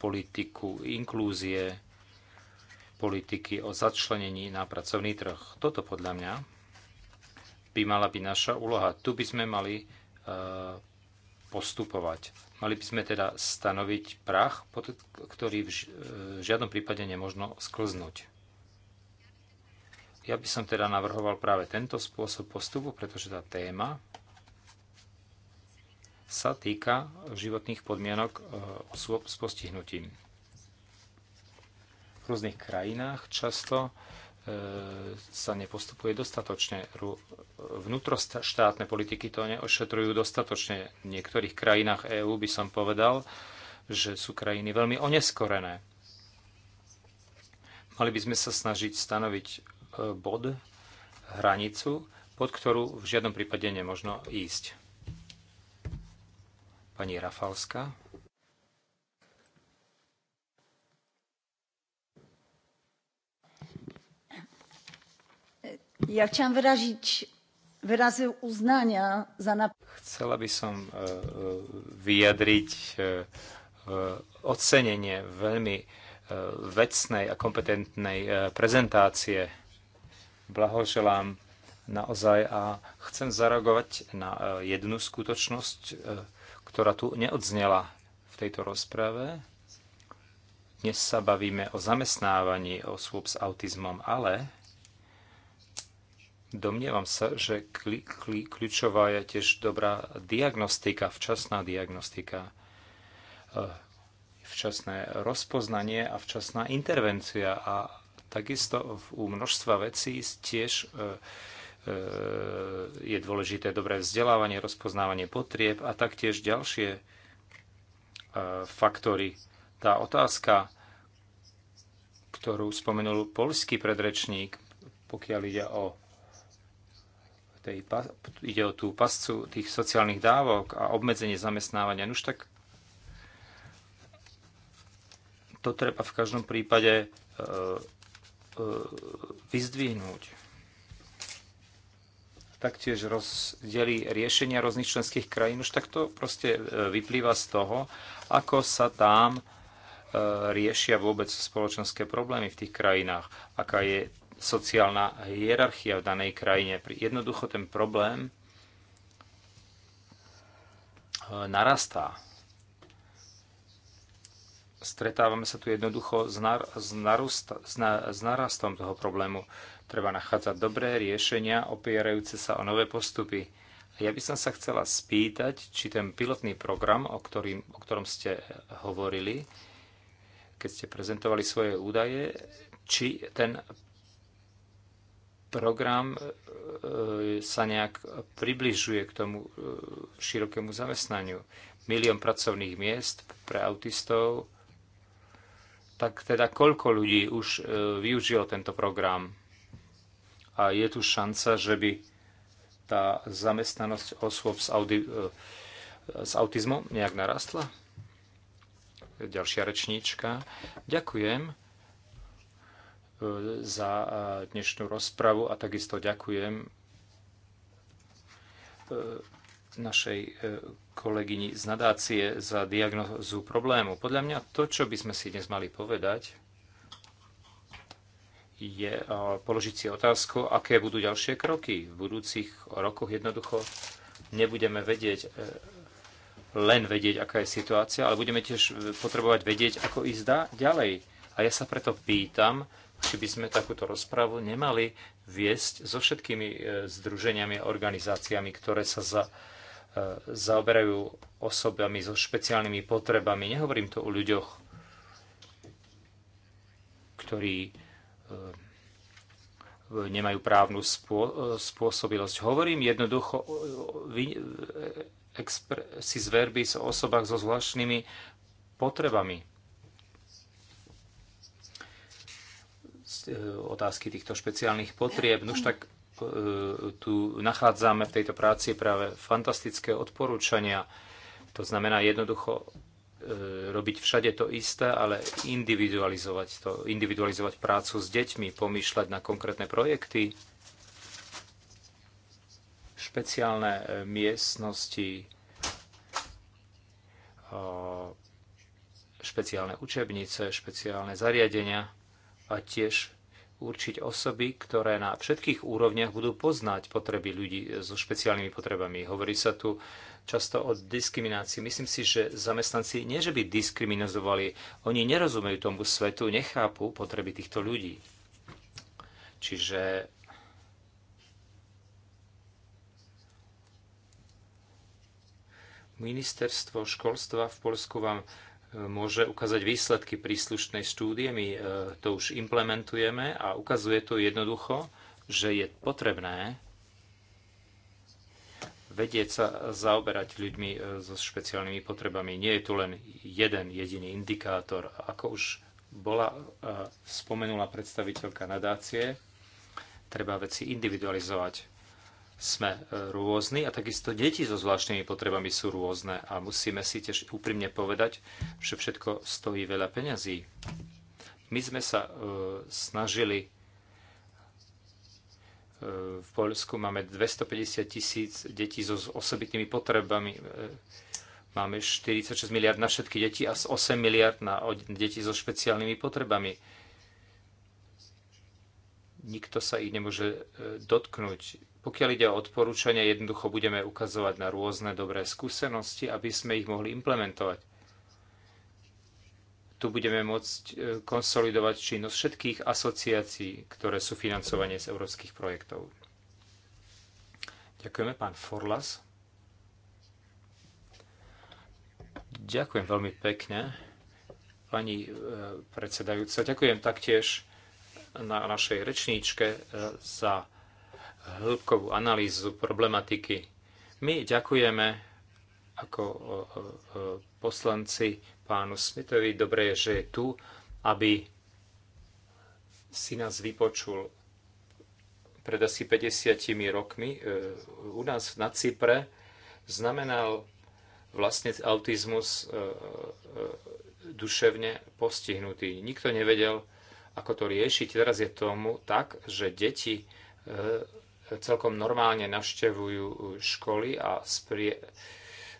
politiku inklúzie, politiky o začlenení na pracovný trh. Toto podľa mňa by mala byť naša úloha. Tu by sme mali e, postupovať. Mali by sme teda stanoviť prach, ktorý v e, žiadnom prípade nemožno sklznúť. Ja by som teda navrhoval práve tento spôsob postupu, pretože tá téma sa týka životných podmienok e, osôb s postihnutím. V rôznych krajinách často sa nepostupuje dostatočne. Vnútroštátne politiky to neošetrujú dostatočne. V niektorých krajinách EÚ by som povedal, že sú krajiny veľmi oneskorené. Mali by sme sa snažiť stanoviť e, bod, hranicu, pod ktorú v žiadnom prípade nemožno ísť. Pani Rafalská. Ja chciałam wyrazić wyrazy uznania za... Chcela by som e, e, vyjadriť e, ocenenie veľmi vecnej a kompetentnej prezentácie. Blahoželám naozaj a chcem zareagovať na jednu skutočnosť, ktorá tu neodznela v tejto rozprave. Dnes sa bavíme o zamestnávaní osôb s autizmom, ale Domnievam sa, že kli, kli, kľúčová je tiež dobrá diagnostika, včasná diagnostika, e, včasné rozpoznanie a včasná intervencia. A takisto u množstva vecí tiež e, e, je dôležité dobré vzdelávanie, rozpoznávanie potrieb a taktiež ďalšie faktory. Tá otázka, ktorú spomenul polský predrečník, pokiaľ ide o tej, ide o tú pascu tých sociálnych dávok a obmedzenie zamestnávania. No už tak to treba v každom prípade e, e, vyzdvihnúť. Taktiež rozdeli riešenia rôznych členských krajín. Už tak to proste e, vyplýva z toho, ako sa tam e, riešia vôbec spoločenské problémy v tých krajinách, aká je sociálna hierarchia v danej krajine. Jednoducho ten problém e, narastá. Stretávame sa tu jednoducho s, nar- s, narusta- s, na- s narastom toho problému. Treba nachádzať dobré riešenia, opierajúce sa o nové postupy. Ja by som sa chcela spýtať, či ten pilotný program, o, ktorým, o ktorom ste hovorili, keď ste prezentovali svoje údaje, či ten program e, e, sa nejak približuje k tomu e, širokému zamestnaniu. Milión pracovných miest pre autistov. Tak teda koľko ľudí už využilo tento program? A je tu šanca, že by tá zamestnanosť osôb s, audi- s autizmom nejak narastla? Ďalšia rečníčka. Ďakujem za e, dnešnú rozpravu a takisto ďakujem e, našej e, kolegyni z nadácie za diagnozu problému. Podľa mňa to, čo by sme si dnes mali povedať, je položiť si otázku, aké budú ďalšie kroky. V budúcich rokoch jednoducho nebudeme vedieť, len vedieť, aká je situácia, ale budeme tiež potrebovať vedieť, ako ísť ďalej. A ja sa preto pýtam, či by sme takúto rozpravu nemali viesť so všetkými e, združeniami a organizáciami, ktoré sa za, e, zaoberajú osobami so špeciálnymi potrebami. Nehovorím to o ľuďoch, ktorí e, nemajú právnu spô, spôsobilosť. Hovorím jednoducho expressis verbis o osobách so zvláštnymi potrebami. E, otázky týchto špeciálnych potrieb. Už tak e, tu nachádzame v tejto práci práve fantastické odporúčania. To znamená jednoducho e, robiť všade to isté, ale individualizovať to, individualizovať prácu s deťmi, pomýšľať na konkrétne projekty, špeciálne miestnosti, špeciálne učebnice, špeciálne zariadenia a tiež určiť osoby, ktoré na všetkých úrovniach budú poznať potreby ľudí so špeciálnymi potrebami. Hovorí sa tu často o diskriminácii. Myslím si, že zamestnanci nie, že by diskriminizovali, oni nerozumejú tomu svetu, nechápu potreby týchto ľudí. Čiže ministerstvo školstva v Polsku vám môže ukázať výsledky príslušnej štúdie. My e, to už implementujeme a ukazuje to jednoducho, že je potrebné vedieť sa zaoberať ľuďmi e, so špeciálnymi potrebami. Nie je tu len jeden jediný indikátor. Ako už bola e, spomenula predstaviteľka nadácie, treba veci individualizovať sme e, rôzni a takisto deti so zvláštnymi potrebami sú rôzne a musíme si tiež úprimne povedať, že všetko stojí veľa peňazí. My sme sa e, snažili, e, v Poľsku máme 250 tisíc detí so osobitnými potrebami, e, máme 46 miliard na všetky deti a 8 miliard na deti so špeciálnymi potrebami. Nikto sa ich nemôže e, dotknúť pokiaľ ide o odporúčania, jednoducho budeme ukazovať na rôzne dobré skúsenosti, aby sme ich mohli implementovať. Tu budeme môcť e, konsolidovať činnosť všetkých asociácií, ktoré sú financovanie z európskych projektov. Ďakujeme, pán Forlas. Ďakujem veľmi pekne, pani e, predsedajúca. Ďakujem taktiež na našej rečníčke e, za hĺbkovú analýzu problematiky. My ďakujeme ako poslanci pánu Smitovi. Dobre, že je tu, aby si nás vypočul pred asi 50 rokmi e, u nás na Cypre znamenal vlastne autizmus e, e, duševne postihnutý. Nikto nevedel, ako to riešiť. Teraz je tomu tak, že deti celkom normálne navštevujú uh, školy a sprie,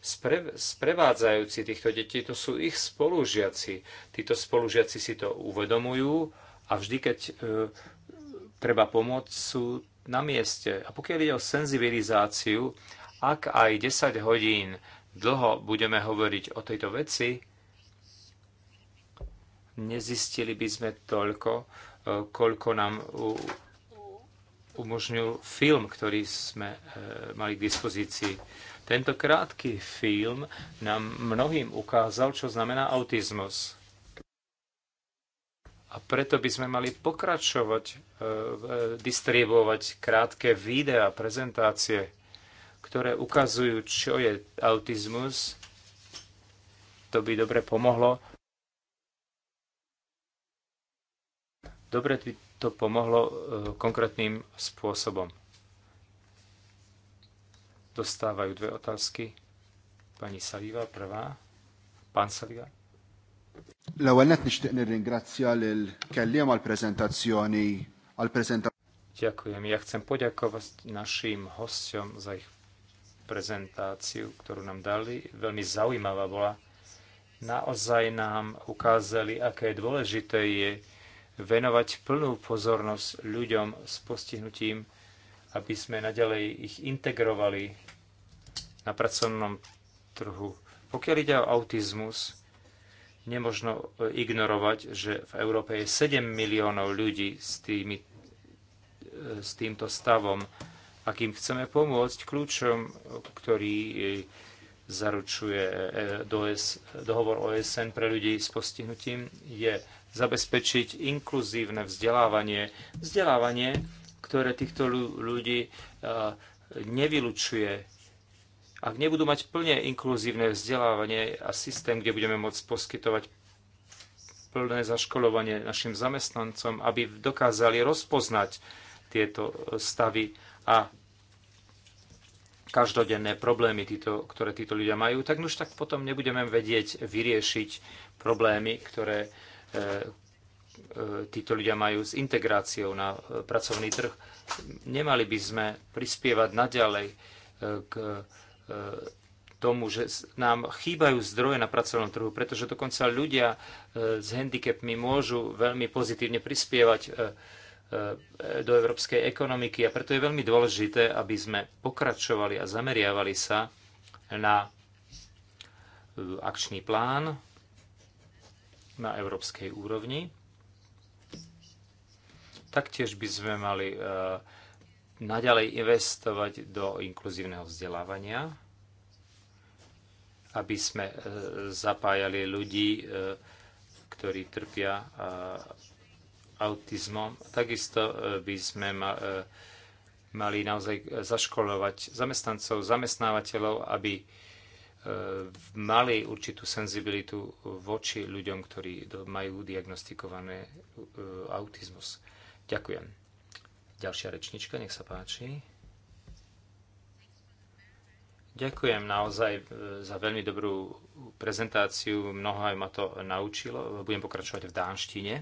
spre, sprevádzajúci týchto detí, to sú ich spolužiaci. Títo spolužiaci si to uvedomujú a vždy, keď e, treba pomôcť, sú na mieste. A pokiaľ ide o senzibilizáciu, ak aj 10 hodín dlho budeme hovoriť o tejto veci, nezistili by sme toľko, uh, koľko nám umožnil film, ktorý sme e, mali k dispozícii. Tento krátky film nám mnohým ukázal, čo znamená autizmus. A preto by sme mali pokračovať, e, e, distribuovať krátke videá, prezentácie, ktoré ukazujú, čo je autizmus. To by dobre pomohlo. Dobre to pomohlo e, konkrétnym spôsobom. Dostávajú dve otázky. Pani Saliva, prvá. Pán Saliva. L-ewwel qed nixtieq nirringrazzja lil Ďakujem. Ja chcem poďakovať našim hosťom za ich prezentáciu, ktorú nám dali. Veľmi zaujímavá bola. Naozaj nám ukázali, aké dôležité je venovať plnú pozornosť ľuďom s postihnutím, aby sme nadalej ich integrovali na pracovnom trhu. Pokiaľ ide o autizmus, nemožno e, ignorovať, že v Európe je 7 miliónov ľudí s, tými, e, s týmto stavom. Ak im chceme pomôcť kľúčom, ktorý e, zaručuje dohovor OSN pre ľudí s postihnutím, je zabezpečiť inkluzívne vzdelávanie, vzdelávanie, ktoré týchto ľudí e, nevylučuje. Ak nebudú mať plne inkluzívne vzdelávanie a systém, kde budeme môcť poskytovať plné zaškolovanie našim zamestnancom, aby dokázali rozpoznať tieto e, stavy a každodenné problémy, títo, ktoré títo ľudia majú, tak už tak potom nebudeme vedieť vyriešiť problémy, ktoré E, e, títo ľudia majú s integráciou na e, pracovný trh. Nemali by sme prispievať naďalej k tomu, že nám chýbajú zdroje na pracovnom trhu, pretože dokonca ľudia s handicapmi môžu veľmi pozitívne prispievať do európskej ekonomiky a preto je veľmi dôležité, aby sme pokračovali a zameriavali sa na akčný plán na európskej úrovni. Taktiež by sme mali e, naďalej investovať do inkluzívneho vzdelávania, aby sme e, zapájali ľudí, e, ktorí trpia autizmom. Takisto by sme mali naozaj zaškolovať zamestnancov, zamestnávateľov, aby E, mali určitú senzibilitu voči ľuďom, ktorí majú diagnostikované e, autizmus. Ďakujem. Ďalšia rečnička, nech sa páči. Ďakujem naozaj e, za veľmi dobrú prezentáciu. Mnoho aj ma to naučilo. Budem pokračovať v dánštine.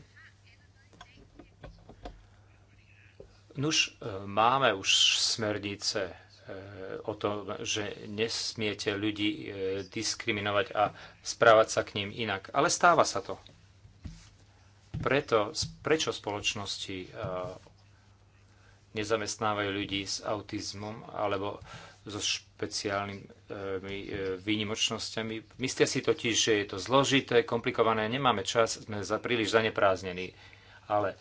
Nuž, máme už smernice Eh, o tom, že nesmiete ľudí eh, diskriminovať a správať sa k ním inak. Ale stáva sa to. Preto, prečo spoločnosti eh, nezamestnávajú ľudí s autizmom alebo so špeciálnymi výnimočnosťami. Myslia si totiž, že je to zložité, komplikované, nemáme čas, sme za príliš zanepráznení. Ale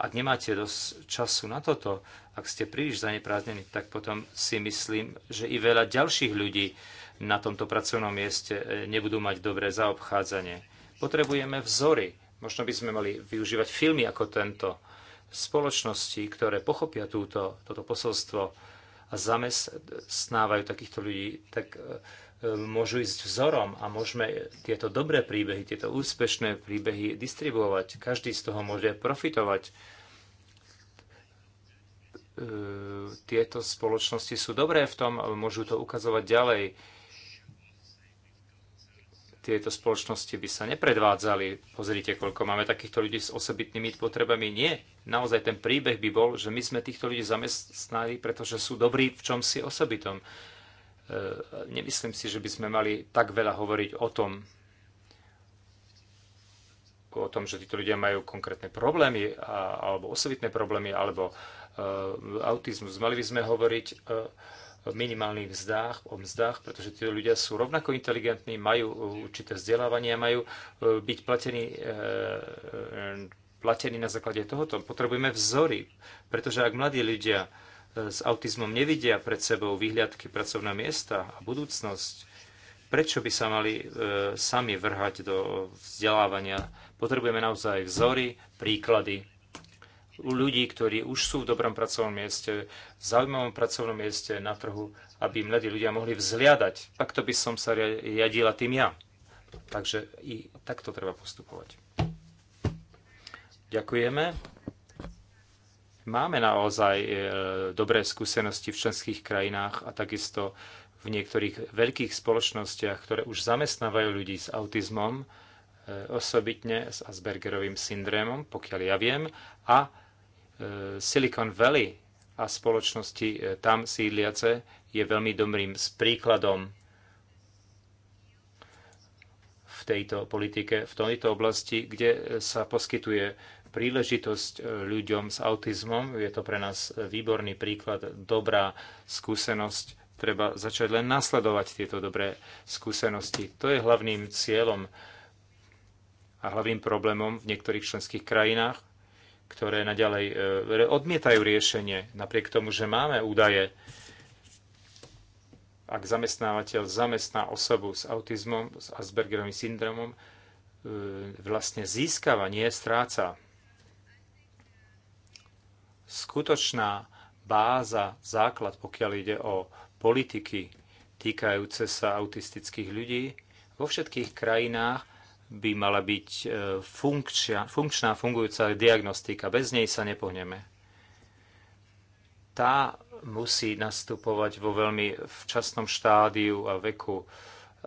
ak nemáte dosť času na toto, ak ste príliš zanepráznení, tak potom si myslím, že i veľa ďalších ľudí na tomto pracovnom mieste e, nebudú mať dobré zaobchádzanie. Potrebujeme vzory. Možno by sme mali využívať filmy ako tento. Spoločnosti, ktoré pochopia túto, toto posolstvo a zamestnávajú takýchto ľudí, tak e, môžu ísť vzorom a môžeme tieto dobré príbehy, tieto úspešné príbehy distribuovať. Každý z toho môže profitovať. E, tieto spoločnosti sú dobré v tom, môžu to ukazovať ďalej. Tieto spoločnosti by sa nepredvádzali. Pozrite, koľko máme takýchto ľudí s osobitnými potrebami. Nie, naozaj ten príbeh by bol, že my sme týchto ľudí zamestnali, pretože sú dobrí v čomsi osobitom. E, nemyslím si, že by sme mali tak veľa hovoriť o tom, o tom, že títo ľudia majú konkrétne problémy a, alebo osobitné problémy alebo uh, autizmus. Mali by sme hovoriť uh, o minimálnych vzdách, o mzdách, pretože títo ľudia sú rovnako inteligentní, majú určité vzdelávanie a majú uh, byť platení, uh, platení na základe tohoto. Potrebujeme vzory, pretože ak mladí ľudia uh, s autizmom nevidia pred sebou vyhliadky pracovné miesta a budúcnosť, prečo by sa mali e, sami vrhať do vzdelávania? Potrebujeme naozaj vzory, príklady u ľudí, ktorí už sú v dobrom pracovnom mieste, v zaujímavom pracovnom mieste na trhu, aby mladí ľudia mohli vzhliadať. Takto by som sa riadila tým ja. Takže i takto treba postupovať. Ďakujeme. Máme naozaj e, dobré skúsenosti v členských krajinách a takisto v niektorých veľkých spoločnostiach, ktoré už zamestnávajú ľudí s autizmom, e, osobitne s Aspergerovým syndrémom, pokiaľ ja viem, a e, Silicon Valley a spoločnosti tam sídliace je veľmi dobrým príkladom v tejto politike, v tejto oblasti, kde sa poskytuje príležitosť e, ľuďom s autizmom. Je to pre nás e, výborný príklad, dobrá skúsenosť. Treba začať len nasledovať tieto dobré skúsenosti. To je hlavným cieľom a hlavným problémom v niektorých členských krajinách, ktoré naďalej e, odmietajú riešenie, napriek tomu, že máme údaje. Ak zamestnávateľ zamestná osobu s autizmom, s Aspergerovým syndromom, vlastne získava, nie stráca skutočná báza, základ, pokiaľ ide o politiky týkajúce sa autistických ľudí, vo všetkých krajinách by mala byť e, funkčia, funkčná, fungujúca diagnostika. Bez nej sa nepohneme. Tá musí nastupovať vo veľmi včasnom štádiu a veku.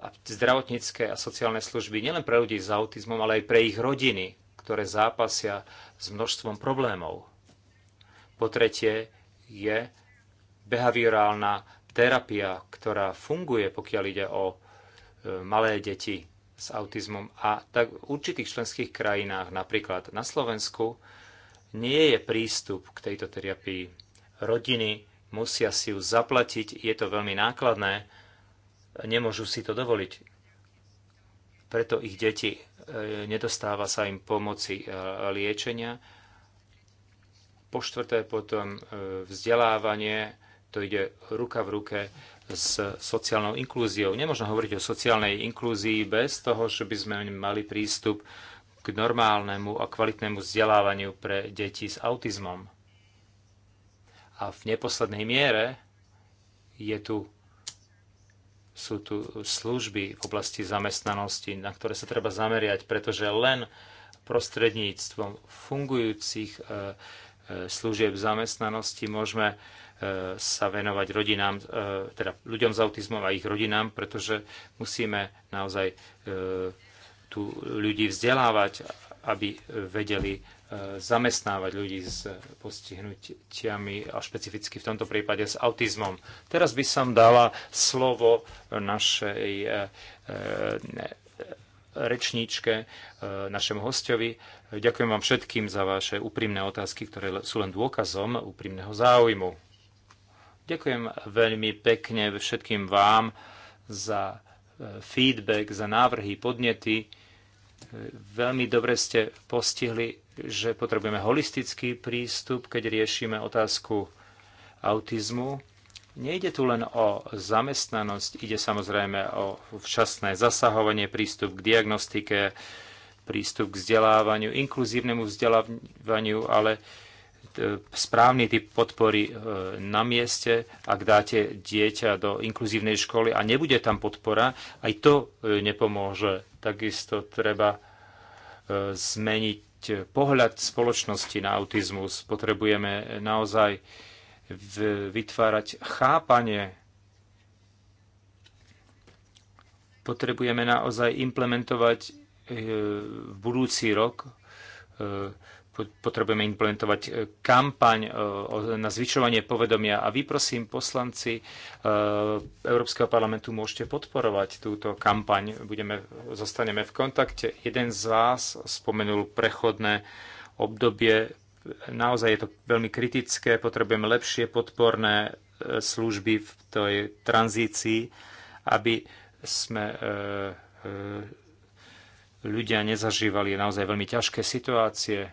A zdravotnícke a sociálne služby nielen pre ľudí s autizmom, ale aj pre ich rodiny, ktoré zápasia s množstvom problémov. Po tretie je behaviorálna terapia, ktorá funguje, pokiaľ ide o e, malé deti s autizmom. A tak v určitých členských krajinách, napríklad na Slovensku, nie je prístup k tejto terapii. Rodiny musia si ju zaplatiť, je to veľmi nákladné, nemôžu si to dovoliť. Preto ich deti e, nedostáva sa im pomoci e, liečenia, po štvrté potom e, vzdelávanie, to ide ruka v ruke s sociálnou inklúziou. Nemôžno hovoriť o sociálnej inklúzii bez toho, že by sme mali prístup k normálnemu a kvalitnému vzdelávaniu pre deti s autizmom. A v neposlednej miere je tu, sú tu služby v oblasti zamestnanosti, na ktoré sa treba zameriať, pretože len prostredníctvom fungujúcich e, služieb zamestnanosti môžeme e, sa venovať rodinám, e, teda ľuďom s autizmom a ich rodinám, pretože musíme naozaj e, tu ľudí vzdelávať, aby vedeli zamestnávať ľudí s postihnutiami a špecificky v tomto prípade s autizmom. Teraz by som dala slovo našej rečníčke, našemu hostovi, Ďakujem vám všetkým za vaše úprimné otázky, ktoré sú len dôkazom úprimného záujmu. Ďakujem veľmi pekne všetkým vám za e, feedback, za návrhy, podnety. E, veľmi dobre ste postihli, že potrebujeme holistický prístup, keď riešime otázku autizmu. Nejde tu len o zamestnanosť, ide samozrejme o včasné zasahovanie, prístup k diagnostike, prístup k vzdelávaniu, inkluzívnemu vzdelávaniu, ale e, správny typ podpory e, na mieste, ak dáte dieťa do inkluzívnej školy a nebude tam podpora, aj to e, nepomôže. Takisto treba zmeniť pohľad spoločnosti na autizmus. Potrebujeme naozaj vytvárať chápanie. Potrebujeme naozaj implementovať E, v budúci rok e, potrebujeme implementovať e, kampaň na zvyšovanie povedomia a vy prosím poslanci Európskeho parlamentu môžete podporovať túto kampaň. Budeme, zostaneme v kontakte. Jeden z vás spomenul prechodné obdobie. Naozaj je to veľmi kritické. Potrebujeme lepšie podporné služby v tej tranzícii, aby sme ľudia nezažívali naozaj veľmi ťažké situácie.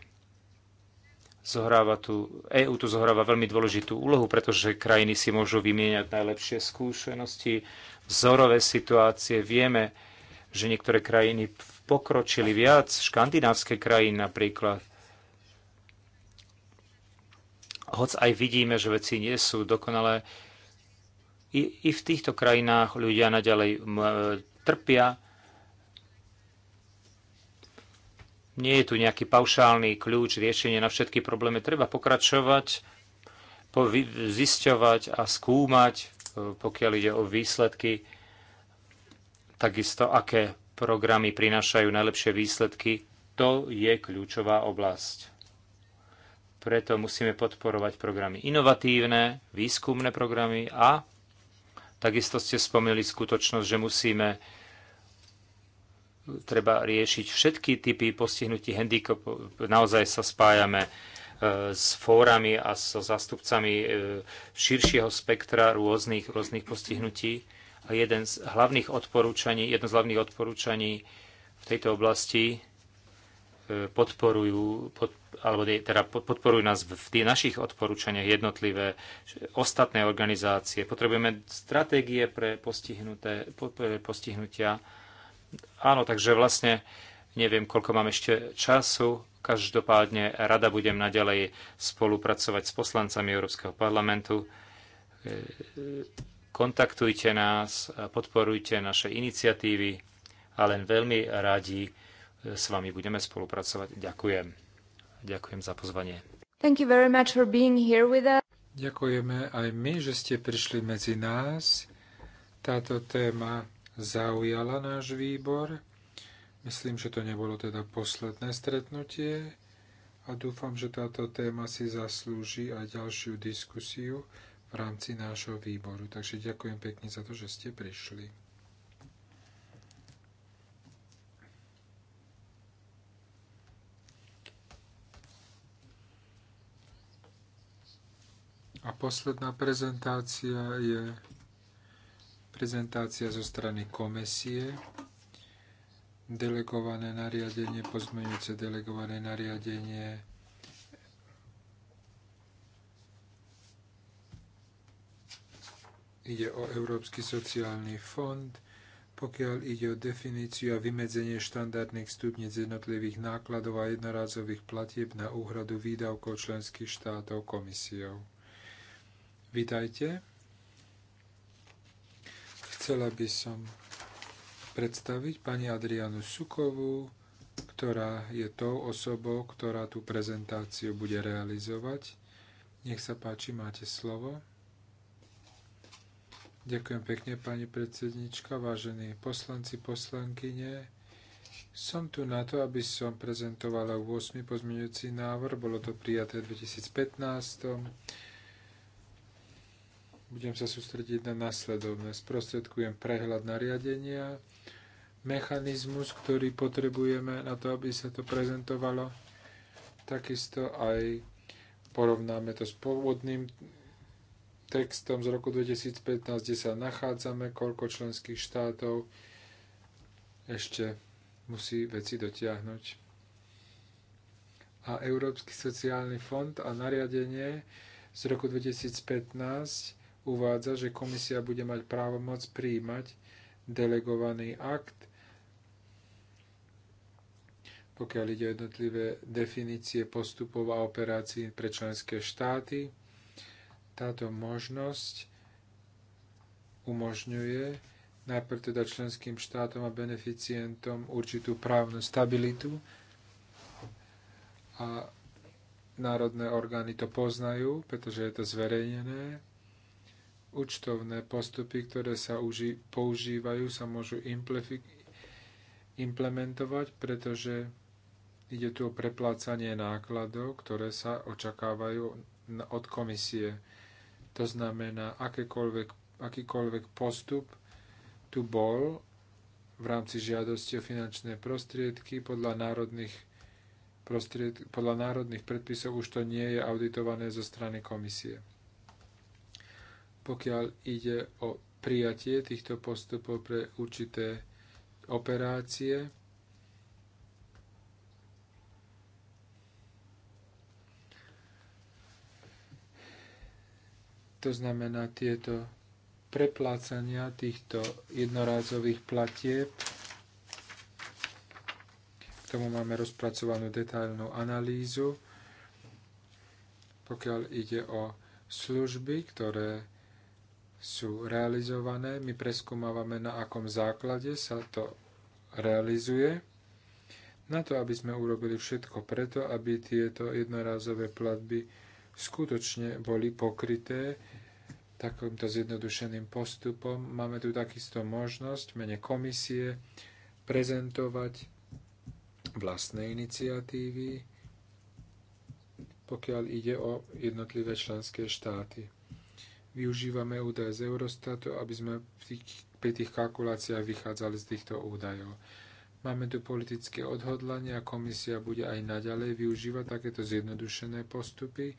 Zohráva tu, EU tu zohráva veľmi dôležitú úlohu, pretože krajiny si môžu vymieňať najlepšie skúsenosti, vzorové situácie. Vieme, že niektoré krajiny pokročili viac, škandinávske krajiny napríklad. Hoc aj vidíme, že veci nie sú dokonalé, i, i v týchto krajinách ľudia naďalej e, trpia, Nie je tu nejaký paušálny kľúč riešenie na všetky problémy. Treba pokračovať, zisťovať a skúmať, e, pokiaľ ide o výsledky, takisto aké programy prinášajú najlepšie výsledky. To je kľúčová oblasť. Preto musíme podporovať programy inovatívne, výskumné programy a takisto ste spomínali skutočnosť, že musíme treba riešiť všetky typy postihnutí handicap. Naozaj sa spájame e, s fórami a so zastupcami e, širšieho spektra rôznych, rôznych postihnutí. A jeden z hlavných odporúčaní, jedno z hlavných odporúčaní v tejto oblasti e, podporujú, pod, alebo teda podporujú nás v tých našich odporúčaniach jednotlivé ostatné organizácie. Potrebujeme stratégie pre, postihnuté, pre postihnutia, Áno, takže vlastne neviem, koľko mám ešte času. Každopádne rada budem naďalej spolupracovať s poslancami Európskeho parlamentu. E, kontaktujte nás, podporujte naše iniciatívy a len veľmi radi e, s vami budeme spolupracovať. Ďakujem. Ďakujem za pozvanie. Thank you very much for being here with us. Ďakujeme aj my, že ste prišli medzi nás. Táto téma zaujala náš výbor. Myslím, že to nebolo teda posledné stretnutie a dúfam, že táto téma si zaslúži aj ďalšiu diskusiu v rámci nášho výboru. Takže ďakujem pekne za to, že ste prišli. A posledná prezentácia je prezentácia zo strany komisie, delegované nariadenie, pozmeňujúce delegované nariadenie, ide o Európsky sociálny fond, pokiaľ ide o definíciu a vymedzenie štandardných stupnic jednotlivých nákladov a jednorázových platieb na úhradu výdavkov členských štátov komisiou. Vítajte. Chcela by som predstaviť pani Adrianu Sukovú, ktorá je tou osobou, ktorá tú prezentáciu bude realizovať. Nech sa páči, máte slovo. Ďakujem pekne, pani predsednička, vážení poslanci, poslankyne. Som tu na to, aby som prezentovala 8. pozmeňujúci návrh. Bolo to prijaté v 2015 budem sa sústrediť na následovné. Sprostredkujem prehľad nariadenia, mechanizmus, ktorý potrebujeme na to, aby sa to prezentovalo. Takisto aj porovnáme to s pôvodným textom z roku 2015, kde sa nachádzame, koľko členských štátov ešte musí veci dotiahnuť. A Európsky sociálny fond a nariadenie z roku 2015 uvádza, že komisia bude mať právomoc prijímať delegovaný akt, pokiaľ ide o jednotlivé definície postupov a operácií pre členské štáty. Táto možnosť umožňuje najprv teda členským štátom a beneficientom určitú právnu stabilitu a národné orgány to poznajú, pretože je to zverejnené účtovné postupy, ktoré sa uži- používajú, sa môžu implementovať, pretože ide tu o preplácanie nákladov, ktoré sa očakávajú od komisie. To znamená, akékoľvek, akýkoľvek postup tu bol v rámci žiadosti o finančné prostriedky podľa národných, prostried- podľa národných predpisov už to nie je auditované zo strany komisie pokiaľ ide o prijatie týchto postupov pre určité operácie. To znamená tieto preplácania týchto jednorázových platieb. K tomu máme rozpracovanú detailnú analýzu, pokiaľ ide o služby, ktoré sú realizované. My preskúmavame, na akom základe sa to realizuje, na to, aby sme urobili všetko preto, aby tieto jednorázové platby skutočne boli pokryté takýmto zjednodušeným postupom. Máme tu takisto možnosť v mene komisie prezentovať vlastné iniciatívy, pokiaľ ide o jednotlivé členské štáty využívame údaje z Eurostatu, aby sme pri tých kalkuláciách vychádzali z týchto údajov. Máme tu politické odhodlanie a komisia bude aj naďalej využívať takéto zjednodušené postupy,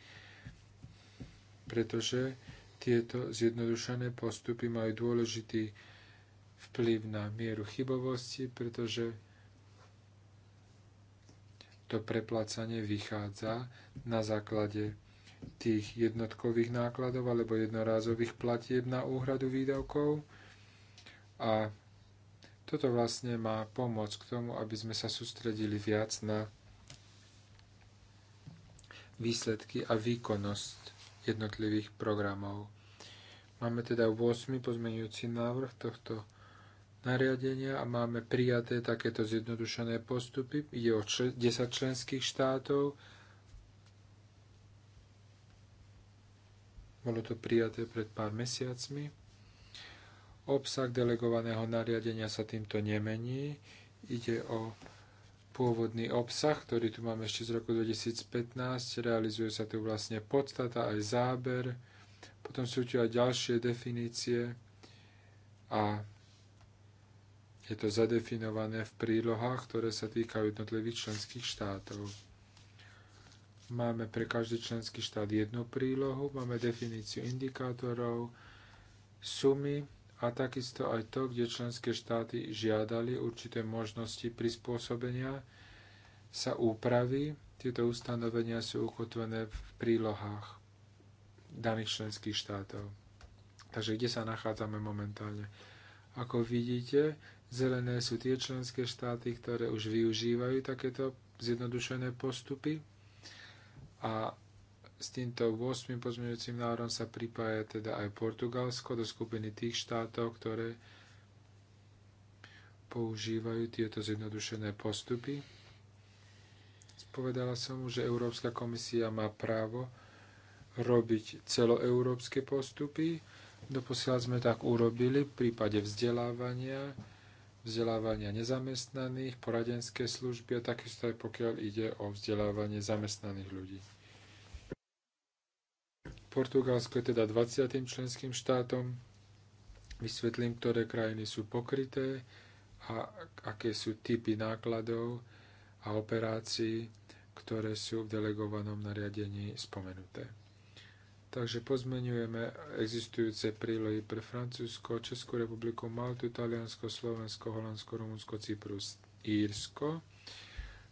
pretože tieto zjednodušené postupy majú dôležitý vplyv na mieru chybovosti, pretože to preplácanie vychádza na základe tých jednotkových nákladov alebo jednorázových platieb na úhradu výdavkov. A toto vlastne má pomôcť k tomu, aby sme sa sústredili viac na výsledky a výkonnosť jednotlivých programov. Máme teda 8. pozmeňujúci návrh tohto nariadenia a máme prijaté takéto zjednodušené postupy. Ide o 10 členských štátov, Bolo to prijaté pred pár mesiacmi. Obsah delegovaného nariadenia sa týmto nemení. Ide o pôvodný obsah, ktorý tu máme ešte z roku 2015. Realizuje sa tu vlastne podstata aj záber. Potom sú tu aj ďalšie definície a je to zadefinované v prílohách, ktoré sa týkajú jednotlivých členských štátov. Máme pre každý členský štát jednu prílohu, máme definíciu indikátorov, sumy a takisto aj to, kde členské štáty žiadali určité možnosti prispôsobenia sa úpravy. Tieto ustanovenia sú ukotvené v prílohách daných členských štátov. Takže kde sa nachádzame momentálne? Ako vidíte, zelené sú tie členské štáty, ktoré už využívajú takéto zjednodušené postupy a s týmto 8. pozmeňujúcim návrhom sa pripája teda aj Portugalsko do skupiny tých štátov, ktoré používajú tieto zjednodušené postupy. Povedala som mu, že Európska komisia má právo robiť celoeurópske postupy. Doposiaľ sme tak urobili v prípade vzdelávania, vzdelávania nezamestnaných, poradenské služby a takisto aj pokiaľ ide o vzdelávanie zamestnaných ľudí. Portugalsko je teda 20. členským štátom. Vysvetlím, ktoré krajiny sú pokryté a aké sú typy nákladov a operácií, ktoré sú v delegovanom nariadení spomenuté. Takže pozmenujeme existujúce prílohy pre Francúzsko, Českú republiku, Maltu, Taliansko, Slovensko, Holandsko, Rumunsko, Cyprus, Írsko.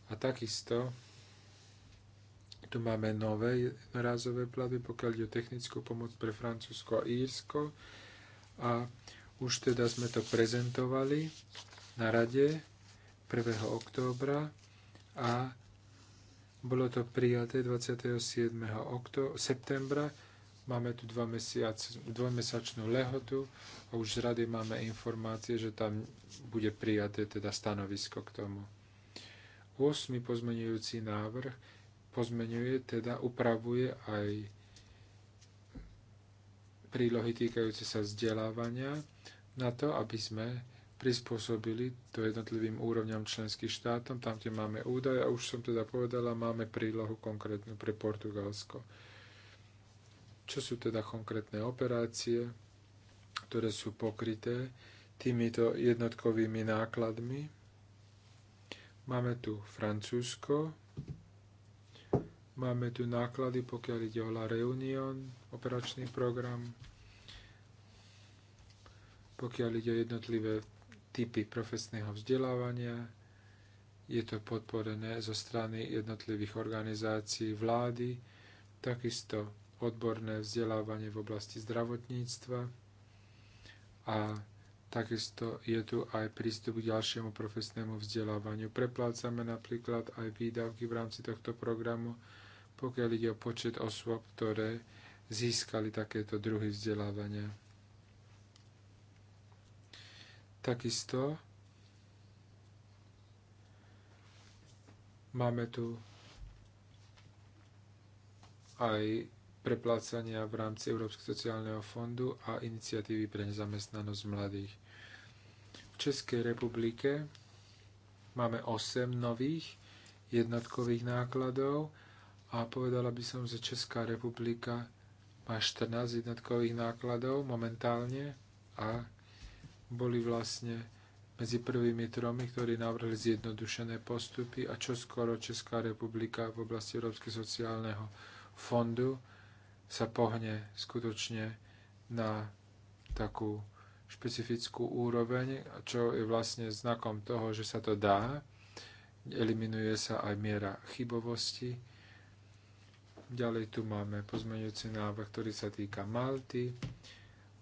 A takisto tu máme nové jednorázové platby, pokiaľ ide o technickú pomoc pre Francúzsko a Írsko. A už teda sme to prezentovali na rade 1. októbra a bolo to prijaté 27. septembra Máme tu dvojmesačnú lehotu a už z rady máme informácie, že tam bude prijaté teda stanovisko k tomu. 8. pozmenujúci návrh pozmenuje, teda upravuje aj prílohy týkajúce sa vzdelávania na to, aby sme prispôsobili to jednotlivým úrovňam členských štátom, tam, kde máme údaje, a už som teda povedala, máme prílohu konkrétnu pre Portugalsko čo sú teda konkrétne operácie, ktoré sú pokryté týmito jednotkovými nákladmi. Máme tu Francúzsko, máme tu náklady, pokiaľ ide o La Reunion, operačný program, pokiaľ ide o jednotlivé typy profesného vzdelávania, je to podporené zo strany jednotlivých organizácií vlády, takisto odborné vzdelávanie v oblasti zdravotníctva a takisto je tu aj prístup k ďalšiemu profesnému vzdelávaniu. Preplácame napríklad aj výdavky v rámci tohto programu, pokiaľ ide o počet osôb, ktoré získali takéto druhy vzdelávania. Takisto máme tu aj preplácania v rámci Európskeho sociálneho fondu a iniciatívy pre nezamestnanosť mladých. V Českej republike máme 8 nových jednotkových nákladov a povedala by som, že Česká republika má 14 jednotkových nákladov momentálne a boli vlastne medzi prvými tromi, ktorí navrhli zjednodušené postupy a čo skoro Česká republika v oblasti Európskeho sociálneho fondu sa pohne skutočne na takú špecifickú úroveň, čo je vlastne znakom toho, že sa to dá. Eliminuje sa aj miera chybovosti. Ďalej tu máme pozmeňujúci návrh, ktorý sa týka Malty.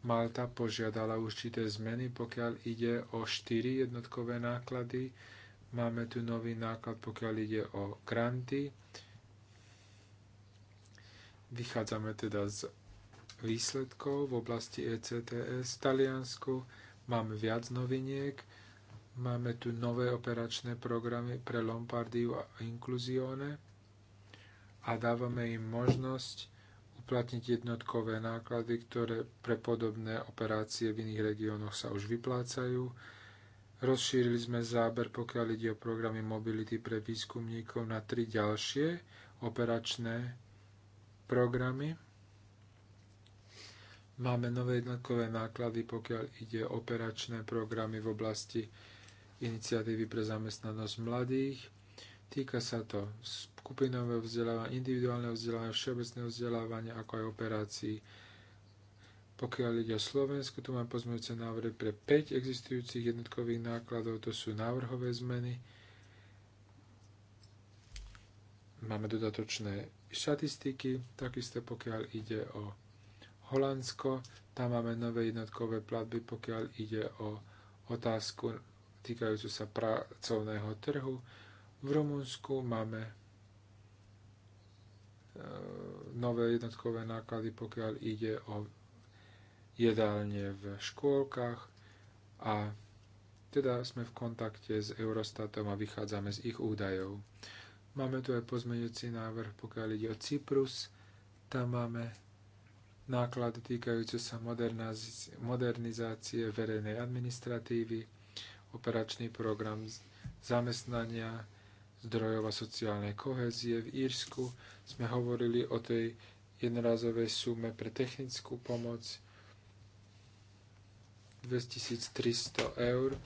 Malta požiadala určité zmeny, pokiaľ ide o 4 jednotkové náklady. Máme tu nový náklad, pokiaľ ide o granty Vychádzame teda z výsledkov v oblasti ECTS v Taliansku. Máme viac noviniek. Máme tu nové operačné programy pre Lombardiu a Inclusione a dávame im možnosť uplatniť jednotkové náklady, ktoré pre podobné operácie v iných regiónoch sa už vyplácajú. Rozšírili sme záber, pokiaľ ide o programy mobility pre výskumníkov na tri ďalšie operačné programy. Máme nové jednotkové náklady, pokiaľ ide o operačné programy v oblasti iniciatívy pre zamestnanosť mladých. Týka sa to skupinového vzdelávania, individuálneho vzdelávania, všeobecného vzdelávania, ako aj operácií. Pokiaľ ide o Slovensku, tu mám pozmeňujúce návrhy pre 5 existujúcich jednotkových nákladov, to sú návrhové zmeny. Máme dodatočné štatistiky, takisto pokiaľ ide o Holandsko, tam máme nové jednotkové platby, pokiaľ ide o otázku týkajúcu sa pracovného trhu. V Rumunsku máme e, nové jednotkové náklady, pokiaľ ide o jedálne v škôlkach a teda sme v kontakte s Eurostatom a vychádzame z ich údajov. Máme tu aj pozmeňujúci návrh, pokiaľ ide o Cyprus. Tam máme náklady týkajúce sa modernizácie verejnej administratívy, operačný program zamestnania, zdrojov a sociálnej kohezie. V Írsku sme hovorili o tej jednorazovej sume pre technickú pomoc 2300 eur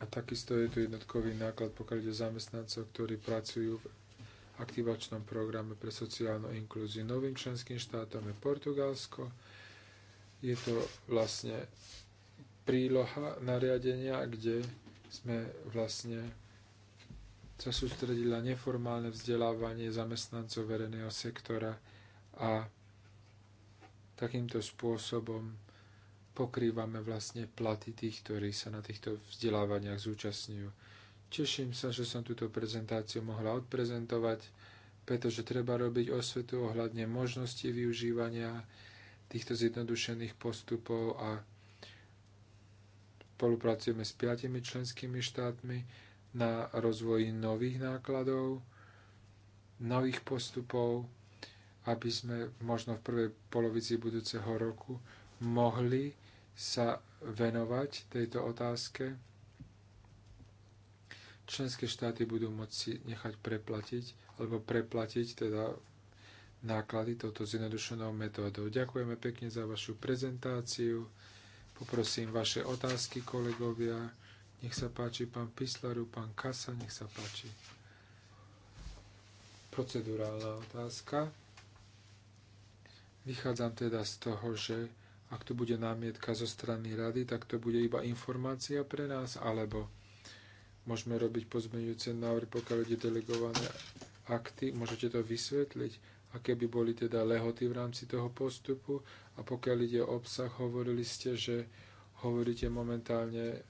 a takisto je tu jednotkový náklad, pokiaľ ide zamestnancov, ktorí pracujú v aktivačnom programe pre sociálnu inklúziu. Novým členským štátom je Portugalsko. Je to vlastne príloha nariadenia, kde sme vlastne sa sústredili na neformálne vzdelávanie zamestnancov verejného sektora a takýmto spôsobom pokrývame vlastne platy tých, ktorí sa na týchto vzdelávaniach zúčastňujú. Teším sa, že som túto prezentáciu mohla odprezentovať, pretože treba robiť osvetu ohľadne možnosti využívania týchto zjednodušených postupov a spolupracujeme s piatimi členskými štátmi na rozvoji nových nákladov, nových postupov, aby sme možno v prvej polovici budúceho roku mohli sa venovať tejto otázke. Členské štáty budú môcť si nechať preplatiť, alebo preplatiť teda náklady touto zjednodušenou metódou. Ďakujeme pekne za vašu prezentáciu. Poprosím vaše otázky, kolegovia. Nech sa páči pán Pislaru, pán Kasa, nech sa páči. Procedurálna otázka. Vychádzam teda z toho, že ak to bude námietka zo strany rady, tak to bude iba informácia pre nás, alebo môžeme robiť pozmeňujúce návrhy, pokiaľ ide delegované akty. Môžete to vysvetliť, aké by boli teda lehoty v rámci toho postupu. A pokiaľ ide o obsah, hovorili ste, že hovoríte momentálne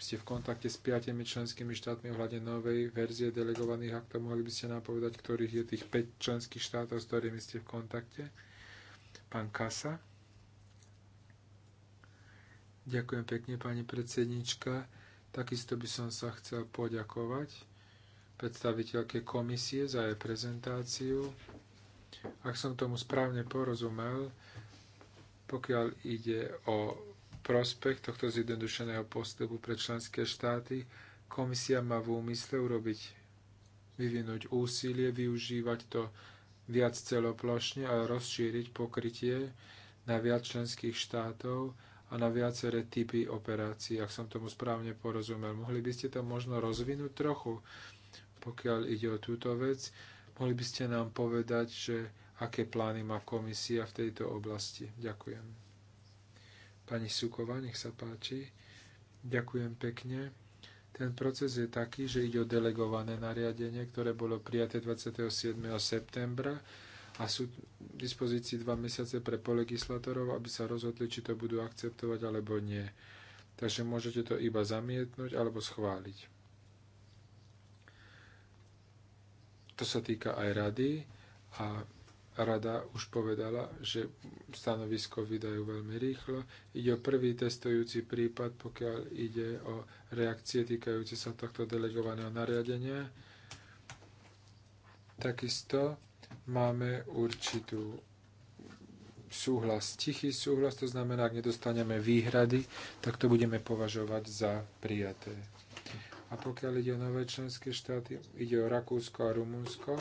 ste v kontakte s piatimi členskými štátmi ohľadne novej verzie delegovaných aktov. Mohli by ste nám povedať, ktorých je tých 5 členských štátov, s ktorými ste v kontakte? Pán Kasa. Ďakujem pekne, pani predsednička. Takisto by som sa chcel poďakovať predstaviteľke komisie za jej prezentáciu. Ak som tomu správne porozumel, pokiaľ ide o prospech tohto zjednodušeného postupu pre členské štáty, komisia má v úmysle urobiť, vyvinúť úsilie, využívať to viac celoplošne, a rozšíriť pokrytie na viac členských štátov, a na viaceré typy operácií, ak som tomu správne porozumel. Mohli by ste to možno rozvinúť trochu, pokiaľ ide o túto vec. Mohli by ste nám povedať, že aké plány má komisia v tejto oblasti. Ďakujem. Pani Suková, nech sa páči. Ďakujem pekne. Ten proces je taký, že ide o delegované nariadenie, ktoré bolo prijaté 27. septembra a sú v dispozícii dva mesiace pre polegislatorov, aby sa rozhodli, či to budú akceptovať alebo nie. Takže môžete to iba zamietnúť alebo schváliť. To sa týka aj rady a rada už povedala, že stanovisko vydajú veľmi rýchlo. Ide o prvý testujúci prípad, pokiaľ ide o reakcie týkajúce sa tohto delegovaného nariadenia. Takisto máme určitú súhlas, tichý súhlas, to znamená, ak nedostaneme výhrady, tak to budeme považovať za prijaté. A pokiaľ ide o nové členské štáty, ide o Rakúsko a Rumunsko,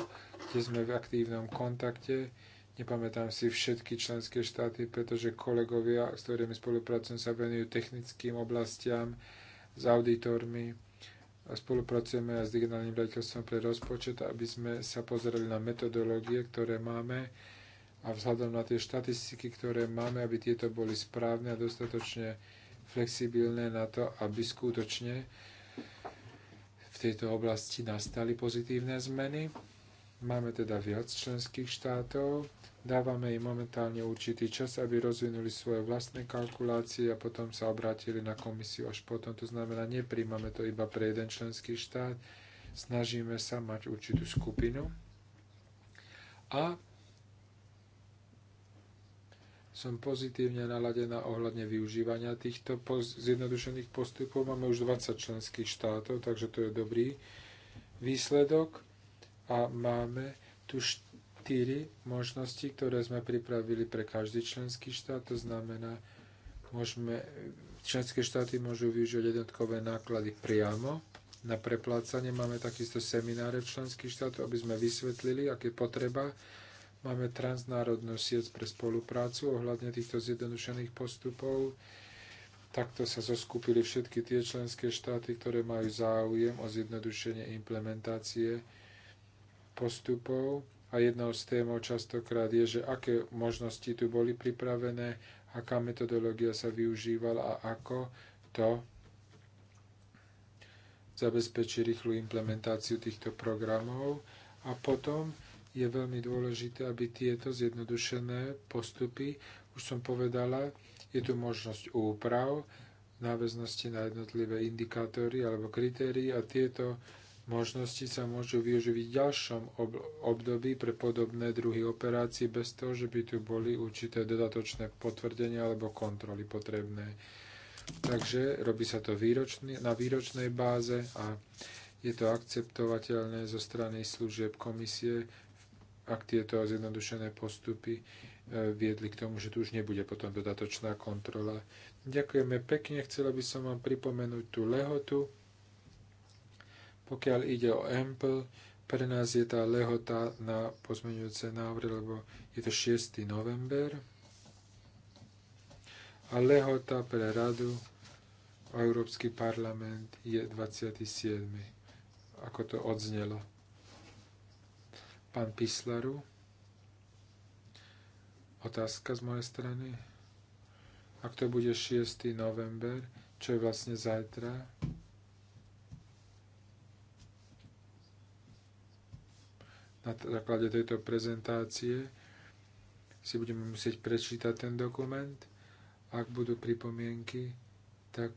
kde sme v aktívnom kontakte. Nepamätám si všetky členské štáty, pretože kolegovia, s ktorými spolupracujem, sa venujú technickým oblastiam, s auditormi, a spolupracujeme aj s digitálnym riaditeľstvom pre rozpočet, aby sme sa pozerali na metodológie, ktoré máme a vzhľadom na tie štatistiky, ktoré máme, aby tieto boli správne a dostatočne flexibilné na to, aby skutočne v tejto oblasti nastali pozitívne zmeny. Máme teda viac členských štátov, Dávame im momentálne určitý čas, aby rozvinuli svoje vlastné kalkulácie a potom sa obrátili na komisiu až potom. To znamená, nepríjmame to iba pre jeden členský štát, snažíme sa mať určitú skupinu. A som pozitívne naladená ohľadne využívania týchto zjednodušených postupov. Máme už 20 členských štátov, takže to je dobrý výsledok. A máme tu št- štyri možnosti, ktoré sme pripravili pre každý členský štát. To znamená, môžeme, členské štáty môžu využiť jednotkové náklady priamo na preplácanie. Máme takisto semináre v členských štátoch, aby sme vysvetlili, aké potreba. Máme transnárodnú sieť pre spoluprácu ohľadne týchto zjednodušených postupov. Takto sa zoskupili všetky tie členské štáty, ktoré majú záujem o zjednodušenie implementácie postupov a jednou z témov častokrát je, že aké možnosti tu boli pripravené, aká metodológia sa využívala a ako to zabezpečí rýchlu implementáciu týchto programov. A potom je veľmi dôležité, aby tieto zjednodušené postupy, už som povedala, je tu možnosť úprav, náväznosti na jednotlivé indikátory alebo kritérii a tieto možnosti sa môžu využiť v ďalšom období pre podobné druhy operácií bez toho, že by tu boli určité dodatočné potvrdenia alebo kontroly potrebné. Takže robí sa to výročný, na výročnej báze a je to akceptovateľné zo strany služieb komisie, ak tieto zjednodušené postupy e, viedli k tomu, že tu už nebude potom dodatočná kontrola. Ďakujeme pekne, chcela by som vám pripomenúť tú lehotu. Pokiaľ ide o Ample, pre nás je tá lehota na pozmeňujúce návrhy, lebo je to 6. november. A lehota pre radu o Európsky parlament je 27. Ako to odznelo. Pán Pislaru, otázka z mojej strany. Ak to bude 6. november, čo je vlastne zajtra, na základe tejto prezentácie si budeme musieť prečítať ten dokument. Ak budú pripomienky, tak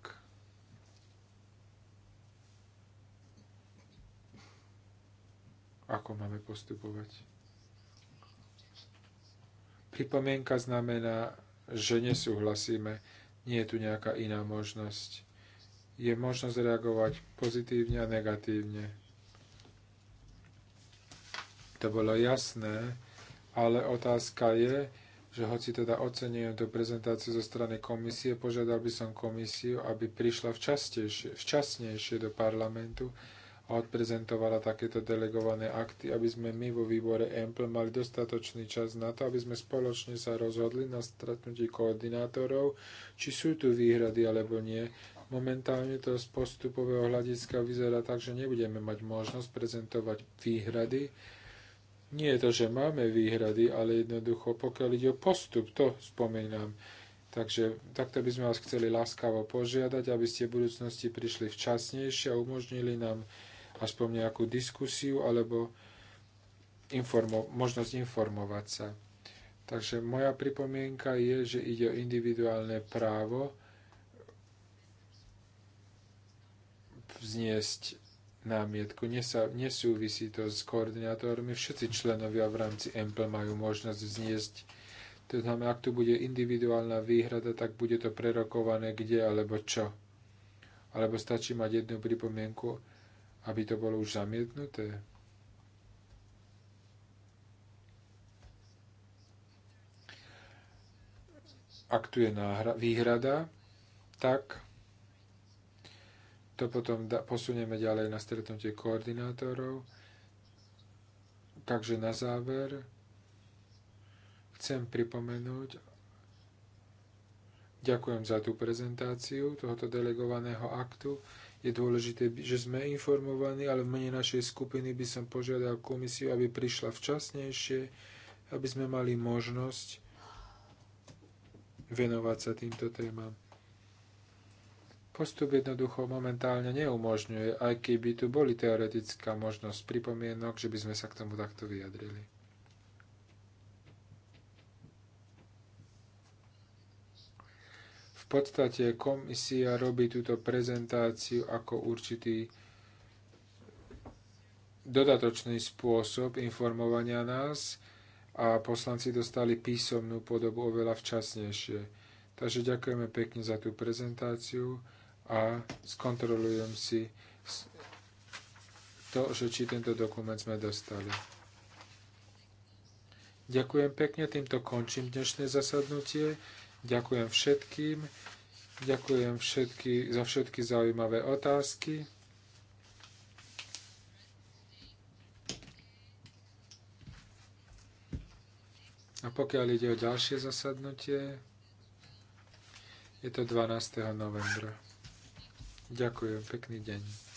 ako máme postupovať. Pripomienka znamená, že nesúhlasíme, nie je tu nejaká iná možnosť. Je možnosť reagovať pozitívne a negatívne to bolo jasné, ale otázka je, že hoci teda ocenujem tú prezentáciu zo strany komisie, požiadal by som komisiu, aby prišla včasnejšie do parlamentu a odprezentovala takéto delegované akty, aby sme my vo výbore EMPL mali dostatočný čas na to, aby sme spoločne sa rozhodli na stretnutí koordinátorov, či sú tu výhrady alebo nie. Momentálne to z postupového hľadiska vyzerá tak, že nebudeme mať možnosť prezentovať výhrady, nie je to, že máme výhrady, ale jednoducho, pokiaľ ide o postup, to spomínam. Takže takto by sme vás chceli láskavo požiadať, aby ste v budúcnosti prišli včasnejšie a umožnili nám aspoň nejakú diskusiu alebo informo- možnosť informovať sa. Takže moja pripomienka je, že ide o individuálne právo vzniesť námietku. Nesa, nesúvisí to s koordinátormi. Všetci členovia v rámci MP majú možnosť zniesť. To znamená, ak tu bude individuálna výhrada, tak bude to prerokované kde alebo čo. Alebo stačí mať jednu pripomienku, aby to bolo už zamietnuté. Ak tu je náhra, výhrada, tak to potom da, posunieme ďalej na stretnutie koordinátorov. Takže na záver chcem pripomenúť, ďakujem za tú prezentáciu tohoto delegovaného aktu. Je dôležité, že sme informovaní, ale v mene našej skupiny by som požiadal komisiu, aby prišla včasnejšie, aby sme mali možnosť venovať sa týmto témam. Postup jednoducho momentálne neumožňuje, aj keby tu boli teoretická možnosť pripomienok, že by sme sa k tomu takto vyjadrili. V podstate komisia robí túto prezentáciu ako určitý dodatočný spôsob informovania nás a poslanci dostali písomnú podobu oveľa včasnejšie. Takže ďakujeme pekne za tú prezentáciu a skontrolujem si to, že či tento dokument sme dostali. Ďakujem pekne, týmto končím dnešné zasadnutie. Ďakujem všetkým. Ďakujem všetky, za všetky zaujímavé otázky. A pokiaľ ide o ďalšie zasadnutie, je to 12. novembra. Ďakujem, pekný deň.